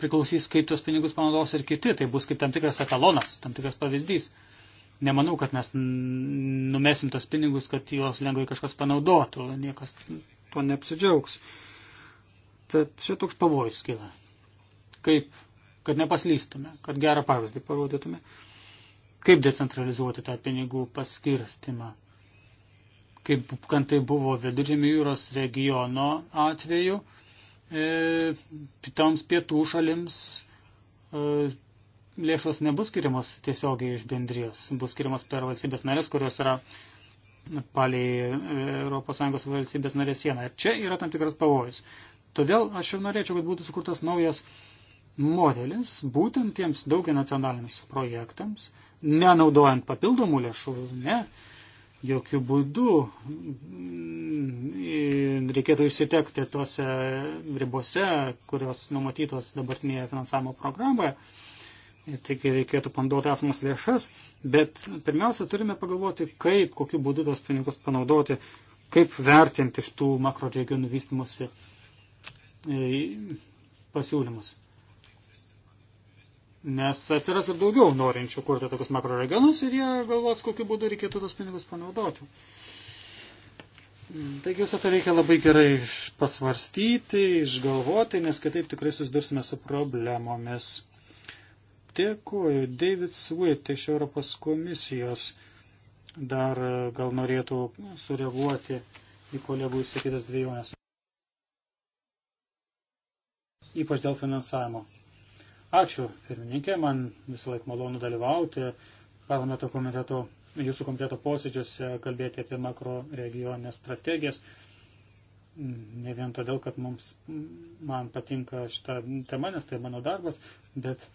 priklausys, kaip tos pinigus panaudos ir kiti. Tai bus kaip tam tikras etalonas, tam tikras pavyzdys. Nemanau, kad mes numesim tos pinigus, kad juos lengvai kažkas panaudotų. Niekas tuo neapsidžiaugs. Uh, Tad čia toks pavojus kyla. Kaip, kad nepaslystume, kad gerą pavyzdį parodytume. Kaip decentralizuoti tą pinigų paskirstimą. Kaip, kad tai buvo viduržėmio jūros regiono atveju, e, toms pietų šalims e, lėšos nebus skiriamos tiesiogiai iš bendrijos, bus skiriamos per valstybės narės, kurios yra palei ES valstybės narės sieną. Ir čia yra tam tikras pavojus. Todėl aš jau norėčiau, kad būtų sukurtas naujas modelis būtent tiems daugia nacionaliniams projektams, nenaudojant papildomų lėšų, ne, jokių būdų mm, reikėtų išsitekti tose ribose, kurios numatytos dabartinėje finansavimo programoje. Tik reikėtų panduoti esamas lėšas, bet pirmiausia turime pagalvoti, kaip, kokiu būdu tos pinigus panaudoti, kaip vertinti iš tų makro regionų vystimosi E, pasiūlymus. Nes atsiras ir daugiau norinčių kurti tokius makroregionus ir jie galvos, kokiu būdu reikėtų tos pinigus panaudoti. Taigi visą tai reikia labai gerai pasvarstyti, išgalvoti, nes kitaip tikrai susidursime su problemomis. Dėkuoju, David Sweet iš Europos komisijos dar gal norėtų sureaguoti į kolegų įsakytas dviejonės ypač dėl finansavimo. Ačiū, pirmininkė, man visą laiką malonu dalyvauti parlamento komiteto, jūsų komiteto posėdžiuose, kalbėti apie makro regionės strategijas. Ne vien todėl, kad mums, man patinka šitą temą, nes tai mano darbas, bet e,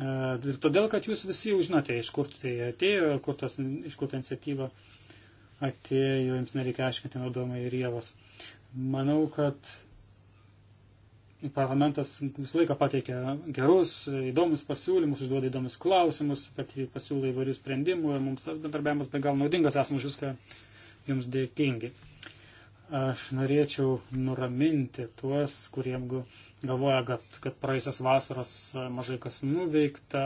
Ir todėl, kad jūs visi jau žinote, iš kur tai atėjo, kur tos, iš kur ta iniciatyva atėjo, jums nereikia aiškinti naudojama ir jėvos. Manau, kad parlamentas visą laiką pateikia gerus, įdomus pasiūlymus, užduoda įdomus klausimus, pasiūlo įvairių sprendimų ir mums tas bendarbiavimas be galo naudingas, esame už viską jums dėkingi. Aš norėčiau nuraminti tuos, kurie galvoja, kad, kad praėjusios vasaros mažai kas nuveikta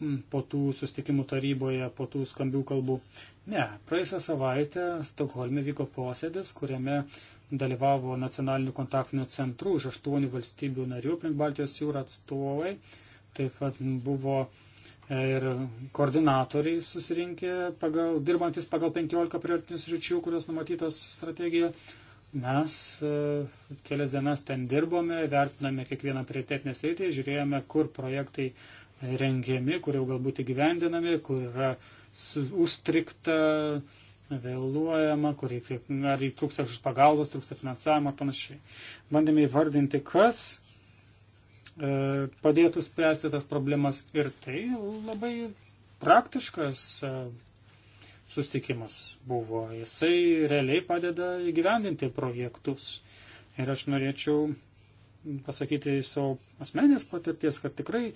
mm, po tų sustikimų taryboje, po tų skambių kalbų. Ne, praėjusią savaitę Stokholme vyko posėdis, kuriame dalyvavo nacionalinių kontaktinių centrų iš aštuonių valstybių narių aplink Baltijos jūrą atstovai. Taip pat buvo e, ir koordinatoriai susirinkę, pagal, dirbantis pagal 15 prioritetinių sričių, kurios numatytos strategijoje. Mes e, kelias dienas ten dirbome, vertiname kiekvieną prioritetinę sritį, žiūrėjome, kur projektai rengiami, kur jau galbūt įgyvendinami, kur yra užstrikta vėluojama, kur reikia, ar trūksta už pagalbos, trūksta finansavimo ir panašiai. Bandėme įvardinti, kas e, padėtų spręsti tas problemas ir tai labai praktiškas e, sustikimas buvo. Jisai realiai padeda įgyvendinti projektus. Ir aš norėčiau pasakyti iš savo asmenės patirties, kad tikrai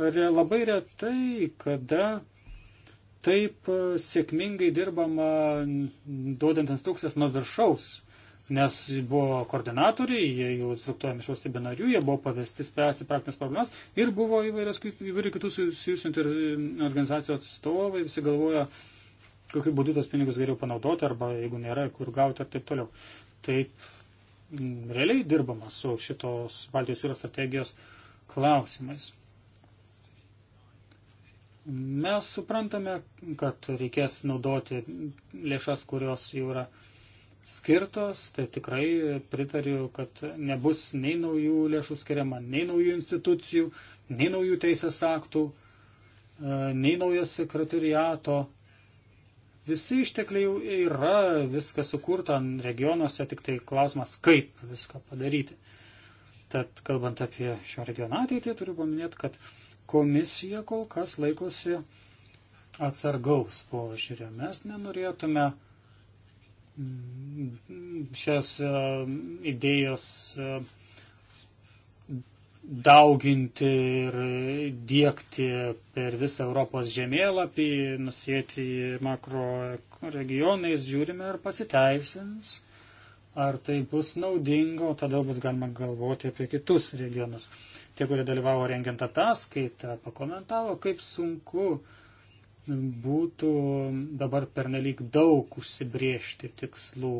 re, labai retai, kada taip e, sėkmingai dirbama, duodant instrukcijas nuo viršaus, nes buvo koordinatoriai, jie jau instruktuojami iš valstybė narių, jie buvo pavesti spręsti praktinės problemas ir buvo įvairios, įvairių kitų susijusių organizacijų atstovai, visi galvoja, kokiu būdu tos pinigus geriau panaudoti arba jeigu nėra, kur gauti ir taip toliau. Taip realiai dirbama su šitos Baltijos jūros strategijos klausimais. Mes suprantame, kad reikės naudoti lėšas, kurios jau yra skirtos, tai tikrai pritariu, kad nebus nei naujų lėšų skiriama, nei naujų institucijų, nei naujų teisės aktų, e, nei naujo sekretariato. Visi ištekliai jau yra, viskas sukurta regionuose, tik tai klausimas, kaip viską padaryti. Tad kalbant apie šio regiono ateitį, turiu paminėti, kad Komisija kol kas laikosi atsargaus požiūrio. Mes nenorėtume mm, šias e, idėjas e, dauginti ir dėkti per visą Europos žemėlapį, nusėti makro regionais, žiūrime, ar pasiteisins, ar tai bus naudinga, o tada bus galima galvoti apie kitus regionus tie, kurie dalyvavo rengiant ataskaitą, pakomentavo, kaip sunku būtų dabar pernelyg daug užsibriežti tikslų,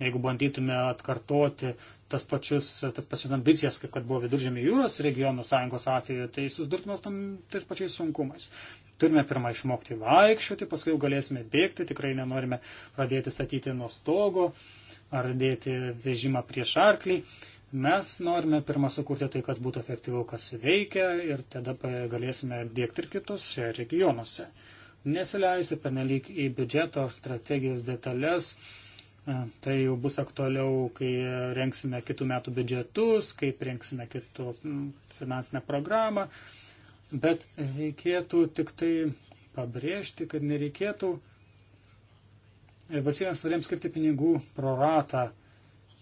jeigu bandytume atkartoti tas pačius, tas pačias ambicijas, kaip kad buvo viduržėmė jūros regionų sąjungos atveju, tai susidurtumas tam tais pačiais sunkumais. Turime pirmą išmokti vaikščioti, paskui jau galėsime bėgti, tikrai nenorime pradėti statyti nuo stogo ar dėti vežimą prieš arklį. Uh, Mes norime pirmą sukurti tai, kas būtų efektyviau, kas veikia ir tada galėsime dėkti ir kitose regionuose. Nesileisiu penelyg į biudžeto strategijos detalės. Tai jau bus aktualiau, kai renksime kitų metų biudžetus, kai renksime kitų finansinę programą. Bet reikėtų tik tai pabrėžti, kad nereikėtų valstybėms narėms skirti pinigų proratą. ratą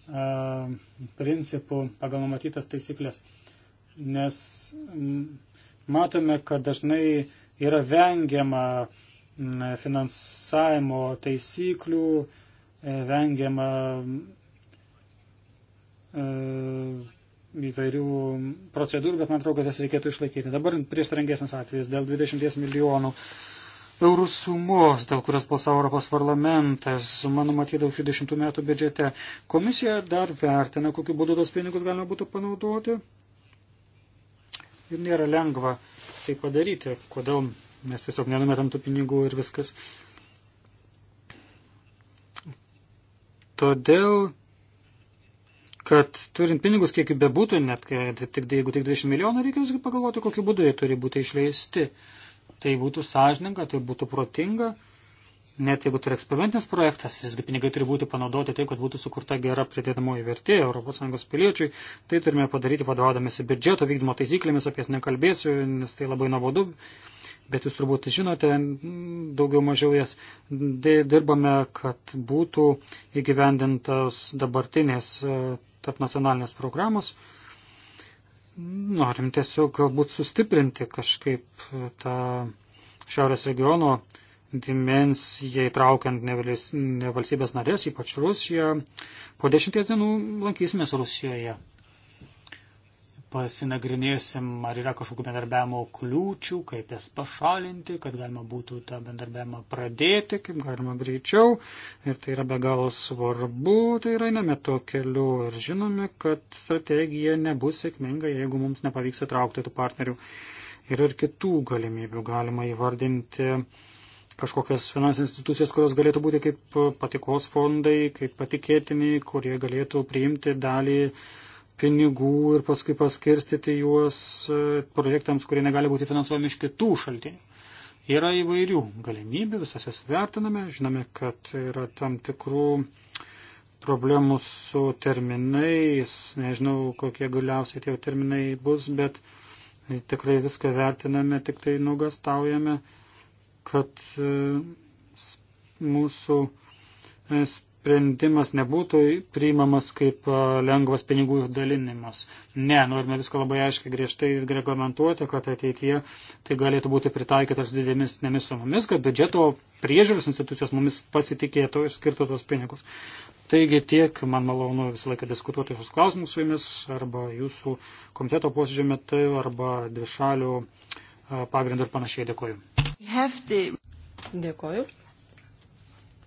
principų pagal numatytas taisyklės. Nes matome, kad dažnai yra vengiama finansavimo taisyklių, e, vengiama e, įvairių procedūrų, bet man atrodo, kad jas reikėtų išlaikyti. Dabar prieštarangesnis atvejis dėl 20 milijonų eurų sumos, dėl kurios balsavo Europos parlamentas, mano matydavau 60 metų biudžete. Komisija dar vertina, kokiu būdu tos pinigus galima būtų panaudoti. Ir nėra lengva tai padaryti, kodėl mes tiesiog nenumetam tų pinigų ir viskas. Todėl, kad turint pinigus, kiek jų bebūtų, net kai, tik, jeigu tik 20 milijonų, reikia visgi pagalvoti, kokiu būdu jie turi būti išleisti. Uh, tai būtų sąžininga, tai būtų protinga. Net jeigu tai yra eksperimentinis projektas, visgi pinigai turi būti panaudoti taip, kad būtų sukurta gera pridėdamoji vertė ES piliečiui, tai turime padaryti vadovaudamėsi biudžeto vykdymo taisyklėmis, apie jas nekalbėsiu, nes tai labai nuobodu, bet jūs turbūt žinote, daugiau mažiau jas dirbame, kad būtų įgyvendintas dabartinės e, tarp nacionalinės programos norim tiesiog galbūt sustiprinti kažkaip tą šiaurės regiono dimensiją įtraukiant nevalstybės narės, ypač Rusiją. Po dešimties dienų lankysimės Rusijoje pasinagrinėsim, ar yra kažkokių bendarbiavimo kliūčių, kaip jas pašalinti, kad galima būtų tą bendarbiavimą pradėti, kaip galima greičiau. Ir tai yra be galo svarbu, tai yra einame tuo keliu ir žinome, kad strategija nebus sėkminga, jeigu mums nepavyks įtraukti tų partnerių. Yra ir kitų galimybių, galima įvardinti kažkokias finansinės institucijas, kurios galėtų būti kaip patikos fondai, kaip patikėtiniai, kurie galėtų priimti dalį uh, pinigų ir paskui paskirstyti juos e, projektams, kurie negali būti finansuojami iš kitų šaltinių. Yra įvairių galimybių, visas jas vertiname, žinome, kad yra tam tikrų problemų su terminais, nežinau, kokie galiausiai tie terminai bus, bet tikrai viską vertiname, tik tai nugastaujame, kad e, mūsų e, sprendimas nebūtų priimamas kaip lengvas pinigų dalinimas. Ne, norime viską labai aiškiai griežtai reglamentuoti, kad ateityje tai galėtų būti pritaikytas didelėmis nemis sumomis, kad biudžeto priežiūros institucijos mumis pasitikėtų ir skirtų tos pinigus. Taigi tiek, man malonu visą laiką diskutuoti šios klausimus su jumis arba jūsų komiteto posėdžio metu arba dvišalių pagrindų ir panašiai. Dėkoju. Dėkoju.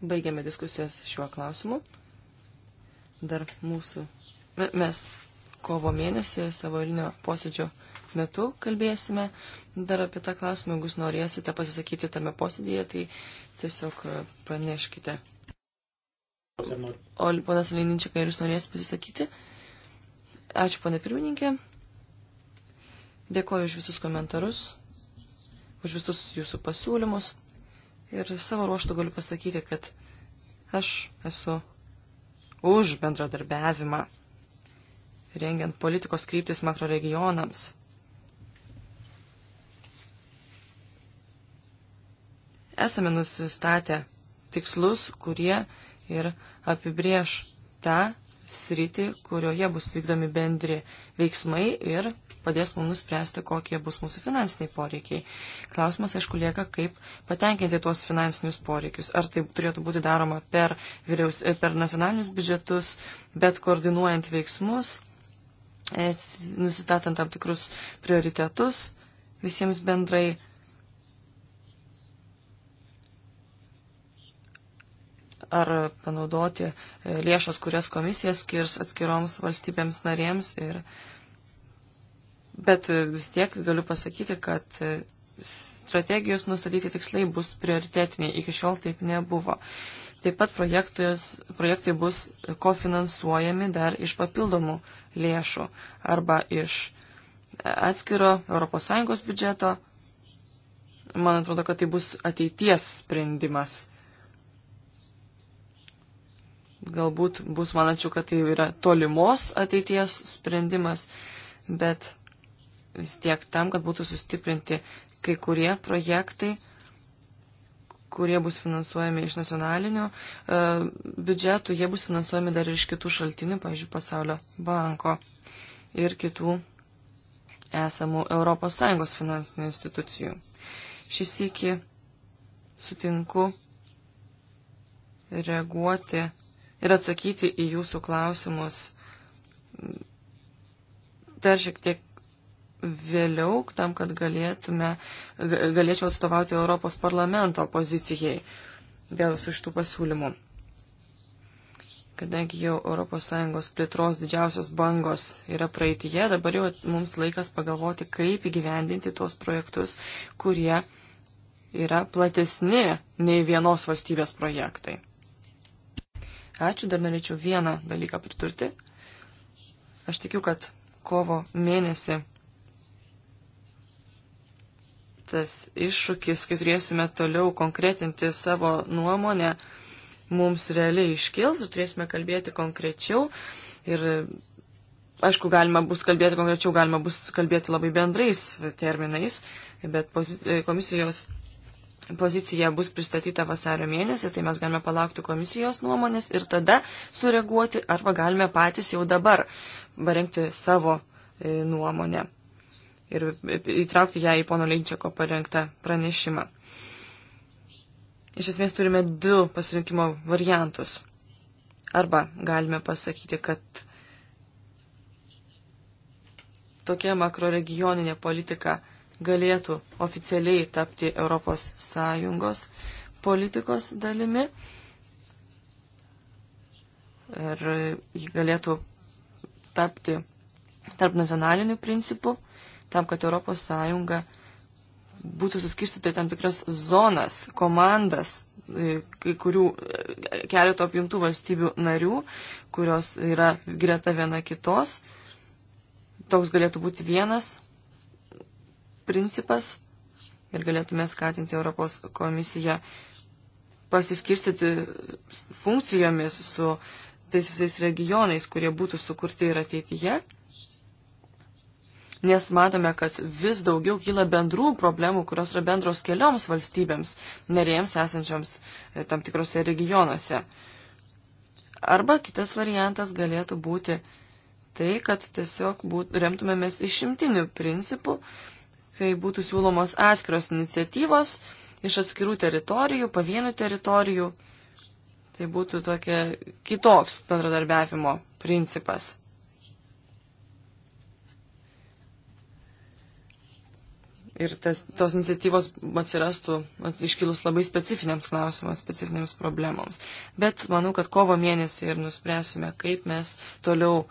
Baigiame diskusijas šiuo klausimu. Dar mūsų. Mes kovo mėnesį savo eilinio posėdžio metu kalbėsime dar apie tą klausimą. Jeigu jūs norėsite pasisakyti tame posėdėje, tai tiesiog e, praneškite. O ponas Leininčiakai, ar jūs norėsite pasisakyti? Ačiū, ponė pirmininkė. Dėkoju už visus komentarus, už visus jūsų pasiūlymus. Ir savo ruoštų galiu pasakyti, kad aš esu už bendradarbiavimą, rengiant politikos kryptis makroregionams. Esame nusistatę tikslus, kurie ir apibrieš tą, sritį, kurioje bus vykdomi bendri veiksmai ir padės mums spręsti, kokie bus mūsų finansiniai poreikiai. Klausimas, aišku, lieka, kaip patenkinti tuos finansinius poreikius. Ar tai turėtų būti daroma per, vyriaus, e, per nacionalinius biudžetus, bet koordinuojant veiksmus, e, nusistatant tam tikrus prioritetus visiems bendrai, ar panaudoti e, lėšas, kurias komisija skirs atskiroms valstybėms narėms. Ir... Bet e, vis tiek galiu pasakyti, kad e, strategijos nustatyti tikslai bus prioritetiniai, iki šiol taip nebuvo. Taip pat projektai bus kofinansuojami dar iš papildomų lėšų arba iš atskiro ES biudžeto. Man atrodo, kad tai bus ateities sprendimas galbūt bus manačių, kad tai yra tolimos ateities sprendimas, bet vis tiek tam, kad būtų sustiprinti kai kurie projektai, kurie bus finansuojami iš nacionalinio e, biudžetų, jie bus finansuojami dar ir iš kitų šaltinių, pavyzdžiui, pasaulio banko ir kitų esamų ES finansinių institucijų. Šis iki sutinku reaguoti ir atsakyti į jūsų klausimus dar šiek tiek vėliau, tam, kad galėtume, galėčiau atstovauti Europos parlamento pozicijai dėl visų šitų pasiūlymų. Kadangi jau ES plėtros didžiausios bangos yra praeitie, dabar jau mums laikas pagalvoti, kaip įgyvendinti tuos projektus, kurie yra platesni nei vienos valstybės projektai. Ačiū, dar norėčiau vieną dalyką priturti. Aš tikiu, kad kovo mėnesį tas iššūkis, kai turėsime toliau konkretinti savo nuomonę, mums realiai iškils ir turėsime kalbėti konkrečiau. Ir aišku, galima bus kalbėti konkrečiau, galima bus kalbėti labai bendrais terminais, bet e, komisijos pozicija bus pristatyta vasario mėnesį, tai mes galime palaukti komisijos nuomonės ir tada sureaguoti arba galime patys jau dabar parengti savo e, nuomonę ir e, įtraukti ją į pono Leinčiako parengtą pranešimą. Iš esmės turime du pasirinkimo variantus. Arba galime pasakyti, kad tokia makroregioninė politika galėtų oficialiai tapti ES politikos dalimi ir ji galėtų tapti tarp nacionalinių principų, tam, kad ES būtų suskirstyta į tam tikras zonas, komandas, e, kai kurių e, keletų apjungtų valstybių narių, kurios yra greta viena kitos. Toks galėtų būti vienas principas ir galėtume skatinti Europos komisiją pasiskirstyti funkcijomis su tais visais regionais, kurie būtų sukurti ir ateityje. Nes matome, kad vis daugiau kyla bendrų problemų, kurios yra bendros kelioms valstybėms, narėms esančioms e, tam tikrose regionuose. Arba kitas variantas galėtų būti tai, kad tiesiog būt, remtumėmės išimtiniu principu, iš kai būtų siūlomos atskiros iniciatyvos iš atskirų teritorijų, pavienių teritorijų. Tai būtų tokia kitoks bendradarbiavimo principas. Ir tas, tos iniciatyvos atsirastų iškilus labai specifiniams klausimams, specifinėms problemams. Bet manau, kad kovo mėnesį ir nuspręsime, kaip mes toliau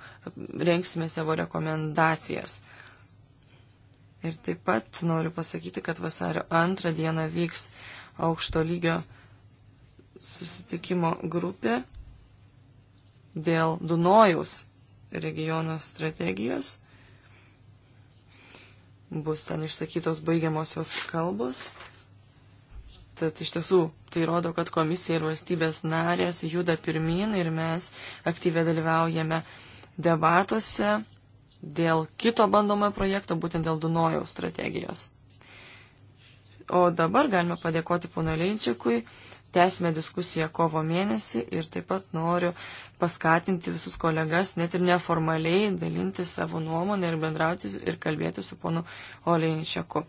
rengsime savo rekomendacijas. Ir taip pat noriu pasakyti, kad vasario antrą dieną vyks aukšto lygio susitikimo grupė dėl Dunojaus regiono strategijos. Bus ten išsakytos baigiamosios kalbos. Tad iš tiesų tai rodo, kad komisija ir valstybės narės juda pirmin ir mes aktyviai dalyvaujame debatuose dėl kito bandomojo projekto, būtent dėl Dunojaus strategijos. O dabar galime padėkoti pono Leinčiakui, tęsime diskusiją kovo mėnesį ir taip pat noriu paskatinti visus kolegas, net ir neformaliai, dalinti savo nuomonę ir bendrauti ir kalbėti su ponu Oleinčiaku.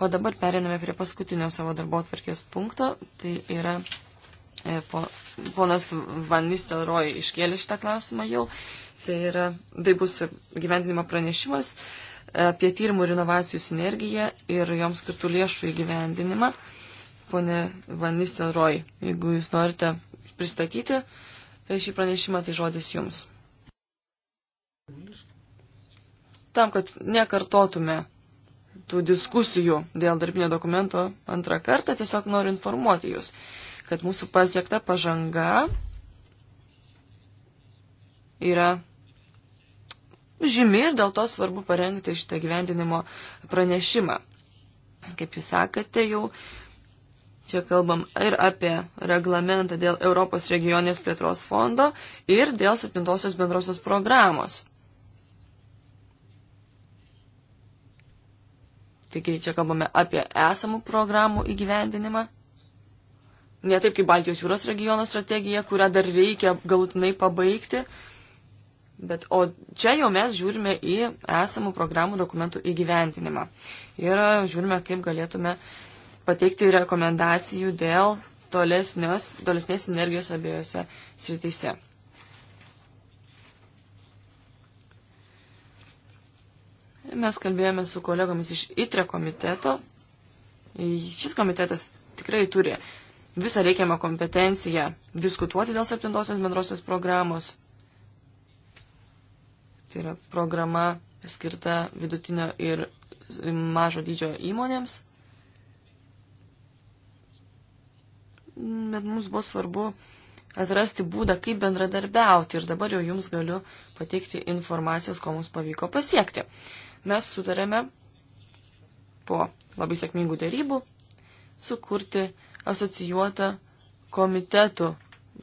O dabar periname prie paskutinio savo darbo atvarkės punkto, tai yra e, po, ponas Van Nistelroj iškėlė šitą klausimą jau Tai, yra, tai bus gyventinimo pranešimas e, apie tyrimų ir inovacijų sinergiją ir joms skirtų lėšų įgyvendinimą. Pone Vanistelroj, jeigu jūs norite pristatyti e, šį pranešimą, tai žodis jums. Tam, kad nekartotume tų diskusijų dėl darbinio dokumento antrą kartą, tiesiog noriu informuoti jūs, kad mūsų pasiekta pažanga yra žymi ir dėl to svarbu parengti šitą gyvendinimo pranešimą. Kaip jūs sakėte, jau čia kalbam ir apie reglamentą dėl Europos regionės plėtros fondo ir dėl septintosios bendrosios programos. Taigi čia kalbame apie esamų programų įgyvendinimą. Ne taip kaip Baltijos jūros regiono strategija, kurią dar reikia galutinai pabaigti, Bet, o čia jau mes žiūrime į esamų programų dokumentų įgyventinimą. Ir žiūrime, kaip galėtume pateikti rekomendacijų dėl tolesnės, tolesnės energijos abiejose srityse. Mes kalbėjome su kolegomis iš ITRE komiteto. Šis komitetas tikrai turi visą reikiamą kompetenciją diskutuoti dėl septintosios bendrosios programos Tai yra programa skirta vidutinio ir mažo dydžio įmonėms. Bet mums buvo svarbu atrasti būdą, kaip bendradarbiauti ir dabar jau jums galiu pateikti informacijos, ko mums pavyko pasiekti. Mes sutarėme po labai sėkmingų dėrybų sukurti asocijuotą komitetų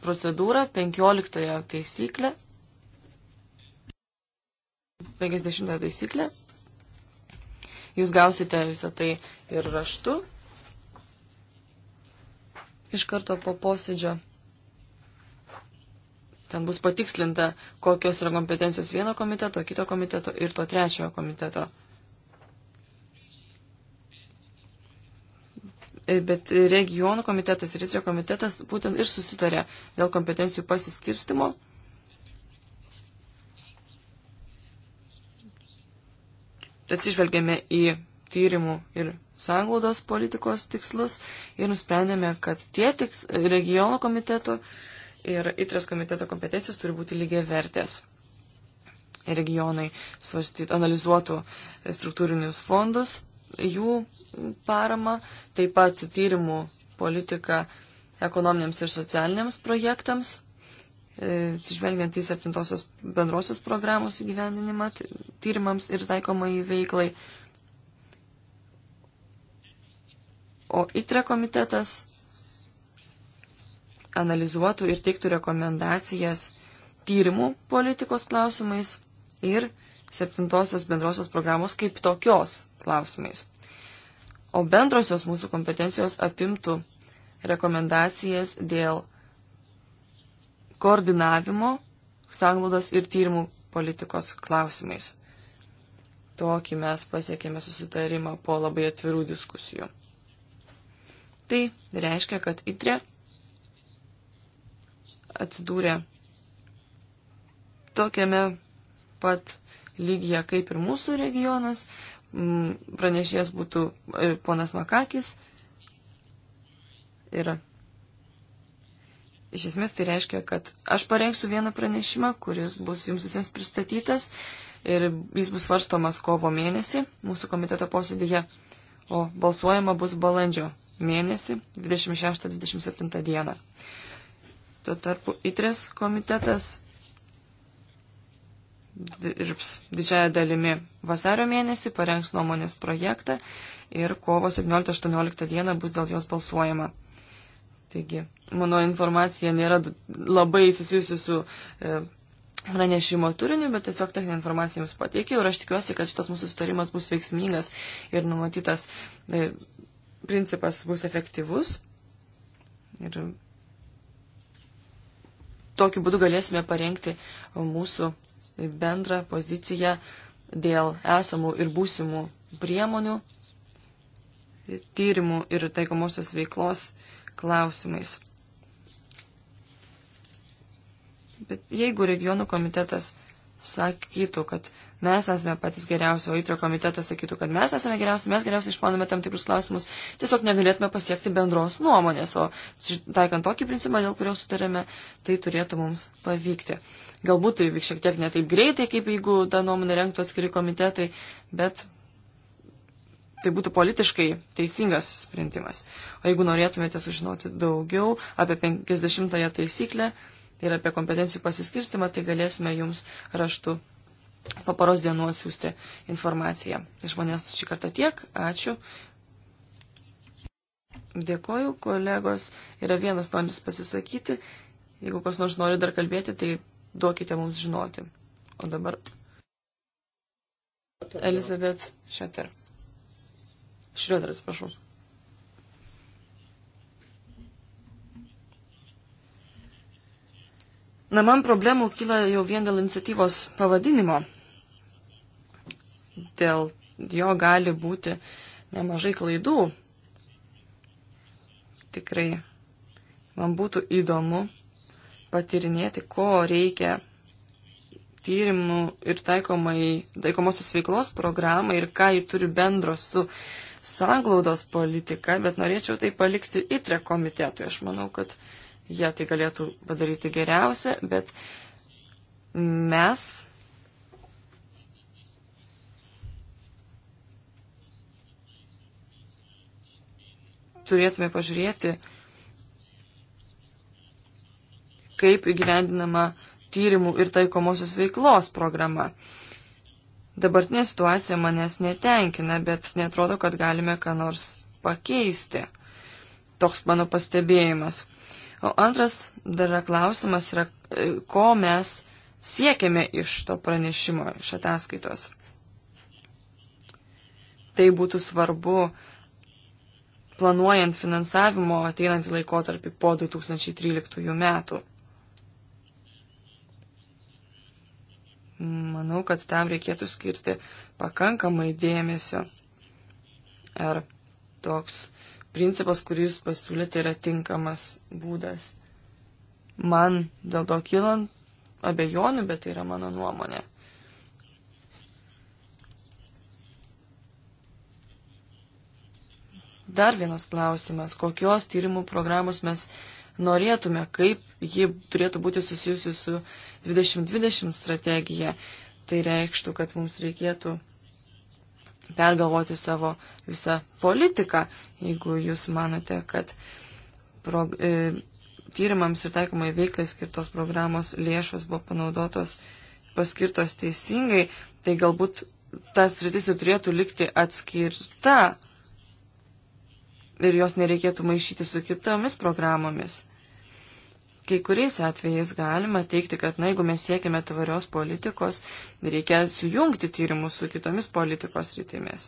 procedūrą 15 taisyklę 50 taisyklę. Jūs gausite visą tai ir raštu iš karto po posėdžio. Ten bus patikslinta, kokios yra kompetencijos vieno komiteto, kito komiteto ir to trečiojo komiteto. Bet regionų komitetas ir įtrio komitetas būtent ir susitarė dėl kompetencijų pasiskirstimo atsižvelgėme į tyrimų ir sanglaudos politikos tikslus ir nusprendėme, kad tie tiks, regiono komiteto ir ITRES komiteto kompetencijos turi būti lygiai vertės. Regionai svarstyt, analizuotų struktūrinius fondus, jų paramą, taip pat tyrimų politiką ekonominiams ir socialiniams projektams E, atsižvelgiant į septintosios bendrosios programos įgyvendinimą tyrimams ir taikomai veiklai. O ITRE komitetas analizuotų ir teiktų rekomendacijas tyrimų politikos klausimais ir septintosios bendrosios programos kaip tokios klausimais. O bendrosios mūsų kompetencijos apimtų rekomendacijas dėl koordinavimo, sanglaudos ir tyrimų politikos klausimais. Tokį mes pasiekėme susitarimą po labai atvirų diskusijų. Tai reiškia, kad ITRE atsidūrė tokiame pat lygyje kaip ir mūsų regionas. Mm, pranešėjas būtų e, ponas Makakis ir Iš esmės tai reiškia, kad aš parengsiu vieną pranešimą, kuris bus jums visiems pristatytas ir jis bus svarstomas kovo mėnesį mūsų komiteto posėdėje, o balsuojama bus balandžio mėnesį 26-27 dieną. Tuo tarpu ITRES komitetas dirbs didžiąją dalimi vasario mėnesį, parengs nuomonės projektą ir kovo 17-18 dieną bus dėl jos balsuojama. Taigi, mano informacija nėra labai susijusi su e, pranešimo turiniu, bet tiesiog techninę informaciją jums pateikiau ir aš tikiuosi, kad šitas mūsų sutarimas bus veiksmingas ir numatytas e, principas bus efektyvus. Ir tokiu būdu galėsime parengti mūsų bendrą poziciją dėl esamų ir būsimų priemonių, tyrimų ir taikomosios veiklos klausimais. Bet jeigu regionų komitetas sakytų, kad mes esame patys geriausi, o įtrio komitetas sakytų, kad mes esame geriausi, mes geriausiai išmanome tam tikrus klausimus, tiesiog negalėtume pasiekti bendros nuomonės, o taikant tokį principą, dėl kurio sutarėme, tai turėtų mums pavykti. Galbūt tai vyks šiek tiek netaip greitai, kaip jeigu tą nuomonę renktų atskiri komitetai, bet tai būtų politiškai teisingas sprendimas. O jeigu norėtumėte sužinoti daugiau apie 50-ąją taisyklę ir apie kompetencijų pasiskirstimą, tai galėsime jums raštu po poros dienų atsiųsti informaciją. Iš manęs šį kartą tiek. Ačiū. Dėkoju, kolegos. Yra vienas noris pasisakyti. Jeigu kas nors nori dar kalbėti, tai duokite mums žinoti. O dabar Elizabeth Shatter. Šrioderis, prašau. Na, man problemų kyla jau vien dėl iniciatyvos pavadinimo. Dėl jo gali būti nemažai klaidų. Tikrai man būtų įdomu patirinėti, ko reikia tyrimų ir taikomai, taikomosios veiklos programai ir ką jį turi bendro su sanglaudos politiką, bet norėčiau tai palikti įtre komitetui. Aš manau, kad jie tai galėtų padaryti geriausia, bet mes. Turėtume pažiūrėti, kaip įgyvendinama tyrimų ir taikomosios veiklos programa. Dabartinė situacija manęs netenkina, bet netrodo, kad galime ką nors pakeisti. Toks mano pastebėjimas. O antras dar yra klausimas, yra, e, ko mes siekiame iš to pranešimo, iš ataskaitos. Tai būtų svarbu planuojant finansavimo ateinantį laikotarpį po 2013 metų. Manau, kad tam reikėtų skirti pakankamai dėmesio. Ar toks principas, kurį jūs pasiūlėte, yra tinkamas būdas? Man dėl to kylant abejonių, bet tai yra mano nuomonė. Dar vienas klausimas, kokios tyrimų programos mes norėtume, kaip ji turėtų būti susijusi su 2020 strategija. Tai reikštų, kad mums reikėtų pergalvoti savo visą politiką, jeigu jūs manote, kad pro, e, tyrimams ir taikomai veiklai skirtos programos lėšos buvo panaudotos, paskirtos teisingai, tai galbūt tas rytis jau turėtų likti atskirta ir jos nereikėtų maišyti su kitomis programomis. Kai kuriais atvejais galima teikti, kad na, jeigu mes siekime tvarios politikos, reikia sujungti tyrimus su kitomis politikos rytimis.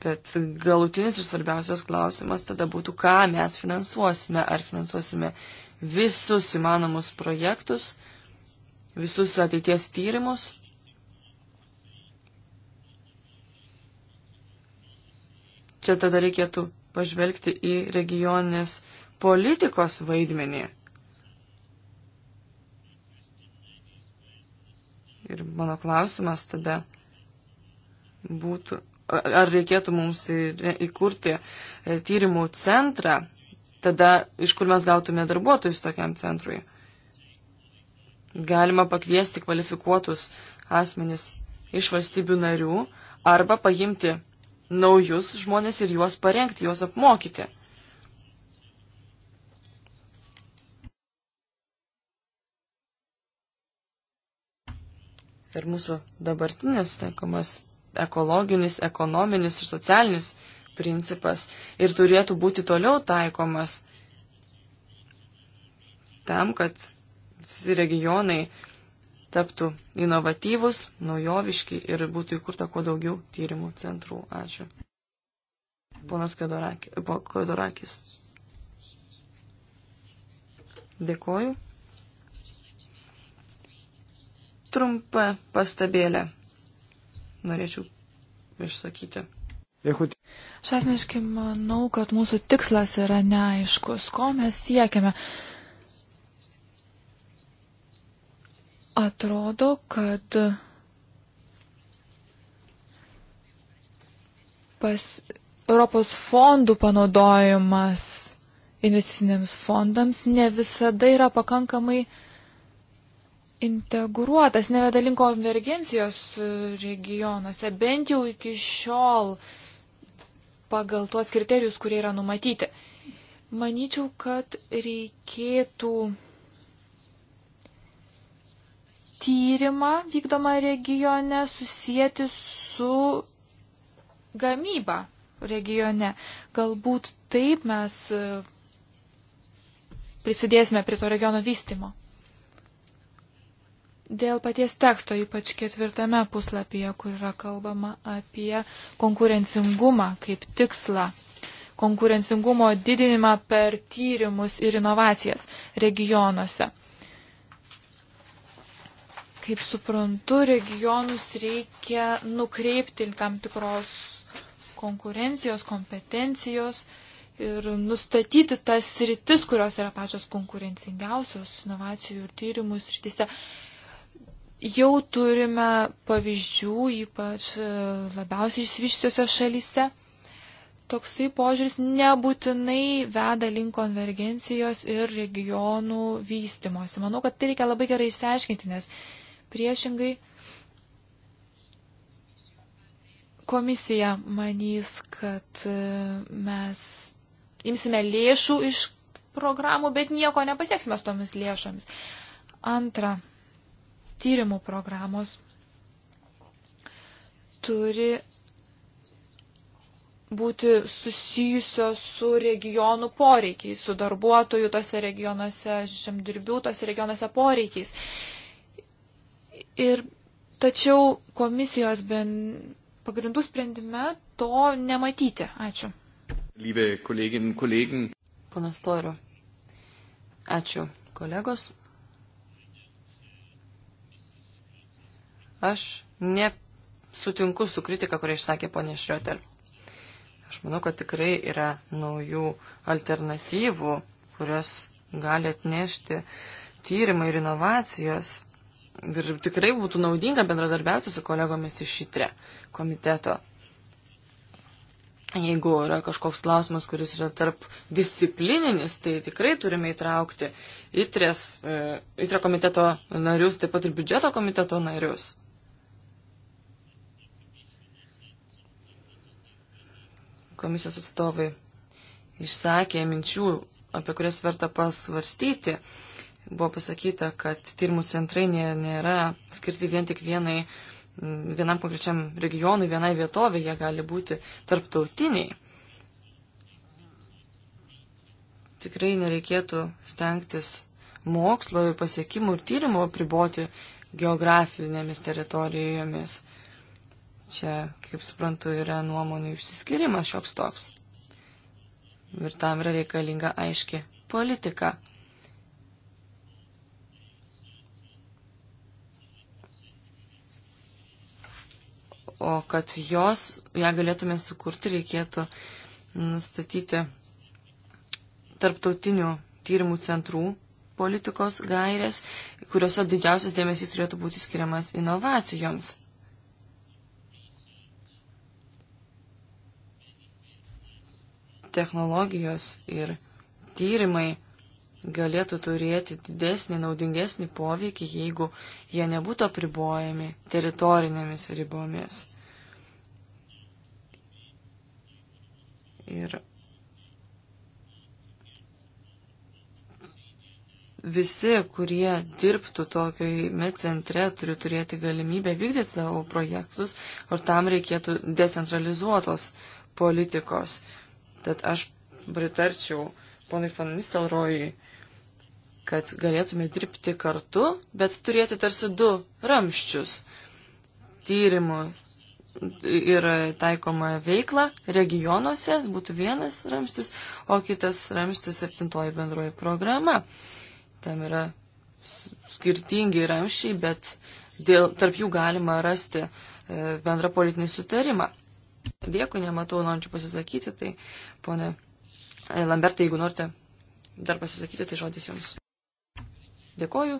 Bet galutinis ir svarbiausias klausimas tada būtų, ką mes finansuosime. Ar finansuosime visus įmanomus projektus, visus ateities tyrimus, Čia tada reikėtų pažvelgti į regioninės politikos vaidmenį. Ir mano klausimas tada būtų, ar reikėtų mums įkurti e, tyrimų centrą, tada iš kur mes gautume darbuotojus tokiam centrui. Galima pakviesti kvalifikuotus asmenis iš valstybių narių arba paimti naujus žmonės ir juos parengti, juos apmokyti. Ir mūsų dabartinis taikomas ekologinis, ekonominis ir socialinis principas ir turėtų būti toliau taikomas tam, kad regionai taptų inovatyvus, naujoviški ir būtų įkurta kuo daugiau tyrimų centrų. Ačiū. Ponas Kodorakis. Dėkoju. Trumpa pastabėlė. Norėčiau išsakyti. Aš asmeniškai manau, kad mūsų tikslas yra neaiškus, ko mes siekiame. Atrodo, kad pas Europos fondų panaudojimas investiciniams fondams ne visada yra pakankamai integruotas, neveda link konvergencijos regionuose, bent jau iki šiol pagal tuos kriterijus, kurie yra numatyti. Manyčiau, kad reikėtų tyrimą vykdomą regione susijęti su gamyba regione. Galbūt taip mes e, prisidėsime prie to regiono vystimo. Dėl paties teksto, ypač ketvirtame puslapyje, kur yra kalbama apie konkurencingumą kaip tikslą konkurencingumo didinimą per tyrimus ir inovacijas regionuose. Kaip suprantu, regionus reikia nukreipti tam tikros konkurencijos, kompetencijos ir nustatyti tas sritis, kurios yra pačios konkurencingiausios inovacijų ir tyrimų sritise. Jau turime pavyzdžių, ypač e, labiausiai išsivyščiusiose šalyse. Toksai požiūris nebūtinai veda link konvergencijos ir regionų vystimosi. Manau, kad tai reikia labai gerai išsiaiškinti, nes Priešingai, komisija manys, kad e, mes imsime lėšų iš programų, bet nieko nepasieksime su tomis lėšomis. Antra, tyrimų programos turi būti susijusios su regionų poreikiais, su darbuotojų tose regionuose, žemdirbių tose regionuose poreikiais. Ir tačiau komisijos ben, pagrindų sprendime to nematyti. Ačiū. Lyve kolegin, kolegin. Panas Toiro. Ačiū, kolegos. Aš nesutinku su kritika, kurią išsakė ponė Šriotel. Aš manau, kad tikrai yra naujų alternatyvų, kurias gali atnešti tyrimai ir inovacijos ir tikrai būtų naudinga bendradarbiauti su kolegomis iš šitre komiteto. Jeigu yra kažkoks klausimas, kuris yra tarp disciplininis, tai tikrai turime įtraukti įtrės, įtrė e, komiteto narius, taip pat ir biudžeto komiteto narius. Komisijos atstovai išsakė minčių, apie kurias verta pasvarstyti. Uh, Buvo pasakyta, kad tyrimų centrai nėra skirti vien tik vienai, vienam konkrečiam regionui, vienai vietovė, jie gali būti tarptautiniai. Tikrai nereikėtų stengtis mokslo ir pasiekimų ir tyrimų apriboti geografinėmis teritorijomis. Čia, kaip suprantu, yra nuomonių išsiskirimas šioks toks. Ir tam yra reikalinga aiški politika. o kad jos, ją galėtume sukurti, reikėtų nustatyti tarptautinių tyrimų centrų politikos gairės, kuriuose didžiausias dėmesys turėtų būti skiriamas inovacijoms. Technologijos ir tyrimai galėtų turėti didesnį, naudingesnį poveikį, jeigu jie nebūtų apribojami teritorinėmis ribomis. Ir visi, kurie dirbtų tokiojame centre, turi turėti galimybę vykdyti savo projektus, ir tam reikėtų decentralizuotos politikos. Tad aš pritarčiau ponui Fanistelrojui kad galėtume dirbti kartu, bet turėti tarsi du ramščius tyrimų ir taikoma veikla regionuose, būtų vienas ramstis, o kitas ramstis septintoji bendroji programa. Tam yra skirtingi ramščiai, bet dėl, tarp jų galima rasti e, bendrą politinį sutarimą. Dėkui, nematau norinčių pasisakyti, tai ponė e, Lambertai, jeigu norite dar pasisakyti, tai žodis jums. Dėkoju.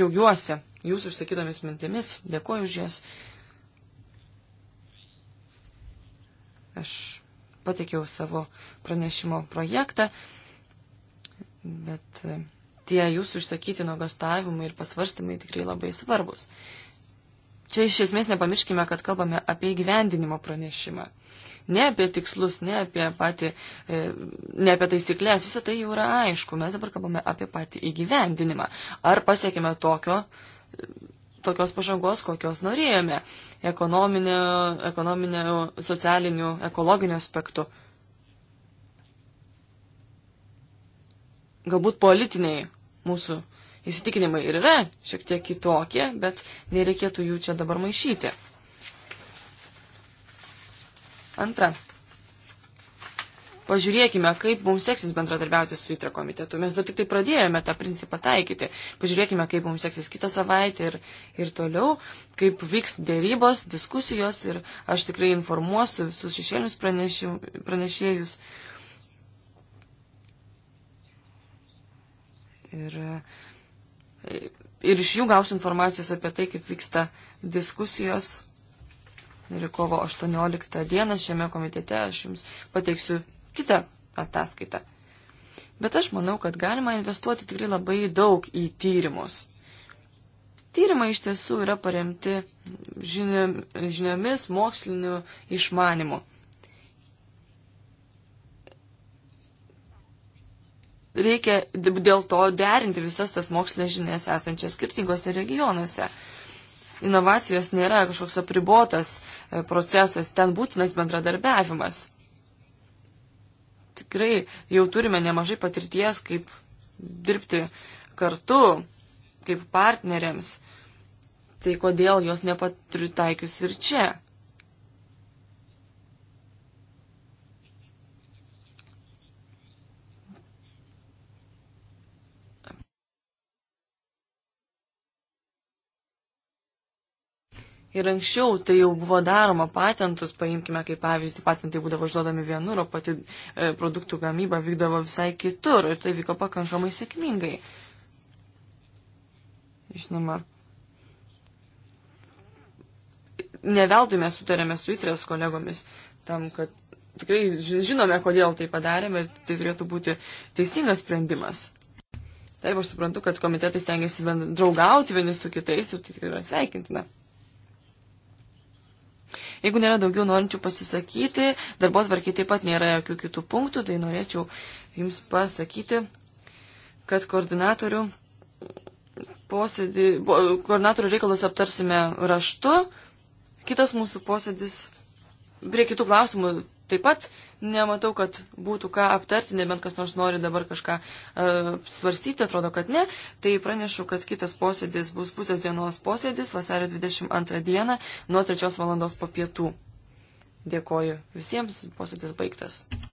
Džiaugiuosi jūsų išsakytomis mintimis. Dėkoju už jas. Aš pateikiau savo pranešimo projektą, bet tie jūsų išsakyti nuogastavimai ir pasvarstymai tikrai labai svarbus. Čia iš esmės nepamirškime, kad kalbame apie įgyvendinimo pranešimą. Ne apie tikslus, ne apie, patį, e, ne apie taisyklės, visą tai jau yra aišku. Mes dabar kalbame apie patį įgyvendinimą. Ar pasiekime tokio, tokios pažangos, kokios norėjome ekonominio, ekonominio socialinių, ekologinių aspektų. Galbūt politiniai mūsų įsitikinimai ir yra šiek tiek kitokie, bet nereikėtų jų čia dabar maišyti. Antra. Pažiūrėkime, kaip mums seksis bendradarbiauti su įtra komitetu. Mes dar tik tai pradėjome tą principą taikyti. Pažiūrėkime, kaip mums seksis kitą savaitę ir, ir toliau, kaip vyks dėrybos, diskusijos ir aš tikrai informuosiu visus šešėlius pranešėjus. Ir uh, ir iš jų gausiu informacijos apie tai, kaip vyksta diskusijos. Ir kovo 18 dieną šiame komitete aš jums pateiksiu kitą ataskaitą. Bet aš manau, kad galima investuoti tikrai labai daug į tyrimus. Tyrimai iš tiesų yra paremti žiniomis, moksliniu išmanimu. reikia dėl to derinti visas tas mokslinės žinias esančias skirtingose regionuose. Inovacijos nėra kažkoks apribotas e, procesas, ten būtinas bendradarbiavimas. Tikrai jau turime nemažai patirties, kaip dirbti kartu, kaip partneriams. Tai kodėl jos nepatritaikius ir čia? Ir anksčiau tai jau buvo daroma patentus, paimkime kaip pavyzdį, patentai būdavo išduodami vienur, o pati e, produktų gamyba vykdavo visai kitur ir tai vyko pakankamai sėkmingai. Žinoma, neveltui mes sutarėme su įtrės kolegomis tam, kad tikrai žinome, kodėl tai padarėme ir tai turėtų būti teisingas sprendimas. Taip, aš suprantu, kad komitetai stengiasi draugauti vieni su kitais ir tai tikrai yra sveikintina. Jeigu nėra daugiau norinčių pasisakyti, darbo tvarkiai taip pat nėra jokių kitų punktų, tai norėčiau Jums pasakyti, kad koordinatorių, posėdį, koordinatorių reikalus aptarsime raštu. Kitas mūsų posėdis prie kitų klausimų taip pat nematau, kad būtų ką aptarti, nebent kas nors nori dabar kažką uh, svarstyti, atrodo, kad ne. Tai pranešu, kad kitas posėdis bus pusės dienos posėdis vasario 22 dieną nuo 3 valandos po pietų. Dėkoju visiems, posėdis baigtas.